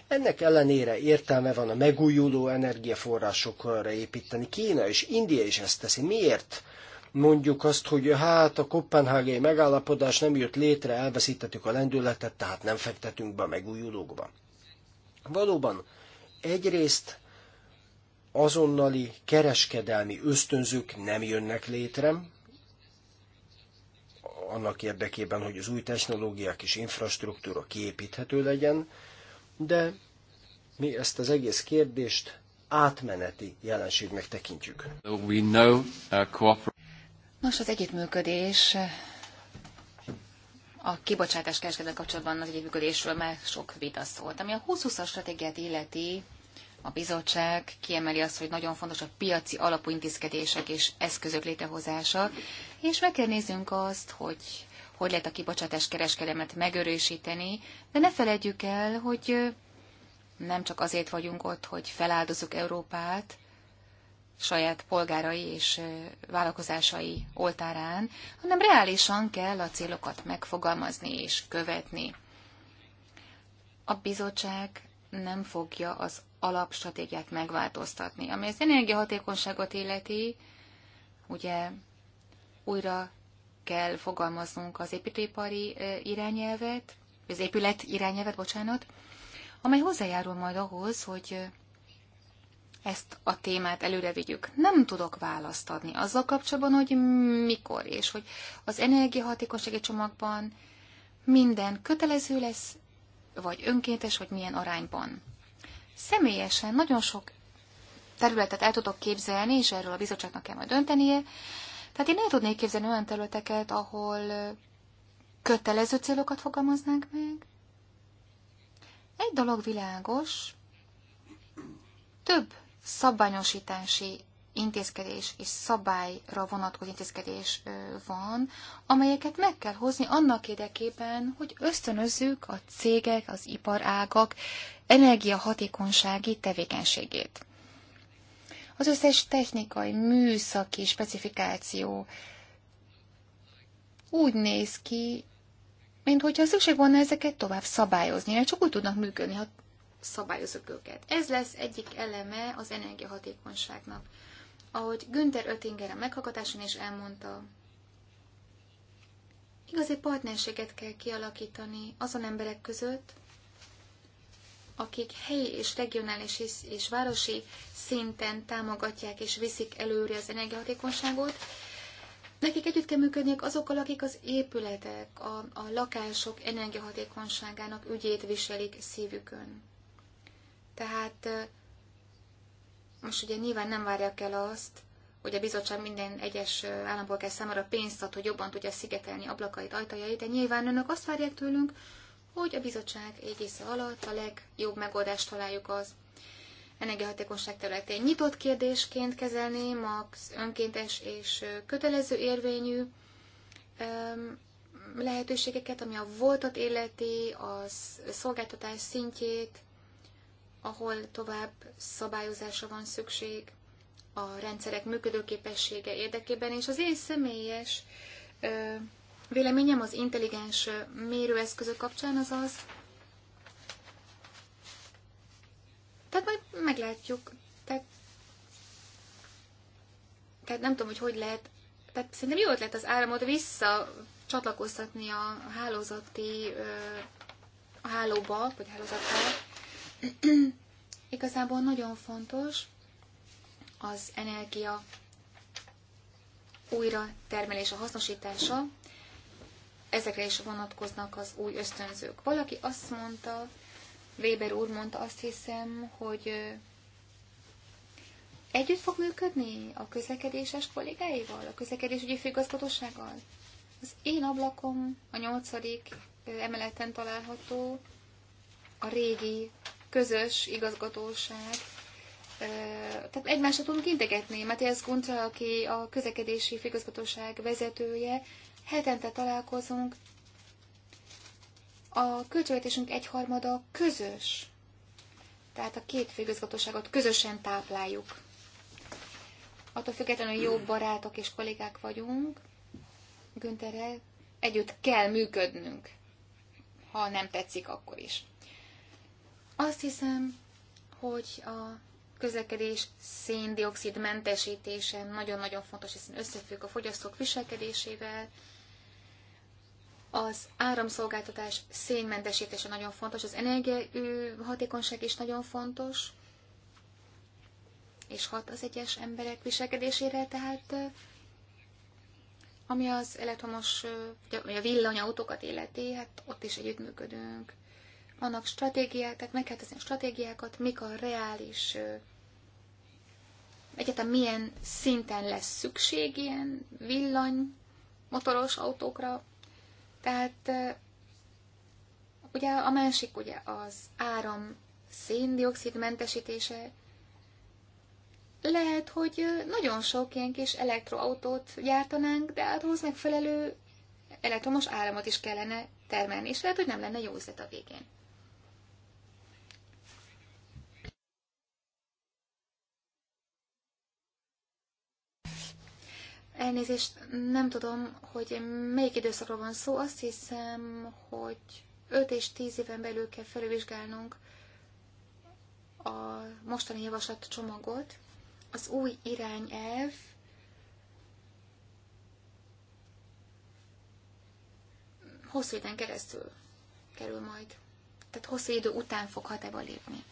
Ennek ellenére értelme van a megújuló energiaforrásokra építeni. Kína és India is ezt teszi. Miért? Mondjuk azt, hogy hát a kopenhágai megállapodás nem jött létre, elveszítettük a lendületet, tehát nem fektetünk be a megújulókba. Valóban, egyrészt azonnali kereskedelmi ösztönzők nem jönnek létre, annak érdekében, hogy az új technológiák és infrastruktúra kiépíthető legyen, de mi ezt az egész kérdést átmeneti jelenségnek tekintjük. Uh, Nos, az együttműködés a kibocsátás kereskedelmi kapcsolatban az együttműködésről már sok vita szólt. Ami a 2020-as stratégiát illeti, a bizottság kiemeli azt, hogy nagyon fontos a piaci alapú intézkedések és eszközök létrehozása, és meg kell néznünk azt, hogy hogy lehet a kibocsátás kereskedelmet megörősíteni, de ne feledjük el, hogy nem csak azért vagyunk ott, hogy feláldozunk Európát, saját polgárai és vállalkozásai oltárán, hanem reálisan kell a célokat megfogalmazni és követni. A bizottság nem fogja az alapstratégiát megváltoztatni. Ami az energiahatékonyságot illeti, ugye újra kell fogalmaznunk az építőipari irányelvet, az épület irányelvet, bocsánat, amely hozzájárul majd ahhoz, hogy ezt a témát előre vigyük. Nem tudok választ adni azzal kapcsolatban, hogy mikor és hogy az energiahatékonysági csomagban minden kötelező lesz, vagy önkéntes, vagy milyen arányban. Személyesen nagyon sok területet el tudok képzelni, és erről a bizottságnak kell majd döntenie, tehát én el tudnék képzelni olyan területeket, ahol kötelező célokat fogalmaznánk meg. Egy dolog világos, több szabványosítási intézkedés és szabályra vonatkozó intézkedés van, amelyeket meg kell hozni annak érdekében, hogy ösztönözzük a cégek, az iparágak energiahatékonysági tevékenységét. Az összes technikai, műszaki specifikáció úgy néz ki, mint hogyha szükség volna ezeket tovább szabályozni, mert csak úgy tudnak működni, ha szabályozok őket. Ez lesz egyik eleme az energiahatékonyságnak. Ahogy Günther Oettinger a meghallgatáson is elmondta, igazi partnerséget kell kialakítani azon emberek között, akik helyi és regionális és városi szinten támogatják és viszik előre az energiahatékonyságot, Nekik együtt kell működniük azokkal, akik az épületek, a, a lakások energiahatékonyságának ügyét viselik szívükön. Tehát most ugye nyilván nem várják el azt, hogy a bizottság minden egyes állampolgár számára pénzt ad, hogy jobban tudja szigetelni ablakait, ajtajait, de nyilván önök azt várják tőlünk, hogy a bizottság égisze alatt a legjobb megoldást találjuk az energiahatékonyság területén. Nyitott kérdésként kezelném az önkéntes és kötelező érvényű lehetőségeket, ami a voltat életi, a szolgáltatás szintjét, ahol tovább szabályozásra van szükség a rendszerek működőképessége érdekében, és az én személyes Véleményem az intelligens mérőeszközök kapcsán az az, tehát majd meglátjuk. Tehát, tehát nem tudom, hogy hogy lehet. Tehát szerintem jó ötlet az áramot vissza csatlakoztatni a hálózati a hálóba, vagy hálózatba. Igazából nagyon fontos az energia újra termelése, hasznosítása, ezekre is vonatkoznak az új ösztönzők. Valaki azt mondta, Weber úr mondta azt hiszem, hogy együtt fog működni a közlekedéses kollégáival, a közlekedésügyi főigazgatósággal. Az én ablakom a nyolcadik emeleten található, a régi közös igazgatóság. Tehát egymásra tudunk integetni. Matthias Guntra, aki a közlekedési főigazgatóság vezetője, Hetente találkozunk, a költségvetésünk egyharmada közös. Tehát a két főigazgatóságot közösen tápláljuk. Attól függetlenül jó barátok és kollégák vagyunk, Günterrel együtt kell működnünk, ha nem tetszik, akkor is. Azt hiszem, hogy a közlekedés széndiokszid mentesítése nagyon-nagyon fontos, hiszen összefügg a fogyasztók viselkedésével, az áramszolgáltatás szénmentesítése nagyon fontos, az energia hatékonyság is nagyon fontos, és hat az egyes emberek viselkedésére, tehát ami az elektromos, vagy a villanyautókat illeti, hát ott is együttműködünk. Vannak stratégiák, tehát meg kell a stratégiákat, mik a reális, egyáltalán milyen szinten lesz szükség ilyen villany, motoros autókra, tehát ugye a másik ugye az áram széndiokszid mentesítése. Lehet, hogy nagyon sok ilyen kis elektroautót gyártanánk, de hát ahhoz megfelelő elektromos áramot is kellene termelni, és lehet, hogy nem lenne jó üzlet a végén. Elnézést, nem tudom, hogy melyik időszakról van szó. Azt hiszem, hogy 5 és 10 éven belül kell felvizsgálnunk a mostani javaslat csomagot. Az új irányelv hosszú időn keresztül kerül majd. Tehát hosszú idő után fog hatába lépni.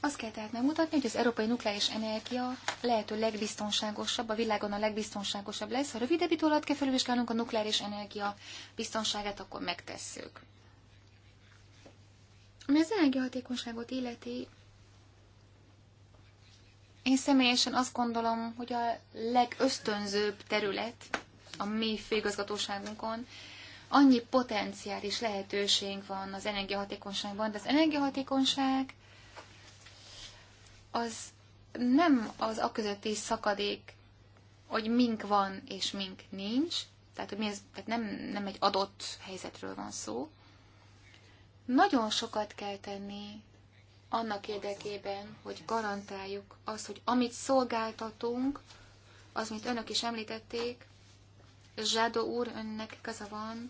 Azt kell tehát megmutatni, hogy az európai nukleáris energia lehető legbiztonságosabb, a világon a legbiztonságosabb lesz. Ha rövidebb idő alatt kell felvizsgálnunk a nukleáris energia biztonságát, akkor megtesszük. Ami az energiahatékonyságot illeti, én személyesen azt gondolom, hogy a legösztönzőbb terület a mi főigazgatóságunkon, annyi potenciális lehetőség van az energiahatékonyságban, de az energiahatékonyság az nem az a közötti szakadék, hogy mink van és mink nincs, tehát, hogy mi ez, tehát nem, nem egy adott helyzetről van szó. Nagyon sokat kell tenni annak érdekében, hogy garantáljuk azt, hogy amit szolgáltatunk, az, mint önök is említették, Zsádó úr, önnek köze van,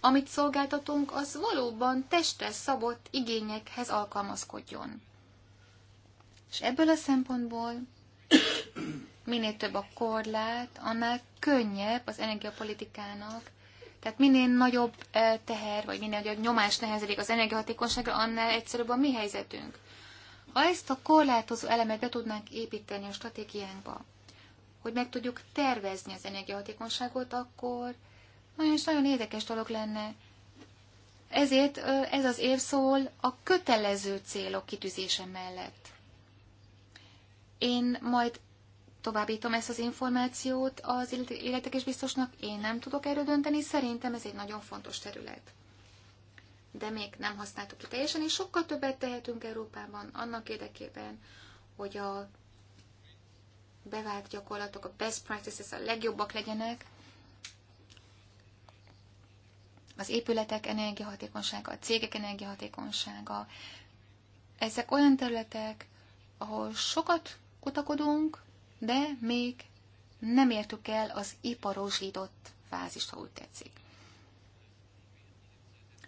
amit szolgáltatunk, az valóban testre szabott igényekhez alkalmazkodjon. És ebből a szempontból minél több a korlát, annál könnyebb az energiapolitikának. Tehát minél nagyobb eh, teher, vagy minél nagyobb nyomás nehezedik az energiahatékonyságra, annál egyszerűbb a mi helyzetünk. Ha ezt a korlátozó elemet be tudnánk építeni a stratégiánkba, hogy meg tudjuk tervezni az energiahatékonyságot, akkor nagyon is nagyon érdekes dolog lenne. Ezért eh, ez az év szól a kötelező célok kitűzése mellett. Én majd továbbítom ezt az információt az életekes biztosnak, én nem tudok erről dönteni, szerintem ez egy nagyon fontos terület. De még nem használtuk ki teljesen, és sokkal többet tehetünk Európában annak érdekében, hogy a bevált gyakorlatok, a best practices a legjobbak legyenek, az épületek energiahatékonysága, a cégek energiahatékonysága. Ezek olyan területek, ahol sokat kutakodunk, de még nem értük el az iparosított fázist, ha úgy tetszik.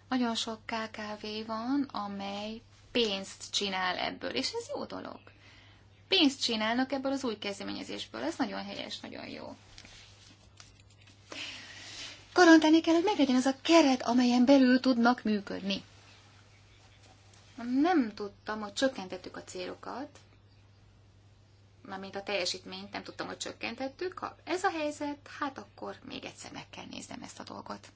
Nagyon sok KKV van, amely pénzt csinál ebből, és ez jó dolog. Pénzt csinálnak ebből az új kezdeményezésből, ez nagyon helyes, nagyon jó. Garantálni kell, hogy meglegyen az a keret, amelyen belül tudnak működni. Nem tudtam, hogy csökkentettük a célokat, na mint a teljesítményt nem tudtam, hogy csökkentettük. Ha ez a helyzet, hát akkor még egyszer meg kell néznem ezt a dolgot.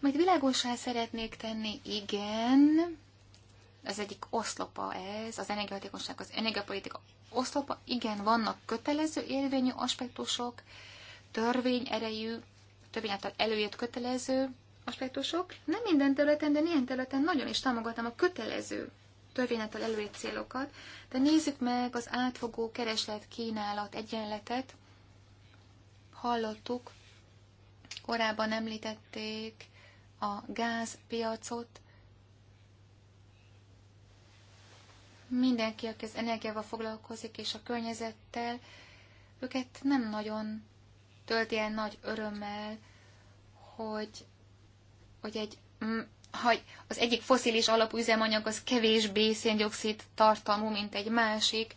Majd világosá szeretnék tenni, igen, az egyik oszlopa ez, az energiahatékonyság, az energiapolitika oszlopa, igen, vannak kötelező érvényű aspektusok, törvény erejű, törvény által előírt kötelező aspektusok. Nem minden területen, de néhány területen nagyon is támogatom a kötelező törvénytől előre célokat, de nézzük meg az átfogó kereslet-kínálat egyenletet. Hallottuk, korábban említették a gázpiacot. Mindenki, aki az energiával foglalkozik és a környezettel, őket nem nagyon tölt ilyen nagy örömmel, hogy, hogy egy ha az egyik foszilis alapú üzemanyag az kevésbé széndiokszid tartalmú, mint egy másik.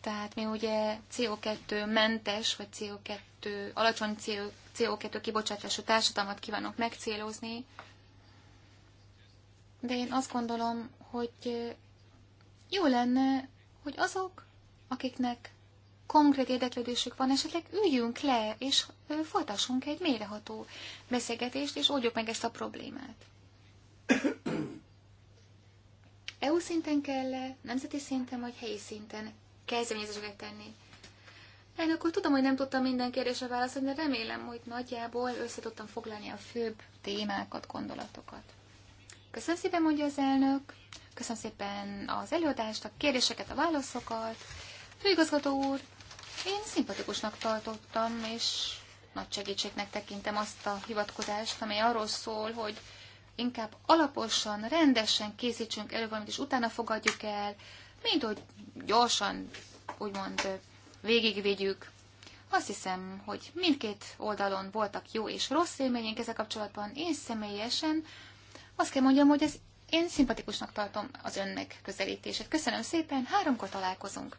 Tehát mi ugye CO2 mentes, vagy CO2, alacsony CO2 kibocsátású társadalmat kívánok megcélozni, de én azt gondolom, hogy jó lenne, hogy azok, akiknek konkrét érdeklődésük van, esetleg üljünk le, és folytassunk egy mélyreható beszélgetést, és oldjuk meg ezt a problémát. EU szinten kell -e, nemzeti szinten, vagy helyi szinten kezdeményezéseket tenni? Én akkor tudom, hogy nem tudtam minden kérdésre válaszolni, de remélem, hogy nagyjából összetudtam foglalni a főbb témákat, gondolatokat. Köszönöm szépen, mondja az elnök. Köszönöm szépen az előadást, a kérdéseket, a válaszokat. Főigazgató úr, én szimpatikusnak tartottam, és nagy segítségnek tekintem azt a hivatkozást, amely arról szól, hogy inkább alaposan, rendesen készítsünk elő valamit, és utána fogadjuk el, mint hogy gyorsan, úgymond végigvigyük. Azt hiszem, hogy mindkét oldalon voltak jó és rossz élmények ezzel kapcsolatban. Én személyesen azt kell mondjam, hogy ez én szimpatikusnak tartom az ön megközelítését. Köszönöm szépen, háromkor találkozunk.